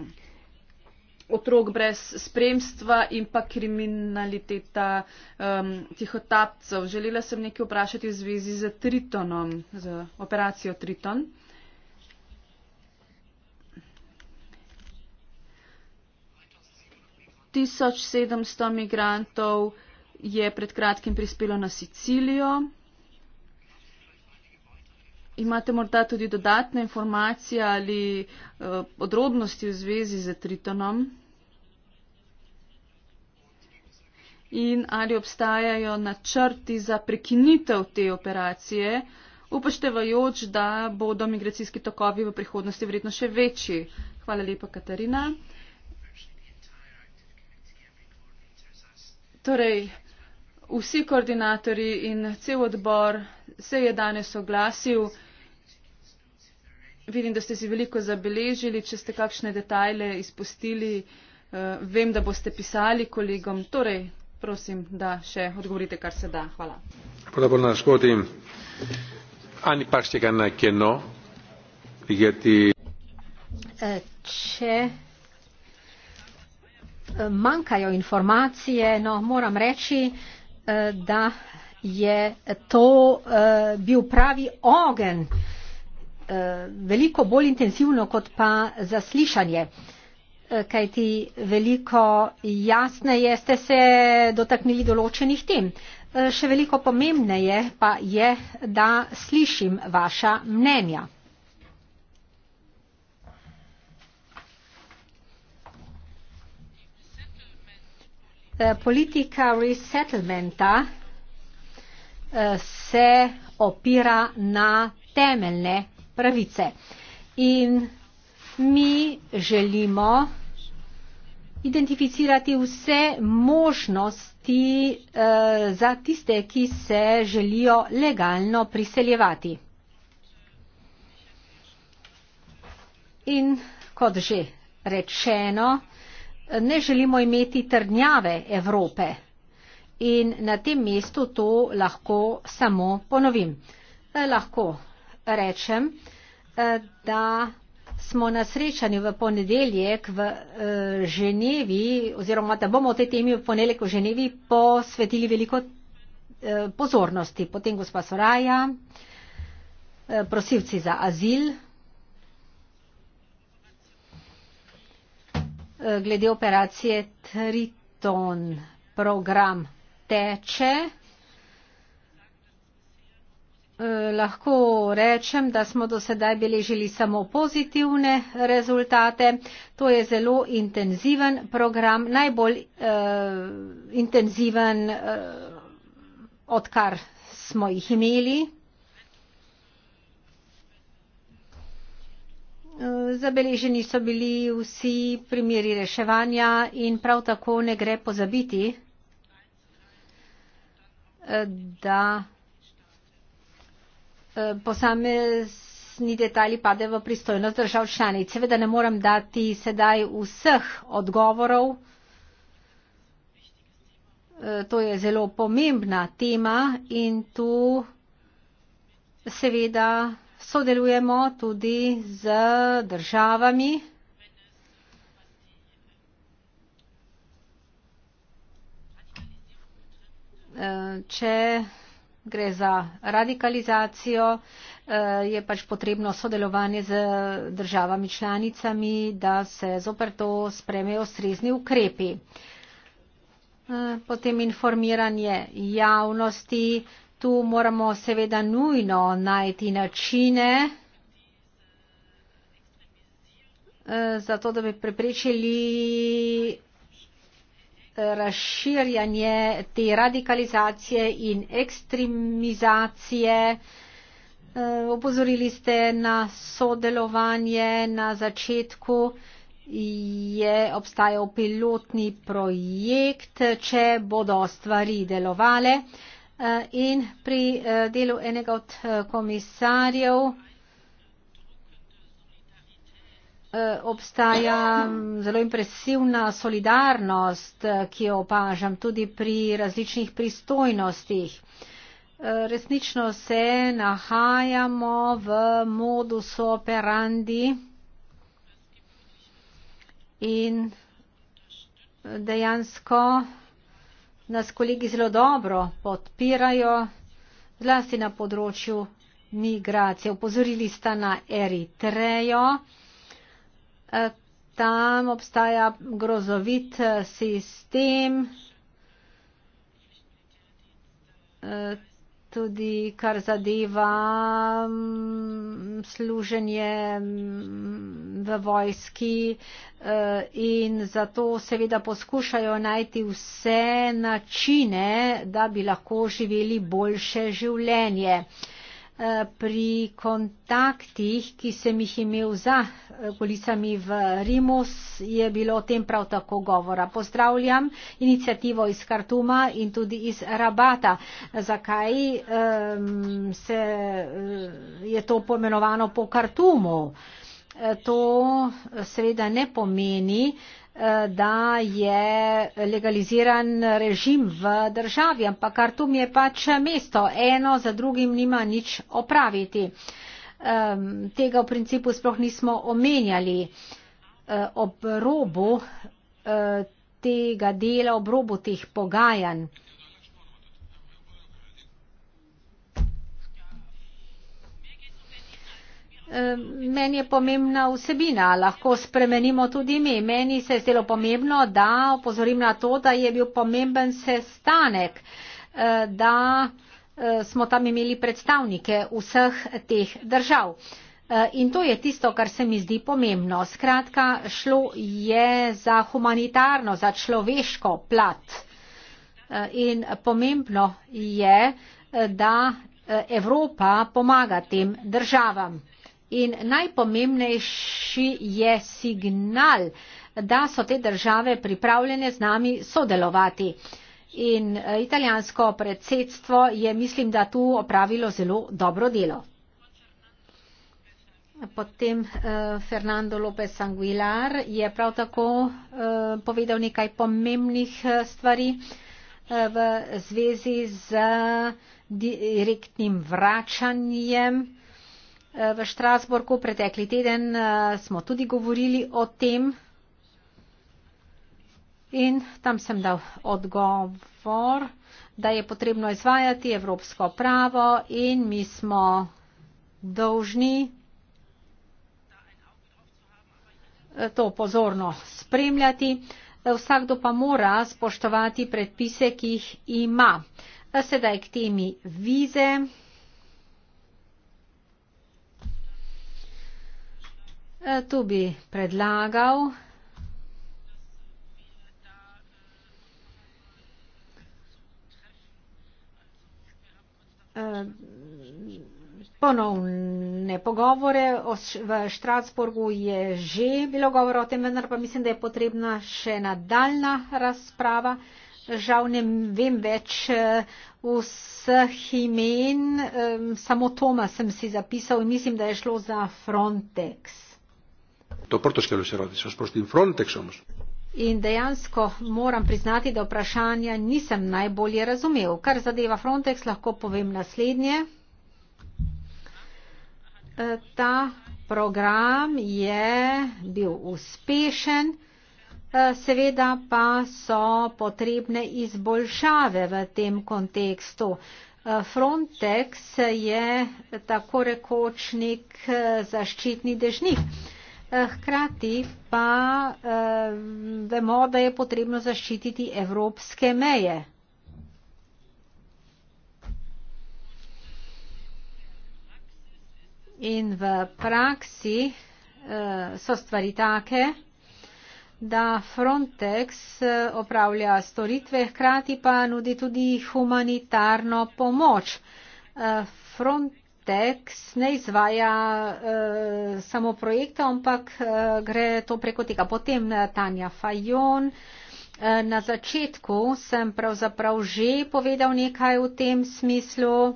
otrok brez spremstva in pa kriminaliteta um, tihotapcev. Želela sem nekaj vprašati v zvezi z Tritonom, z operacijo Triton. 1700 migrantov je pred kratkim prispelo na Sicilijo. Imate morda tudi dodatne informacije ali eh, podrobnosti v zvezi z Tritonom? In ali obstajajo načrti za prekinitev te operacije, upoštevajoč, da bodo migracijski tokovi v prihodnosti verjetno še večji? Hvala lepa, Katarina. Torej, vsi koordinatori in cel odbor se je danes oglasil. Vidim, da ste si veliko zabeležili, če ste kakšne detajle izpustili. Eh, vem, da boste pisali kolegom. Torej, prosim, da še odgovorite, kar se da. Hvala. Če manjkajo informacije, no moram reči, eh, da je to eh, bil pravi ogen, eh, veliko bolj intenzivno kot pa zaslišanje. Kaj ti veliko jasneje ste se dotaknili določenih tem. Še veliko pomembneje pa je, da slišim vaša mnenja. Eh, politika resettlementa eh, se opira na temeljne pravice in mi želimo identificirati vse možnosti eh, za tiste, ki se želijo legalno priseljevati. In kot že rečeno, ne želimo imeti trdnjave Evrope. In na tem mestu to lahko samo ponovim. Eh, lahko rečem, eh, da smo na srečanju v ponedeljek v eh, Ženevi, oziroma da bomo o tej temi v ponedeljek v Ženevi posvetili veliko pozornosti. Potem gospa Soraja, prosilci za azil. glede operacije Triton program teče. E, lahko rečem, da smo do sedaj beležili samo pozitivne rezultate. To je zelo intenziven program, najbolj uh, intenziven, uh, odkar smo jih imeli. Zabeleženi so bili vsi primeri reševanja in prav tako ne gre pozabiti, da eh, posamezni detalji pade v pristojnost držav članic. Seveda ne moram dati sedaj vseh odgovorov. Eh, to je zelo pomembna tema in tu seveda sodelujemo tudi z državami. Eh, če gre za radikalizacijo, eh, je pač potrebno sodelovanje z državami članicami, da se zoper to spremejo strezni ukrepi. Eh, potem informiranje javnosti, tu moramo seveda nujno najti načine, eh, zato da bi preprečili eh, razširjanje te radikalizacije in ekstremizacije. Eh, opozorili ste na sodelovanje na začetku. Je obstajal pilotni projekt, če bodo stvari delovale. Eh, in pri eh, delu enega od eh, komisarjev obstaja mm, zelo impresivna solidarnost, ki jo opažam tudi pri različnih pristojnostih. Resnično se nahajamo v modus operandi in dejansko nas kolegi zelo dobro podpirajo, zlasti na področju migracije. Upozorili sta na Eritrejo. E, tam obstaja grozovit e, sistem. E, tudi kar zadeva mm, služenje mm, v vojski eh, in zato seveda poskušajo najti vse načine, da bi lahko živeli boljše življenje. Eh, pri kontaktih, ki sem jih imel za eh, kulisami v Rimu, je bilo o tem prav tako govora. Pozdravljam inicijativo iz Kartuma in tudi iz Rabata. Zakaj um, se eh, je to pomenovano po Kartumu? To seveda ne pomeni, uh, Eh, da je legaliziran režim v državi, ampak Kartum je pač mesto, eno za drugim nima nič opraviti. Tega v principu sploh nismo omenjali. Eh, ob robu eh, tega dela, ob robu teh pogajanj. meni je pomembna vsebina, lahko spremenimo tudi mi. Meni se je zdelo pomembno, da opozorim na to, da je bil pomemben sestanek, eh, da eh, smo tam imeli predstavnike vseh teh držav. Eh, in to je tisto, kar se mi zdi pomembno. Skratka, šlo je za humanitarno, za človeško plat. In pomembno je, da Evropa pomaga tem državam in najpomembnejši je signal, da so te države pripravljene z nami sodelovati. In e, italijansko predsedstvo je, mislim, da tu opravilo zelo dobro delo. Potem eh, Fernando López Sanguilar je prav tako eh, povedal nekaj pomembnih e, stvari eh, v zvezi z direktnim vračanjem. Eh, v Štrasburgu. Pretekli teden eh, smo tudi govorili o tem in tam sem dal odgovor, da je potrebno izvajati evropsko pravo in mi smo dolžni eh, to pozorno spremljati. Vsakdo pa mora spoštovati predpise, ki jih ima. Sedaj k temi vize. Eh, tu bi predlagal, eh, ponovne pogovore o, v Štratsburgu je že bilo govora o tem, vendar pa mislim, da je potrebna še nadaljna razprava. Žal ne vem več eh, vseh imen, samo Toma sem si zapisal in mislim, da je šlo za Frontex. Το πρώτο σκέλος της ερώτησης, προς την Frontex όμως. In dejansko moram priznati, da vprašanja nisem najbolje razumel. Kar zadeva Frontex, lahko povem naslednje. E, ta program je bil uspešen, e, seveda pa so potrebne izboljšave v tem kontekstu. E, Frontex je tako rekoč nek zaščitni dežnik. Eh, hkrati pa eh, vemo, da je potrebno zaščititi evropske meje. In v praksi eh, so stvari take, da Frontex eh, opravlja storitve, hkrati pa nudi tudi humanitarno pomoč. Eh, Frontex tekst ne izvaja uh, samo projekta, ampak uh, gre to preko tega. Potem eh, Tanja Fajon. Na začetku sem pravzaprav že povedal nekaj v tem smislu,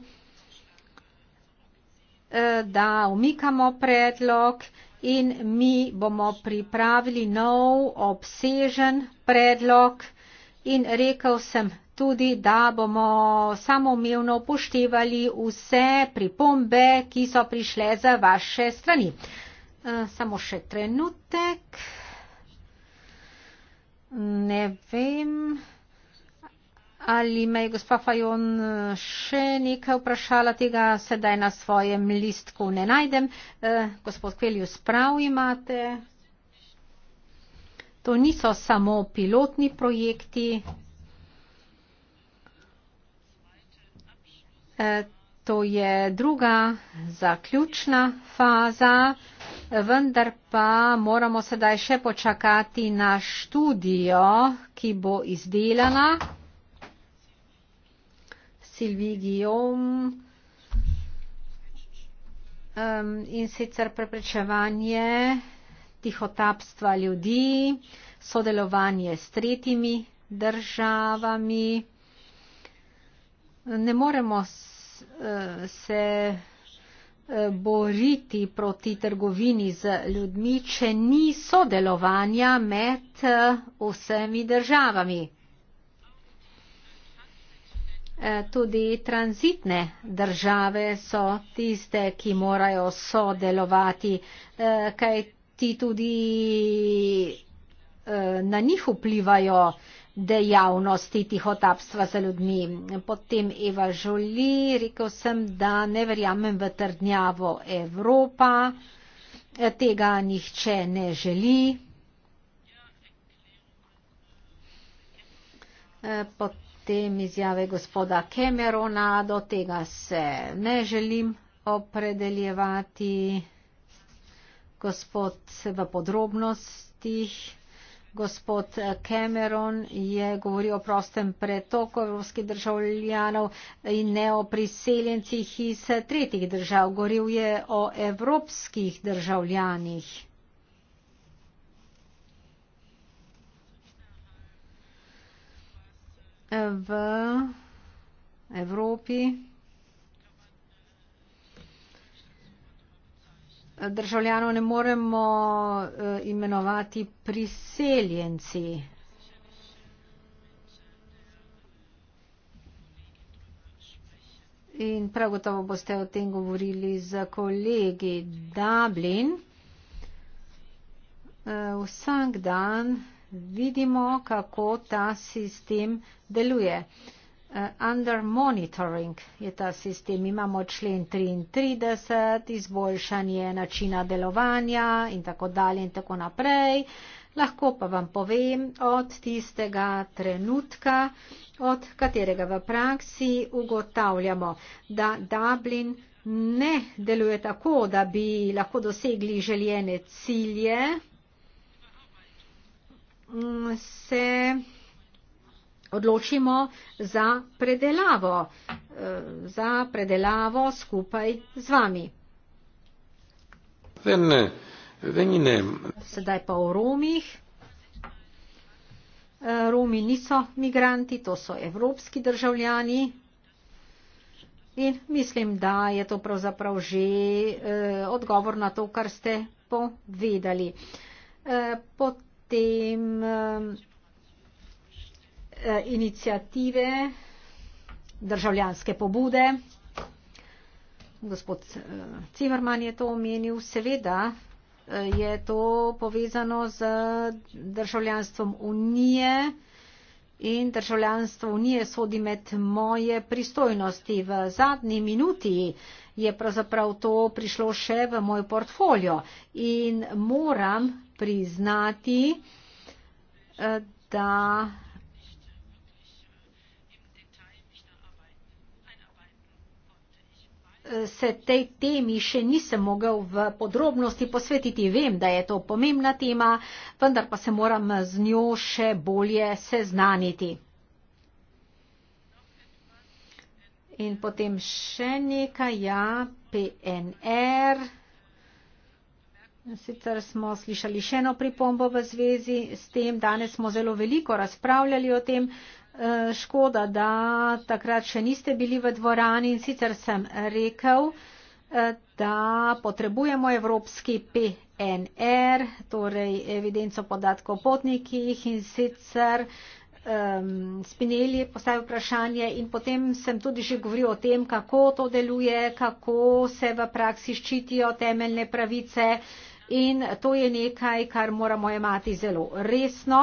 da umikamo predlog in mi bomo pripravili nov obsežen predlog in rekel sem tudi, da bomo samoumevno upoštevali vse pripombe, ki so prišle za vaše strani. Eh, samo še trenutek. Ne vem, ali me je gospa Fajon eh, še nekaj vprašala, tega sedaj na svojem listku ne najdem. Eh, gospod Kvelju, sprav imate. To niso samo pilotni projekti, E, to je druga zaključna faza, vendar pa moramo sedaj še počakati na študijo, ki bo izdelana. Silvigijom in sicer preprečevanje tihotapstva ljudi, sodelovanje s tretjimi državami ne moremo eh, se eh, boriti proti trgovini z ljudmi, če ni sodelovanja med eh, vsemi državami. Tudi tranzitne države so tiste, ki morajo sodelovati, kaj ti tudi na njih vplivajo dejavnosti tihotapstva za ljudmi. Potem Eva Žoli, rekel sem, da ne verjamem v trdnjavo Evropa, tega nihče ne želi. Potem izjave gospoda Kemerona, do tega se ne želim opredeljevati. Gospod v podrobnostih gospod Cameron je govoril o prostem pretoku evropskih državljanov in ne o priseljencih iz tretjih držav. Govoril je o evropskih državljanih. V Evropi. državljanov ne moremo eh, imenovati priseljenci. In prav gotovo boste o tem govorili z kolegi Dublin. Eh, vsak dan vidimo, kako ta sistem deluje. Eh, under monitoring je ta sistem, imamo člen 33, izboljšanje načina delovanja in tako dalje in tako naprej. Lahko pa vam povem od tistega trenutka, od katerega v praksi ugotavljamo, da Dublin ne deluje tako, da bi lahko dosegli željene cilje. Mm, se odločimo za predelavo, eh, za predelavo skupaj z vami. Then, then in... Sedaj pa o Romih. Eh, Romi niso migranti, to so evropski državljani. In mislim, da je to pravzaprav že eh, odgovor na to, kar ste povedali. Eh, potem. Eh, Eh, inicijative državljanske pobude. Gospod eh, Cimerman je to omenil. Seveda eh, je to povezano z državljanstvom Unije in državljanstvo Unije sodi med moje pristojnosti. V zadnji minuti je pravzaprav to prišlo še v moj portfolio in moram priznati, da se tej temi še nisem mogel v podrobnosti posvetiti. Vem, da je to pomembna tema, vendar pa se moram z njo še bolje seznaniti. In potem še nekaj, ja, PNR. Sicer smo slišali še eno pripombo v zvezi s tem, danes smo zelo veliko razpravljali o tem, Eh, škoda, da takrat še niste bili v dvorani in sicer sem rekel, eh, da potrebujemo evropski PNR, torej evidenco podatkov potnikih in sicer um, ehm, spinelji postavil vprašanje in potem sem tudi že govoril o tem, kako to deluje, kako se v praksi ščitijo temeljne pravice in to je nekaj, kar moramo imati zelo resno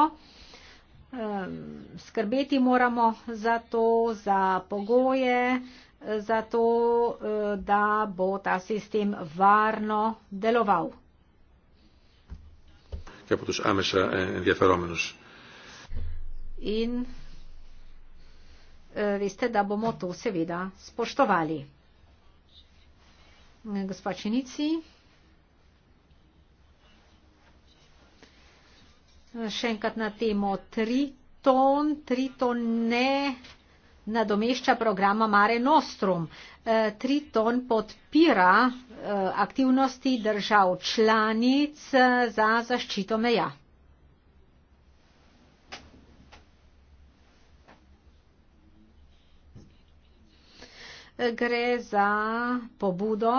skrbeti moramo za to, za pogoje, za to, e, da bo ta sistem varno deloval. Eh, In e, veste, da bomo to seveda spoštovali. Gospa Činici. še enkrat na temo Triton. Triton ne nadomešča programa Mare Nostrum. E, Triton podpira e, aktivnosti držav članic e, za zaščito meja. Gre za pobudo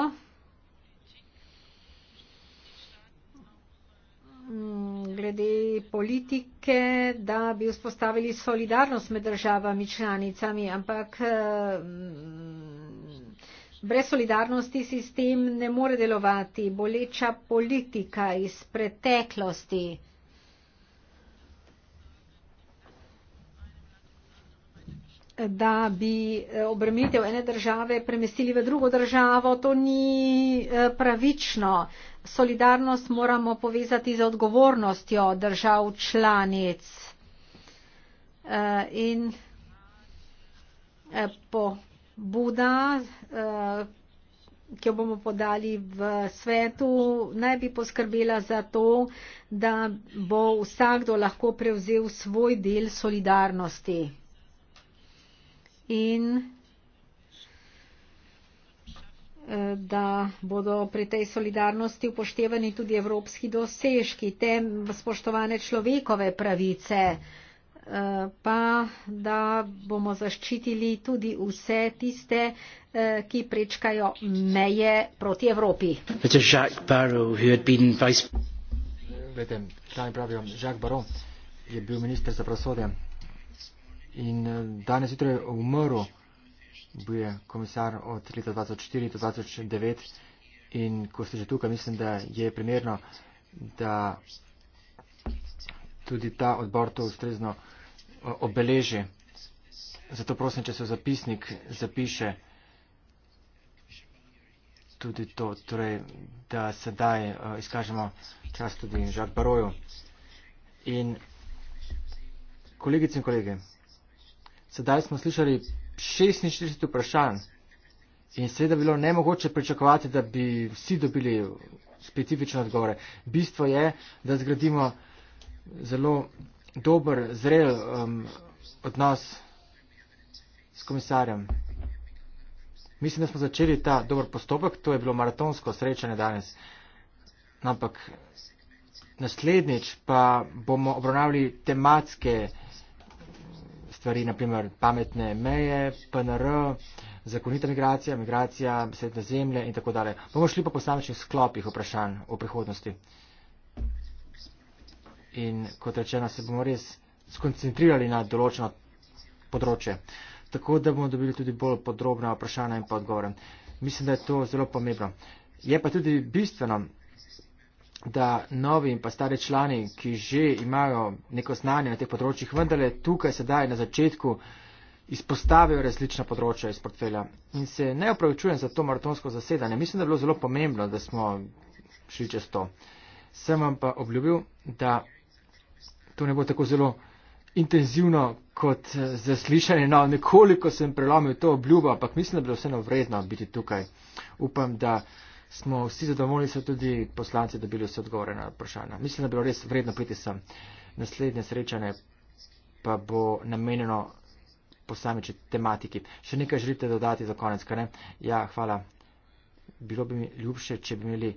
glede politike, da bi vzpostavili solidarnost med državami članicami, ampak mm, brez solidarnosti sistem ne more delovati. Boleča politika iz preteklosti. da bi obremenitev ene države premestili v drugo državo, to ni eh, pravično solidarnost moramo povezati z odgovornostjo držav članic eh, in eh, pobuda, eh, ki jo bomo podali v svetu, naj bi poskrbela za to, da bo vsakdo lahko prevzel svoj del solidarnosti. In da bodo pri tej solidarnosti upoštevani tudi evropski dosežki, te spoštovane človekove pravice, eh, pa da bomo zaščitili tudi vse tiste, eh, ki prečkajo meje proti Evropi. Glede, naj pravijo, Jacques Baron je bil minister za prasode in eh, danes jutro je umrl bil je komisar od leta 2004 do 2009 in ko ste že tukaj, mislim, da je primerno, da tudi ta odbor to ustrezno obeleži. Zato prosim, če se v zapisnik zapiše tudi to, torej, da sedaj uh, izkažemo čas tudi žart baroju. In kolegice in kolege, sedaj smo slišali 46 vprašanj in seveda bilo nemogoče pričakovati, da bi vsi dobili specifične odgovore. Bistvo je, da zgradimo zelo dober, zrel um, odnos s komisarjem. Mislim, da smo začeli ta dober postopek, to je bilo maratonsko srečanje danes. Ampak naslednjič pa bomo obravnavali tematske stvari, naprimer pametne meje, PNR, zakonita migracija, migracija besedne zemlje in tako dalje. Bomo šli po posamečnih sklopih vprašanj v prihodnosti. In kot rečeno, se bomo res skoncentrirali na določeno področje. Tako da bomo dobili tudi bolj podrobna vprašanja in pa odgovore. Mislim, da je to zelo pomembno. Je pa tudi bistveno, da novi in pa stari člani, ki že imajo neko znanje na teh področjih, vendarle tukaj sedaj na začetku izpostavijo različna področja iz portfelja. In se ne opravičujem za to maratonsko zasedanje. Mislim, da je bilo zelo pomembno, da smo šli čez to. Sem vam pa obljubil, da to ne bo tako zelo intenzivno kot eh, zaslišanje. No, nekoliko sem prelomil to obljubo, ampak mislim, da je bilo vseeno vredno biti tukaj. Upam, da smo vsi zadovoljni, so tudi poslanci dobili vse odgovore na vprašanja. Mislim, da bi bilo res vredno priti sem. Naslednje srečanje pa bo namenjeno posamiči tematiki. Še nekaj želite dodati za konec, kaj ne? Ja, hvala. Bilo bi mi ljubše, če bi imeli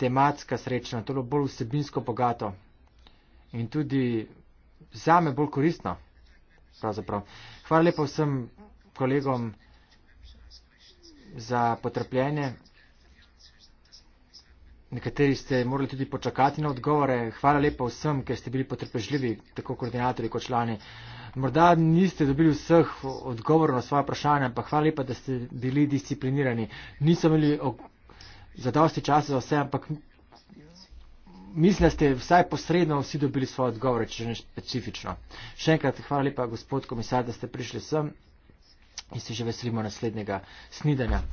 tematska srečanja, to je bolj vsebinsko bogato in tudi zame bolj koristno. Pravzaprav. Hvala lepa vsem kolegom za potrpljenje. Nekateri ste morali tudi počakati na odgovore. Hvala lepa vsem, ker ste bili potrpežljivi, tako koordinatorji kot člani. Morda niste dobili vseh odgovorov na svoje vprašanje, ampak hvala lepa, da ste bili disciplinirani. Niso imeli zadosti časa za vse, ampak mislim, da ste vsaj posredno vsi dobili svoje odgovore, če ne specifično. Še enkrat hvala lepa, gospod komisar, da ste prišli sem in se že veselimo naslednjega snidanja.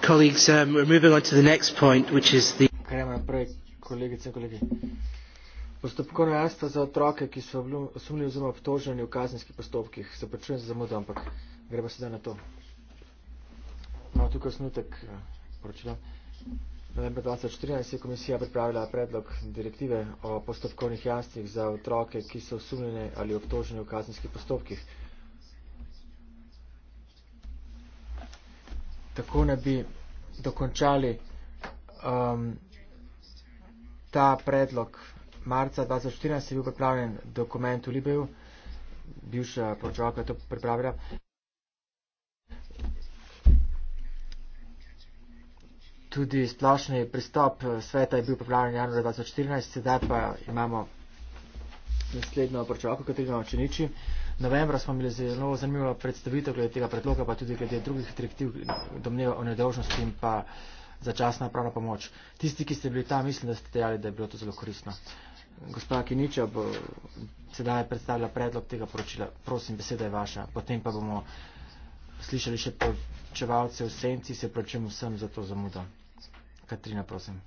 Colleagues, um, we're moving on to the next point, which is the. Gremo naprej, kolegice in kolegi. Postopkovno jasno za otroke, ki so osumljeni oziroma obtoženi v kazenskih postopkih, se počujem za zamudo, ampak gremo sedaj na to. Imamo tukaj osnutek eh, poročila. Novembra 2014 je komisija pripravila predlog direktive o postopkovnih jasnih za otroke, ki so osumljeni ali obtoženi v kazenskih postopkih. tako ne bi dokončali um, ta predlog. Marca 2014 je bil pripravljen dokument v Libiju, bivša počovaka je to pripravila. Tudi splošni pristop sveta je bil pripravljen januarja 2014, sedaj pa imamo naslednjo počovako, katero imamo če niči. Uh, novembra smo imeli zelo zanimivo predstavitev glede tega predloga, pa tudi glede drugih direktiv, domneva o nedožnosti in pa začasna pravna pomoč. Tisti, ki ste bili tam, mislim, da ste dejali, da je bilo to zelo korisno. Gospoda Kiniča bo sedaj predstavila predlog tega poročila. Prosim, beseda je vaša. Potem pa bomo slišali še počevalce v senci, se pročem vsem za to zamudo. Katrina, prosim.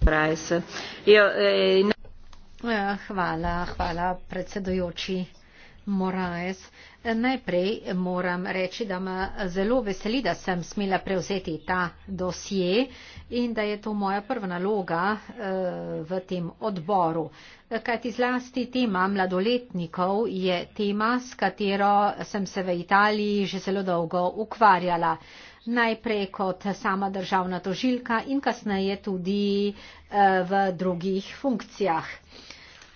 Prajse. Jo, ej, eh, Ja, hvala, hvala predsedojoči Moraes. Najprej moram reči, da me zelo veseli, da sem smela prevzeti ta dosje in da je to moja prva naloga eh, v tem odboru. Kajti zlasti tema mladoletnikov je tema, s katero sem se v Italiji že zelo dolgo ukvarjala. Najprej kot sama državna tožilka in kasneje tudi eh, v drugih funkcijah.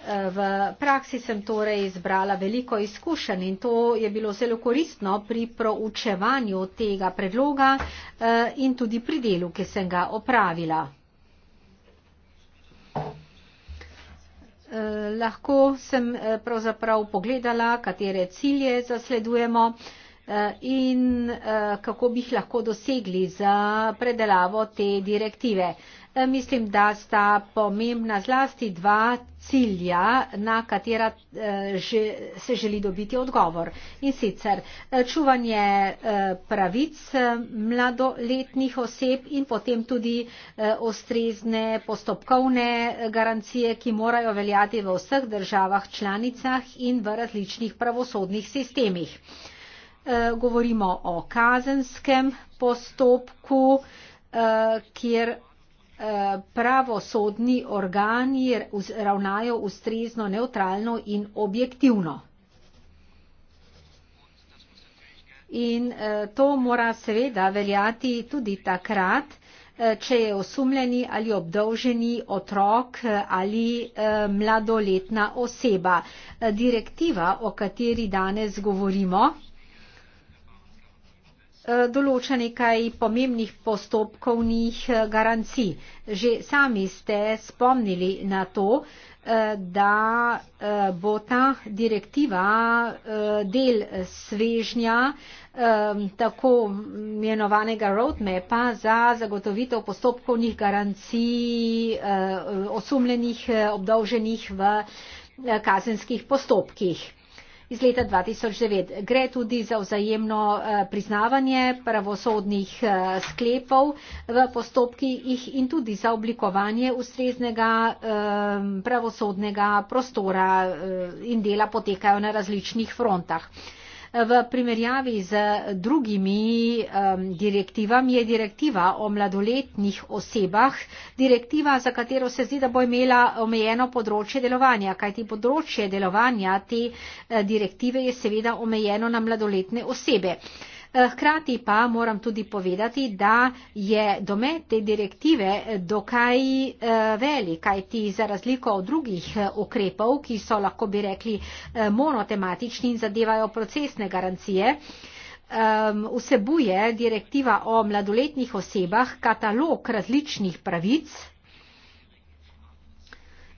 V praksi sem torej izbrala veliko izkušenj in to je bilo zelo koristno pri proučevanju tega predloga eh, in tudi pri delu, ki sem ga opravila. Eh, lahko sem eh, pravzaprav pogledala, katere cilje zasledujemo in kako bi jih lahko dosegli za predelavo te direktive. Mislim, da sta pomembna zlasti dva cilja, na katera eh, se želi dobiti odgovor. In sicer eh, čuvanje eh, pravic mladoletnih oseb in potem tudi ostrezne postopkovne garancije, ki morajo veljati v vseh državah, članicah in v različnih pravosodnih sistemih. Govorimo o kazenskem postopku, kjer Eh, pravosodni organi ravnajo ustrezno, neutralno in objektivno. In eh, to mora seveda veljati tudi takrat, eh, če je osumljeni ali obdolženi otrok ali mladoletna oseba. Direktiva, o kateri danes govorimo, Eh, določa nekaj pomembnih postopkovnih eh, garancij. Že sami ste spomnili na to, eh, da bo ta direktiva del svežnja tako imenovanega roadmapa za zagotovitev postopkovnih garancij osumljenih, obdolženih v kazenskih postopkih iz leta 2009. Gre tudi za vzajemno eh, priznavanje pravosodnih eh, sklepov v postopkih in tudi za oblikovanje ustreznega eh, pravosodnega prostora in dela potekajo na različnih frontah. V primerjavi z drugimi um, direktivami je direktiva o mladoletnih osebah direktiva, za katero se zdi, da bo imela omejeno področje delovanja, kajti področje delovanja te uh, direktive je seveda omejeno na mladoletne osebe. Uh, Eh, hkrati pa moram tudi povedati, da je domet te direktive dokaj eh, velik, kajti za razliko od drugih eh, ukrepov, ki so lahko bi rekli monotematični in zadevajo procesne garancije, ehm, vsebuje direktiva o mladoletnih osebah katalog različnih pravic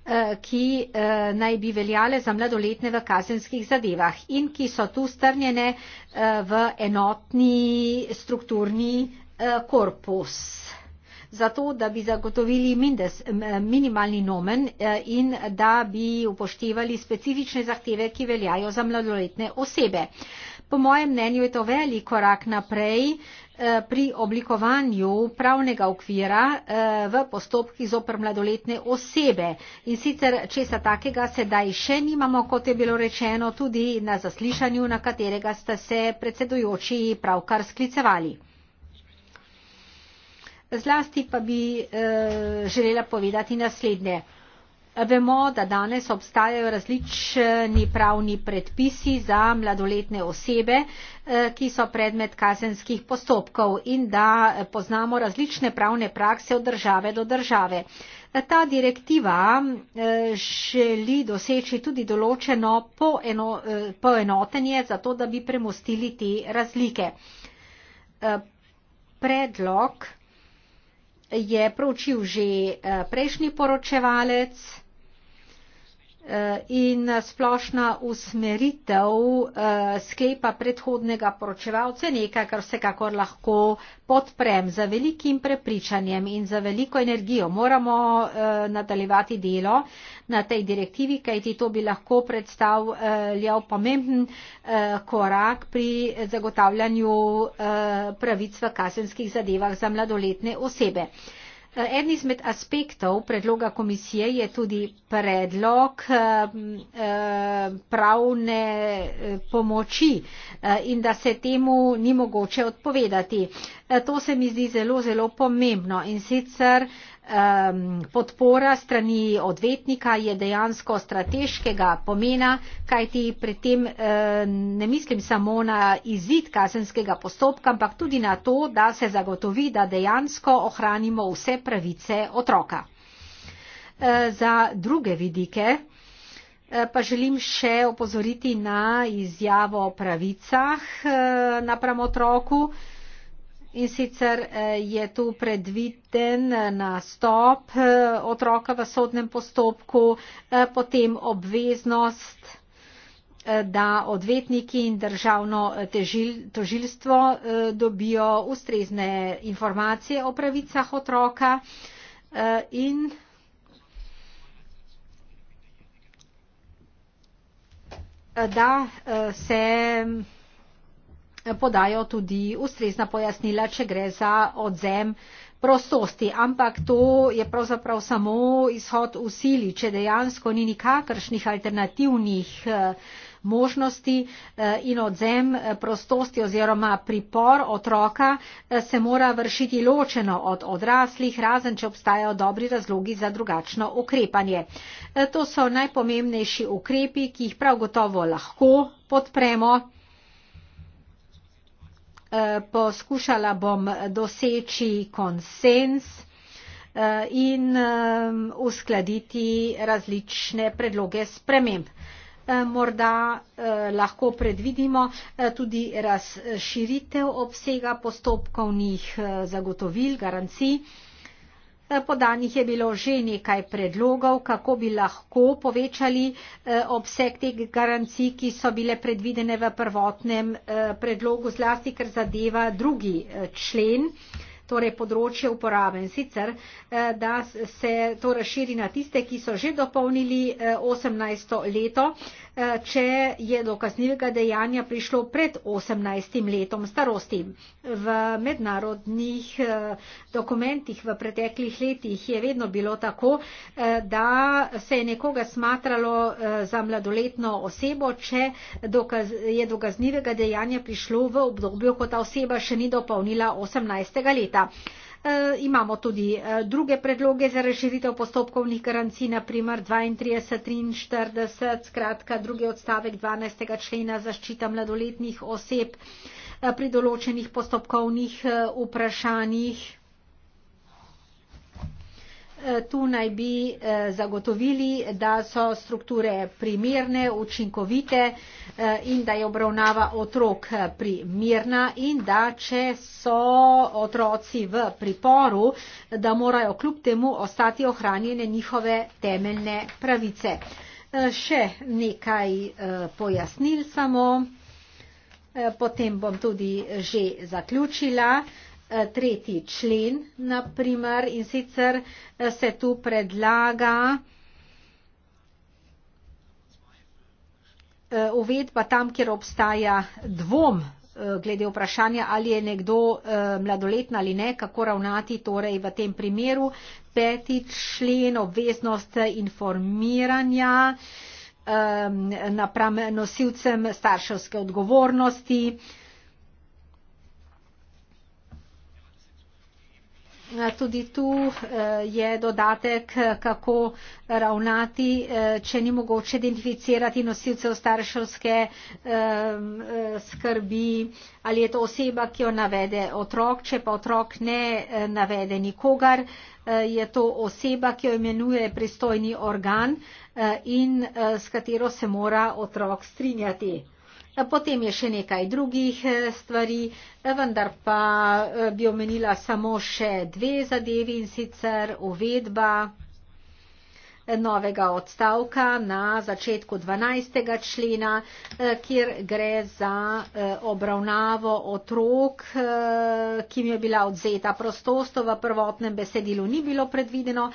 Eh, ki eh, naj bi veljale za mladoletne v kazenskih zadevah in ki so tu strnjene eh, v enotni strukturni korpus. Zato, da bi zagotovili mindes, minimalni nomen in da bi upoštevali specifične zahteve, ki veljajo za mladoletne osebe. Po mojem mnenju je to velik korak naprej, Eh, pri oblikovanju pravnega okvira eh, v postopkih zoper mladoletne osebe. In sicer česa takega sedaj še nimamo, kot je bilo rečeno, tudi na zaslišanju, na katerega ste se predsedujoči pravkar sklicevali. Zlasti pa bi eh, želela povedati naslednje. Vemo, da danes obstajajo različni pravni predpisi za mladoletne osebe, eh, ki so predmet kazenskih postopkov in da poznamo različne pravne prakse od države do države. Ta direktiva eh, želi doseči tudi določeno eh, poenotenje, zato da bi premustili te razlike. Predlog je proučil že prejšnji poročevalec, Eh, in splošna usmeritev eh, sklepa predhodnega poročevalca je nekaj, kar vsekakor lahko podprem za velikim prepričanjem in za veliko energijo. Moramo eh, nadaljevati delo na tej direktivi, kajti to bi lahko predstavljal pomemben korak pri zagotavljanju pravic v kazenskih zadevah za mladoletne osebe. Eden izmed aspektov predloga komisije je tudi predlog eh, eh, pravne eh, pomoči in da se temu ni mogoče odpovedati. To se mi zdi zelo, zelo pomembno in sicer um, podpora strani odvetnika je dejansko strateškega pomena, kajti pri tem um, ne mislim samo na izid kazenskega postopka, ampak tudi na to, da se zagotovi, da dejansko ohranimo vse pravice otroka. E, za druge vidike e, pa želim še opozoriti na izjavo o pravicah e, napram otroku. In sicer eh, je tu predviden eh, nastop eh, otroka v sodnem postopku, potem obveznost, da odvetniki in državno težil, tožilstvo dobijo ustrezne informacije o pravicah otroka in da se podajo tudi ustrezna pojasnila, če gre za odzem prostosti. Ampak to je pravzaprav samo izhod v sili, če dejansko ni nikakršnih alternativnih eh, možnosti eh, in odzem eh, prostosti oziroma pripor otroka se mora vršiti ločeno od odraslih, razen če obstajajo dobri razlogi za drugačno ukrepanje. To so najpomembnejši ukrepi, ki jih prav gotovo lahko podpremo. Eh, poskušala bom doseči konsens eh, in eh, uskladiti različne predloge sprememb. Morda lahko predvidimo tudi razširitev obsega postopkovnih zagotovil, garancij, Eh, podanih je bilo že nekaj predlogov, kako bi lahko povečali eh, obseg teh garancij, ki so bile predvidene v prvotnem eh, predlogu, zlasti, ker zadeva drugi člen torej področje uporabe in sicer, eh, da se to razširi na tiste, ki so že dopolnili 18. Eh, leto, eh, če je do kaznivega dejanja prišlo pred 18. letom starosti. V mednarodnih dokumentih v preteklih letih je vedno bilo tako, da se je nekoga smatralo za mladoletno osebo, če je do kaznivega dejanja prišlo v obdobju, ko ta oseba še ni dopolnila 18. leta seveda. E, imamo tudi e, druge predloge za reširitev postopkovnih garancij, naprimer 32-43, skratka drugi odstavek 12. člena zaščita mladoletnih oseb e, pri določenih postopkovnih e, vprašanjih. Eh, tu naj bi eh, zagotovili, da so strukture primerne, učinkovite eh, in da je obravnava otrok primerna in da če so otroci v priporu, da morajo kljub temu ostati ohranjene njihove temeljne pravice. Še nekaj pojasnil samo, potem bom tudi že zaključila. Eh, tretji člen, naprimer, in sicer eh, se tu predlaga eh, uvedba tam, kjer obstaja dvom glede vprašanja, ali je nekdo mladoletna ali ne, kako ravnati torej v tem primeru. Peti člen, obveznost informiranja napram nosilcem starševske odgovornosti. Eh, tudi tu eh, je dodatek, eh, kako ravnati, če ni mogoče identificirati nosilcev starševske skrbi, ali je to oseba, ki jo navede otrok, če pa otrok ne navede nikogar, je to oseba, ki jo imenuje pristojni organ in s katero se mora otrok strinjati. Potem je še nekaj drugih eh, stvari, vendar pa eh, bi omenila samo še dve zadevi in sicer uvedba eh, novega odstavka na začetku 12. člena, kjer gre za obravnavo otrok, ki mi je bila odzeta prostost, to v prvotnem besedilu ni bilo predvideno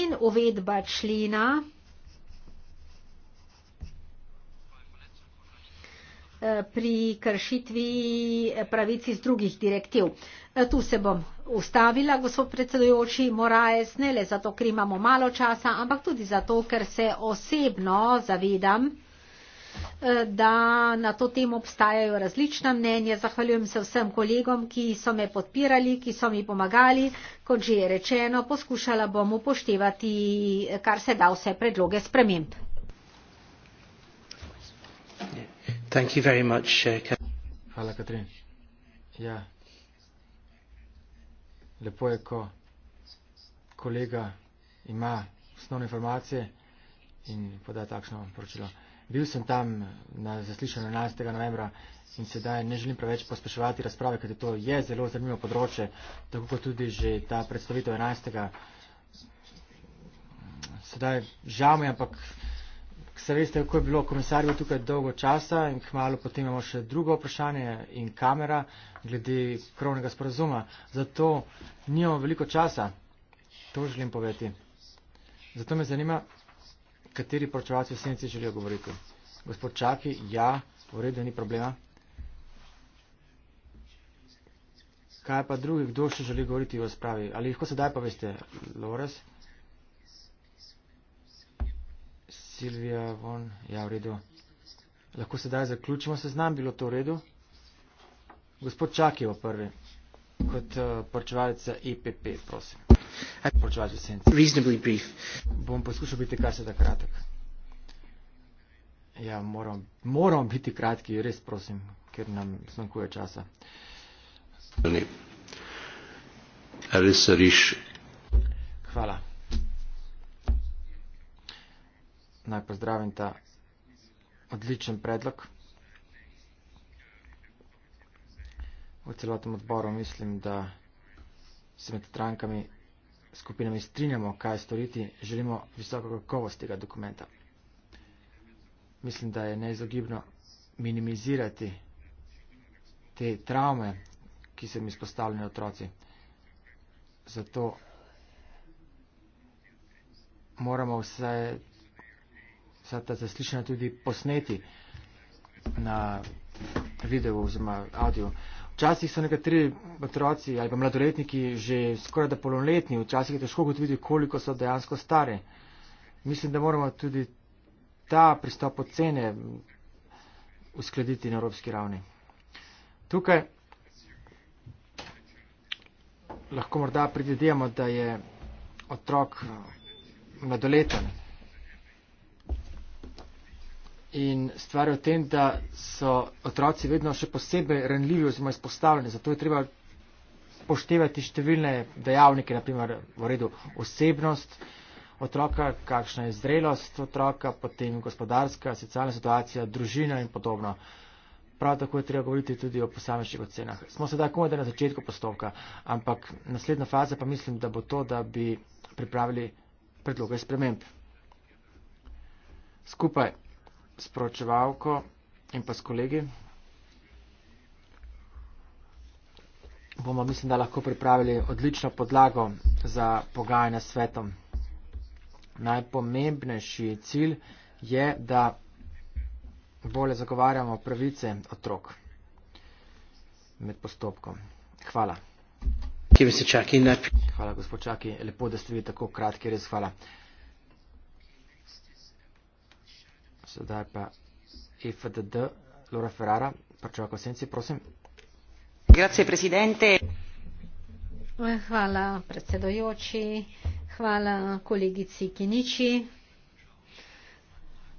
in uvedba člena. Eh, pri kršitvi pravici z drugih direktiv. Eh, tu se bom ustavila, gospod predsedujoči Moraes, ne le zato, ker imamo malo časa, ampak tudi zato, ker se osebno zavedam, eh, da na to temo obstajajo različna mnenja. Zahvaljujem se vsem kolegom, ki so me podpirali, ki so mi pomagali. Kot že je rečeno, poskušala bom upoštevati, kar se da vse predloge sprememb. Yeah. Ja. Thank you very much, uh, Hvala, Katrin. Ja. Lepo je, ko kolega ima osnovne informacije in poda takšno poročilo. Bil sem tam na zaslišanju 11. novembra in sedaj ne želim preveč pospeševati razprave, ker to je zelo zanimivo področje, tako kot tudi že ta predstavitev 11. Sedaj žal mi, ampak Se veste, kako je bilo, komisar je bil tukaj dolgo časa in hmalo potem imamo še drugo vprašanje in kamera glede krovnega sporazuma. Zato nijo veliko časa, to želim poveti. Zato me zanima, kateri poročevalci v senci želijo govoriti. Gospod Čaki, ja, v redu, ni problema. Kaj pa drugi, kdo še želi govoriti v spravi? Ali lahko sedaj poveste, Lores? Silvija, von, ja, v redu. Lahko sedaj zaključimo seznam, bilo to v redu. Gospod Čakijo prvi, kot uh, poročevalec za EPP, prosim. Poročevalec za Sence. Bom poskušal biti kar se da kratek. Ja, moram, moram biti kratki, res prosim, ker nam zmanjkuje časa. Hvala. naj pozdravim ta odličen predlog. V celotnem odboru mislim, da se med strankami, skupinami strinjamo, kaj storiti, želimo visoko kakovost tega dokumenta. Mislim, da je neizogibno minimizirati te travme, ki se jim izpostavljajo otroci. Zato moramo vse vsa ta zaslišanja tudi posneti na videu oziroma audio. Včasih so nekateri otroci ali pa mladoletniki že skoraj da polnoletni, včasih je težko gotoviti, koliko so dejansko stare. Mislim, da moramo tudi ta pristop ocene uskladiti na evropski ravni. Tukaj lahko morda predvidevamo, da je otrok mladoleten in stvar je v tem, da so otroci vedno še posebej renljivi oziroma izpostavljeni. Zato je treba poštevati številne dejavnike, naprimer v redu osebnost otroka, kakšna je zrelost otroka, potem gospodarska, socialna situacija, družina in podobno. Prav tako je treba govoriti tudi o posamečnih ocenah. Smo sedaj komaj na začetku postopka, ampak naslednja faza pa mislim, da bo to, da bi pripravili predloge sprememb. Skupaj spročevalko in pa s kolegi. Bomo, mislim, da lahko pripravili odlično podlago za pogajanje s svetom. Najpomembnejši cilj je, da bolje zagovarjamo pravice otrok med postopkom. Hvala. Hvala, gospod Čaki, lepo, da ste vi tako kratki, res hvala. Sedaj pa e FDD, Laura Ferrara, pričakaj v senci, prosim. Grazie, presidente. Hvala, predsedojoči. Hvala, kolegici Kiniči.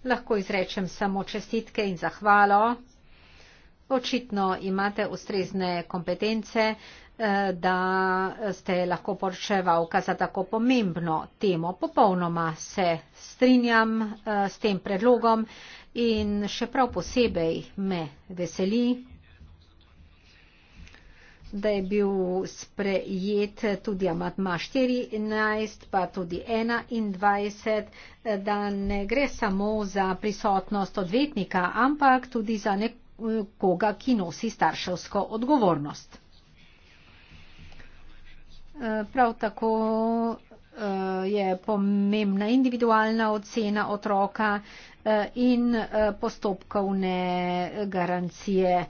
Lahko izrečem samo čestitke in zahvalo. Očitno imate ustrezne kompetence da ste lahko poročevalka za tako pomembno temo. Popolnoma se strinjam eh, s tem predlogom in še prav posebej me veseli, da je bil sprejet tudi amatma 14, pa tudi 21, da ne gre samo za prisotnost odvetnika, ampak tudi za nekoga, ki nosi starševsko odgovornost. Prav tako eh, je pomembna individualna ocena otroka eh, in eh, postopkovne garancije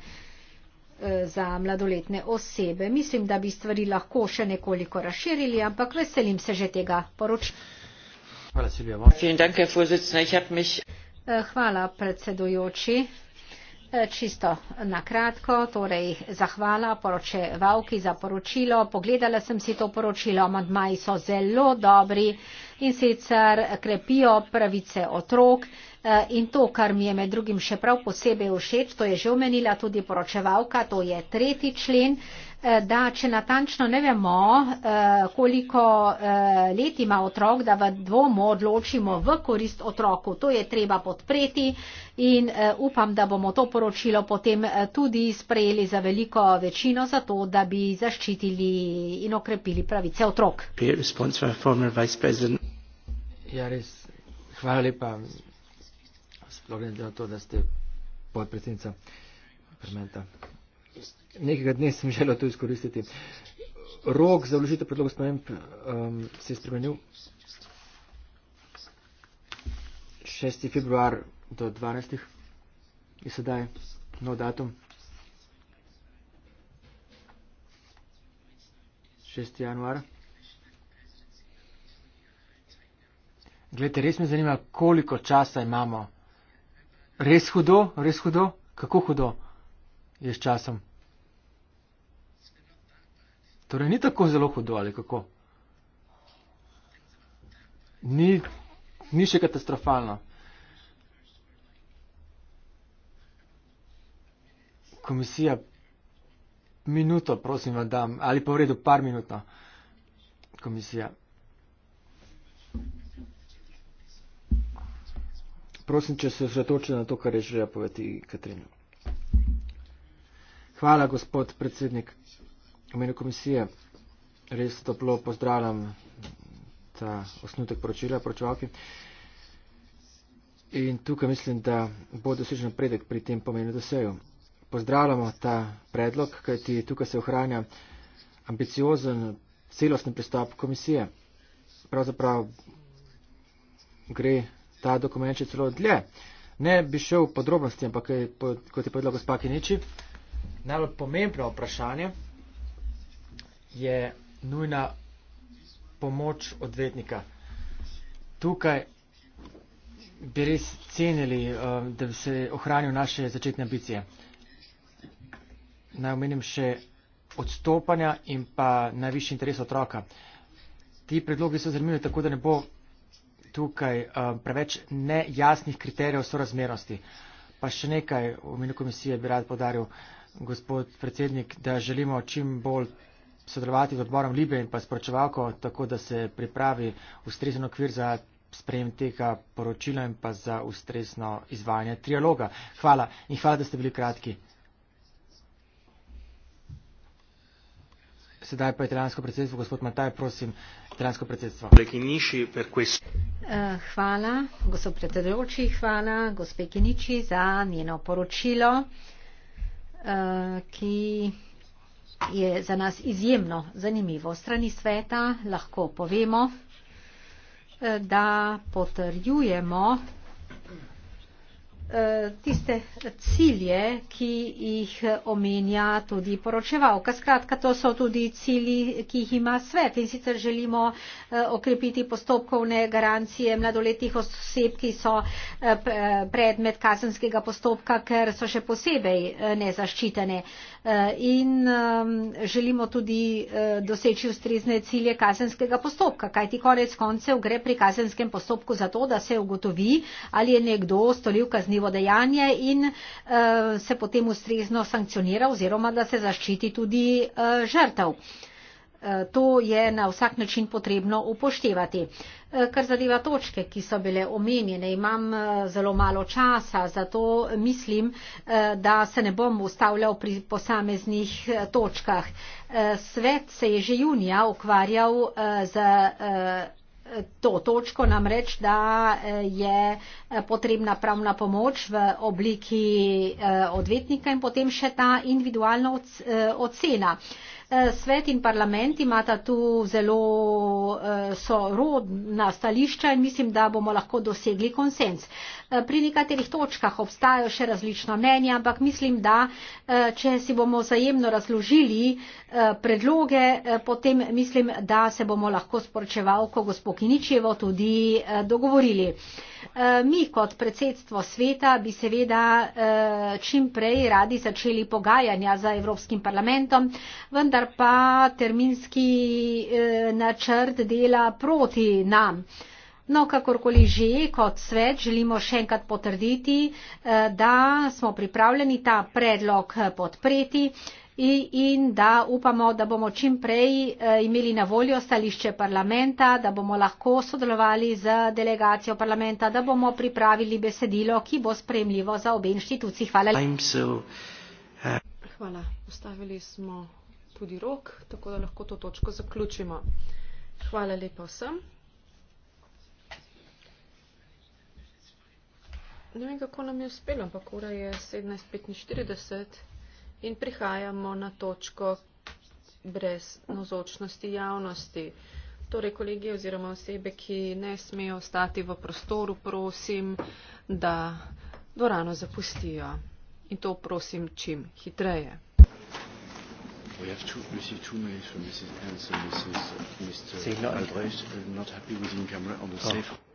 za mladoletne osebe. Mislim, da bi stvari lahko še nekoliko razširili, ampak veselim se že tega poročila. Hvala, predsedujoči. E, čisto na kratko, torej zahvala poročevalki za poročilo. Pogledala sem si to poročilo, amadmaji so zelo dobri in sicer krepijo pravice otrok e, in to, kar mi je med drugim še prav posebej všeč, to je že omenila tudi poročevalka, to je tretji člen. Eh, da če natančno ne vemo, eh, koliko eh, let ima otrok, da v dvomu odločimo v korist otroku. To je treba podpreti in upam, da bomo to poročilo potem tudi sprejeli za veliko večino, zato da bi zaščitili in okrepili pravice otrok. Ja, res, hvala lepa, sploh ne glede na to, da ste podpredsednica parlamenta nekega dne sem želel to izkoristiti. Rok za vložitev predloga sprememb um, se je spremenil 6. februar do 12. je sedaj nov datum. 6. januar. Glede, res me zanima, koliko časa imamo. Res hudo, res hudo, kako hudo je s časom. Torej, ni tako zelo hudo ali kako? Ni, ni še katastrofalno. Komisija, minuto, prosim, vam, ali pa v redu, par minuto. No. Komisija. Prosim, če se osredotočite na to, kar je želja povedati Katrinu. Hvala, gospod predsednik imenu komisije res toplo pozdravljam ta osnutek poročila poročevalki. In tukaj mislim, da bo dosežen napredek pri tem pomenu doseju. Pozdravljamo ta predlog, kajti tukaj se ohranja ambiciozen celostni pristop komisije. Pravzaprav gre ta dokument še celo dlje. Ne bi šel v podrobnosti, ampak kot je povedala gospa Kiniči, najbolj pomembno vprašanje je nujna pomoč odvetnika. Tukaj bi res cenili, eh, da bi se ohranil naše začetne ambicije. Naj omenim še odstopanja in pa najvišji interes otroka. Ti predlogi so zanimivi, tako da ne bo tukaj eh, preveč nejasnih kriterijev sorazmernosti. Pa še nekaj v imenu komisije bi rad podaril, gospod predsednik, da želimo čim bolj sodelovati z odborom Libe in pa s poročevalko, tako da se pripravi ustrezen okvir za sprejem tega poročila in pa za ustrezno izvajanje trialoga. Hvala in hvala, da ste bili kratki. Sedaj pa italijansko predsedstvo, gospod Mataj, prosim, italijansko predsedstvo. Uh, hvala, gospod predsedujoči, hvala, gospod Kiniči, za njeno poročilo, uh, ki je za nas izjemno zanimivo. Strani sveta lahko povemo, eh, da potrjujemo eh, tiste cilje, ki jih omenja tudi poročevalka. Skratka, to so tudi cilji, ki jih ima svet in sicer želimo eh, okrepiti postopkovne garancije mladoletnih oseb, ki so predmet kazenskega postopka, ker so še posebej nezaščitene. Eh, in ehm, želimo tudi eh, doseči ustrezne cilje kazenskega postopka, kajti konec koncev gre pri kazenskem postopku za to, da se ugotovi, ali je nekdo storil kaznivo dejanje in eh, se potem ustrezno sankcionira oziroma da se zaščiti tudi žrtev. Eh, to je na vsak način potrebno upoštevati. Eh, kar zadeva točke, ki so bile omenjene, imam eh, zelo malo časa, zato mislim, da se ne bom ustavljal pri posameznih točkah. Svet se je že junija ukvarjal z to točko namreč, da je potrebna pravna pomoč v obliki odvetnika in potem še ta individualna ocena. Oc oc oc oc oc oc oc oc oc Eh, svet in parlament imata tu zelo eh, sorodna stališča in mislim, da bomo lahko dosegli konsens. Eh, pri nekaterih točkah obstajajo še različna mnenja, ampak mislim, da eh, če si bomo vzajemno razložili eh, predloge, potem mislim, da se bomo lahko sporočevalko gospod Kiničevo tudi dogovorili. Mi kot predsedstvo sveta bi seveda čim prej radi začeli pogajanja za Evropskim parlamentom, vendar pa terminski načrt dela proti nam. No, kakorkoli že, kot svet želimo še enkrat potrditi, eh, da smo pripravljeni ta predlog eh, podpreti in da upamo, da bomo čim prej eh, imeli na voljo stališče parlamenta, da bomo lahko sodelovali z delegacijo parlamenta, da bomo pripravili besedilo, ki bo spremljivo za obe inštituciji. Hvala. Hvala. Ustavili smo tudi rok, tako da lahko to točko zaključimo. Hvala lepa vsem. Ne vem, kako nam je uspelo, ampak ura je 17.45 in prihajamo na točko brez nozočnosti javnosti. Torej, kolegije oziroma osebe, ki ne smejo ostati v prostoru, prosim, da dvorano zapustijo. In to prosim čim hitreje. We have two, received two mails from Mrs. Hansen, Mrs. Uh, Mr. Albrecht, uh, not happy with in camera on the oh. safe.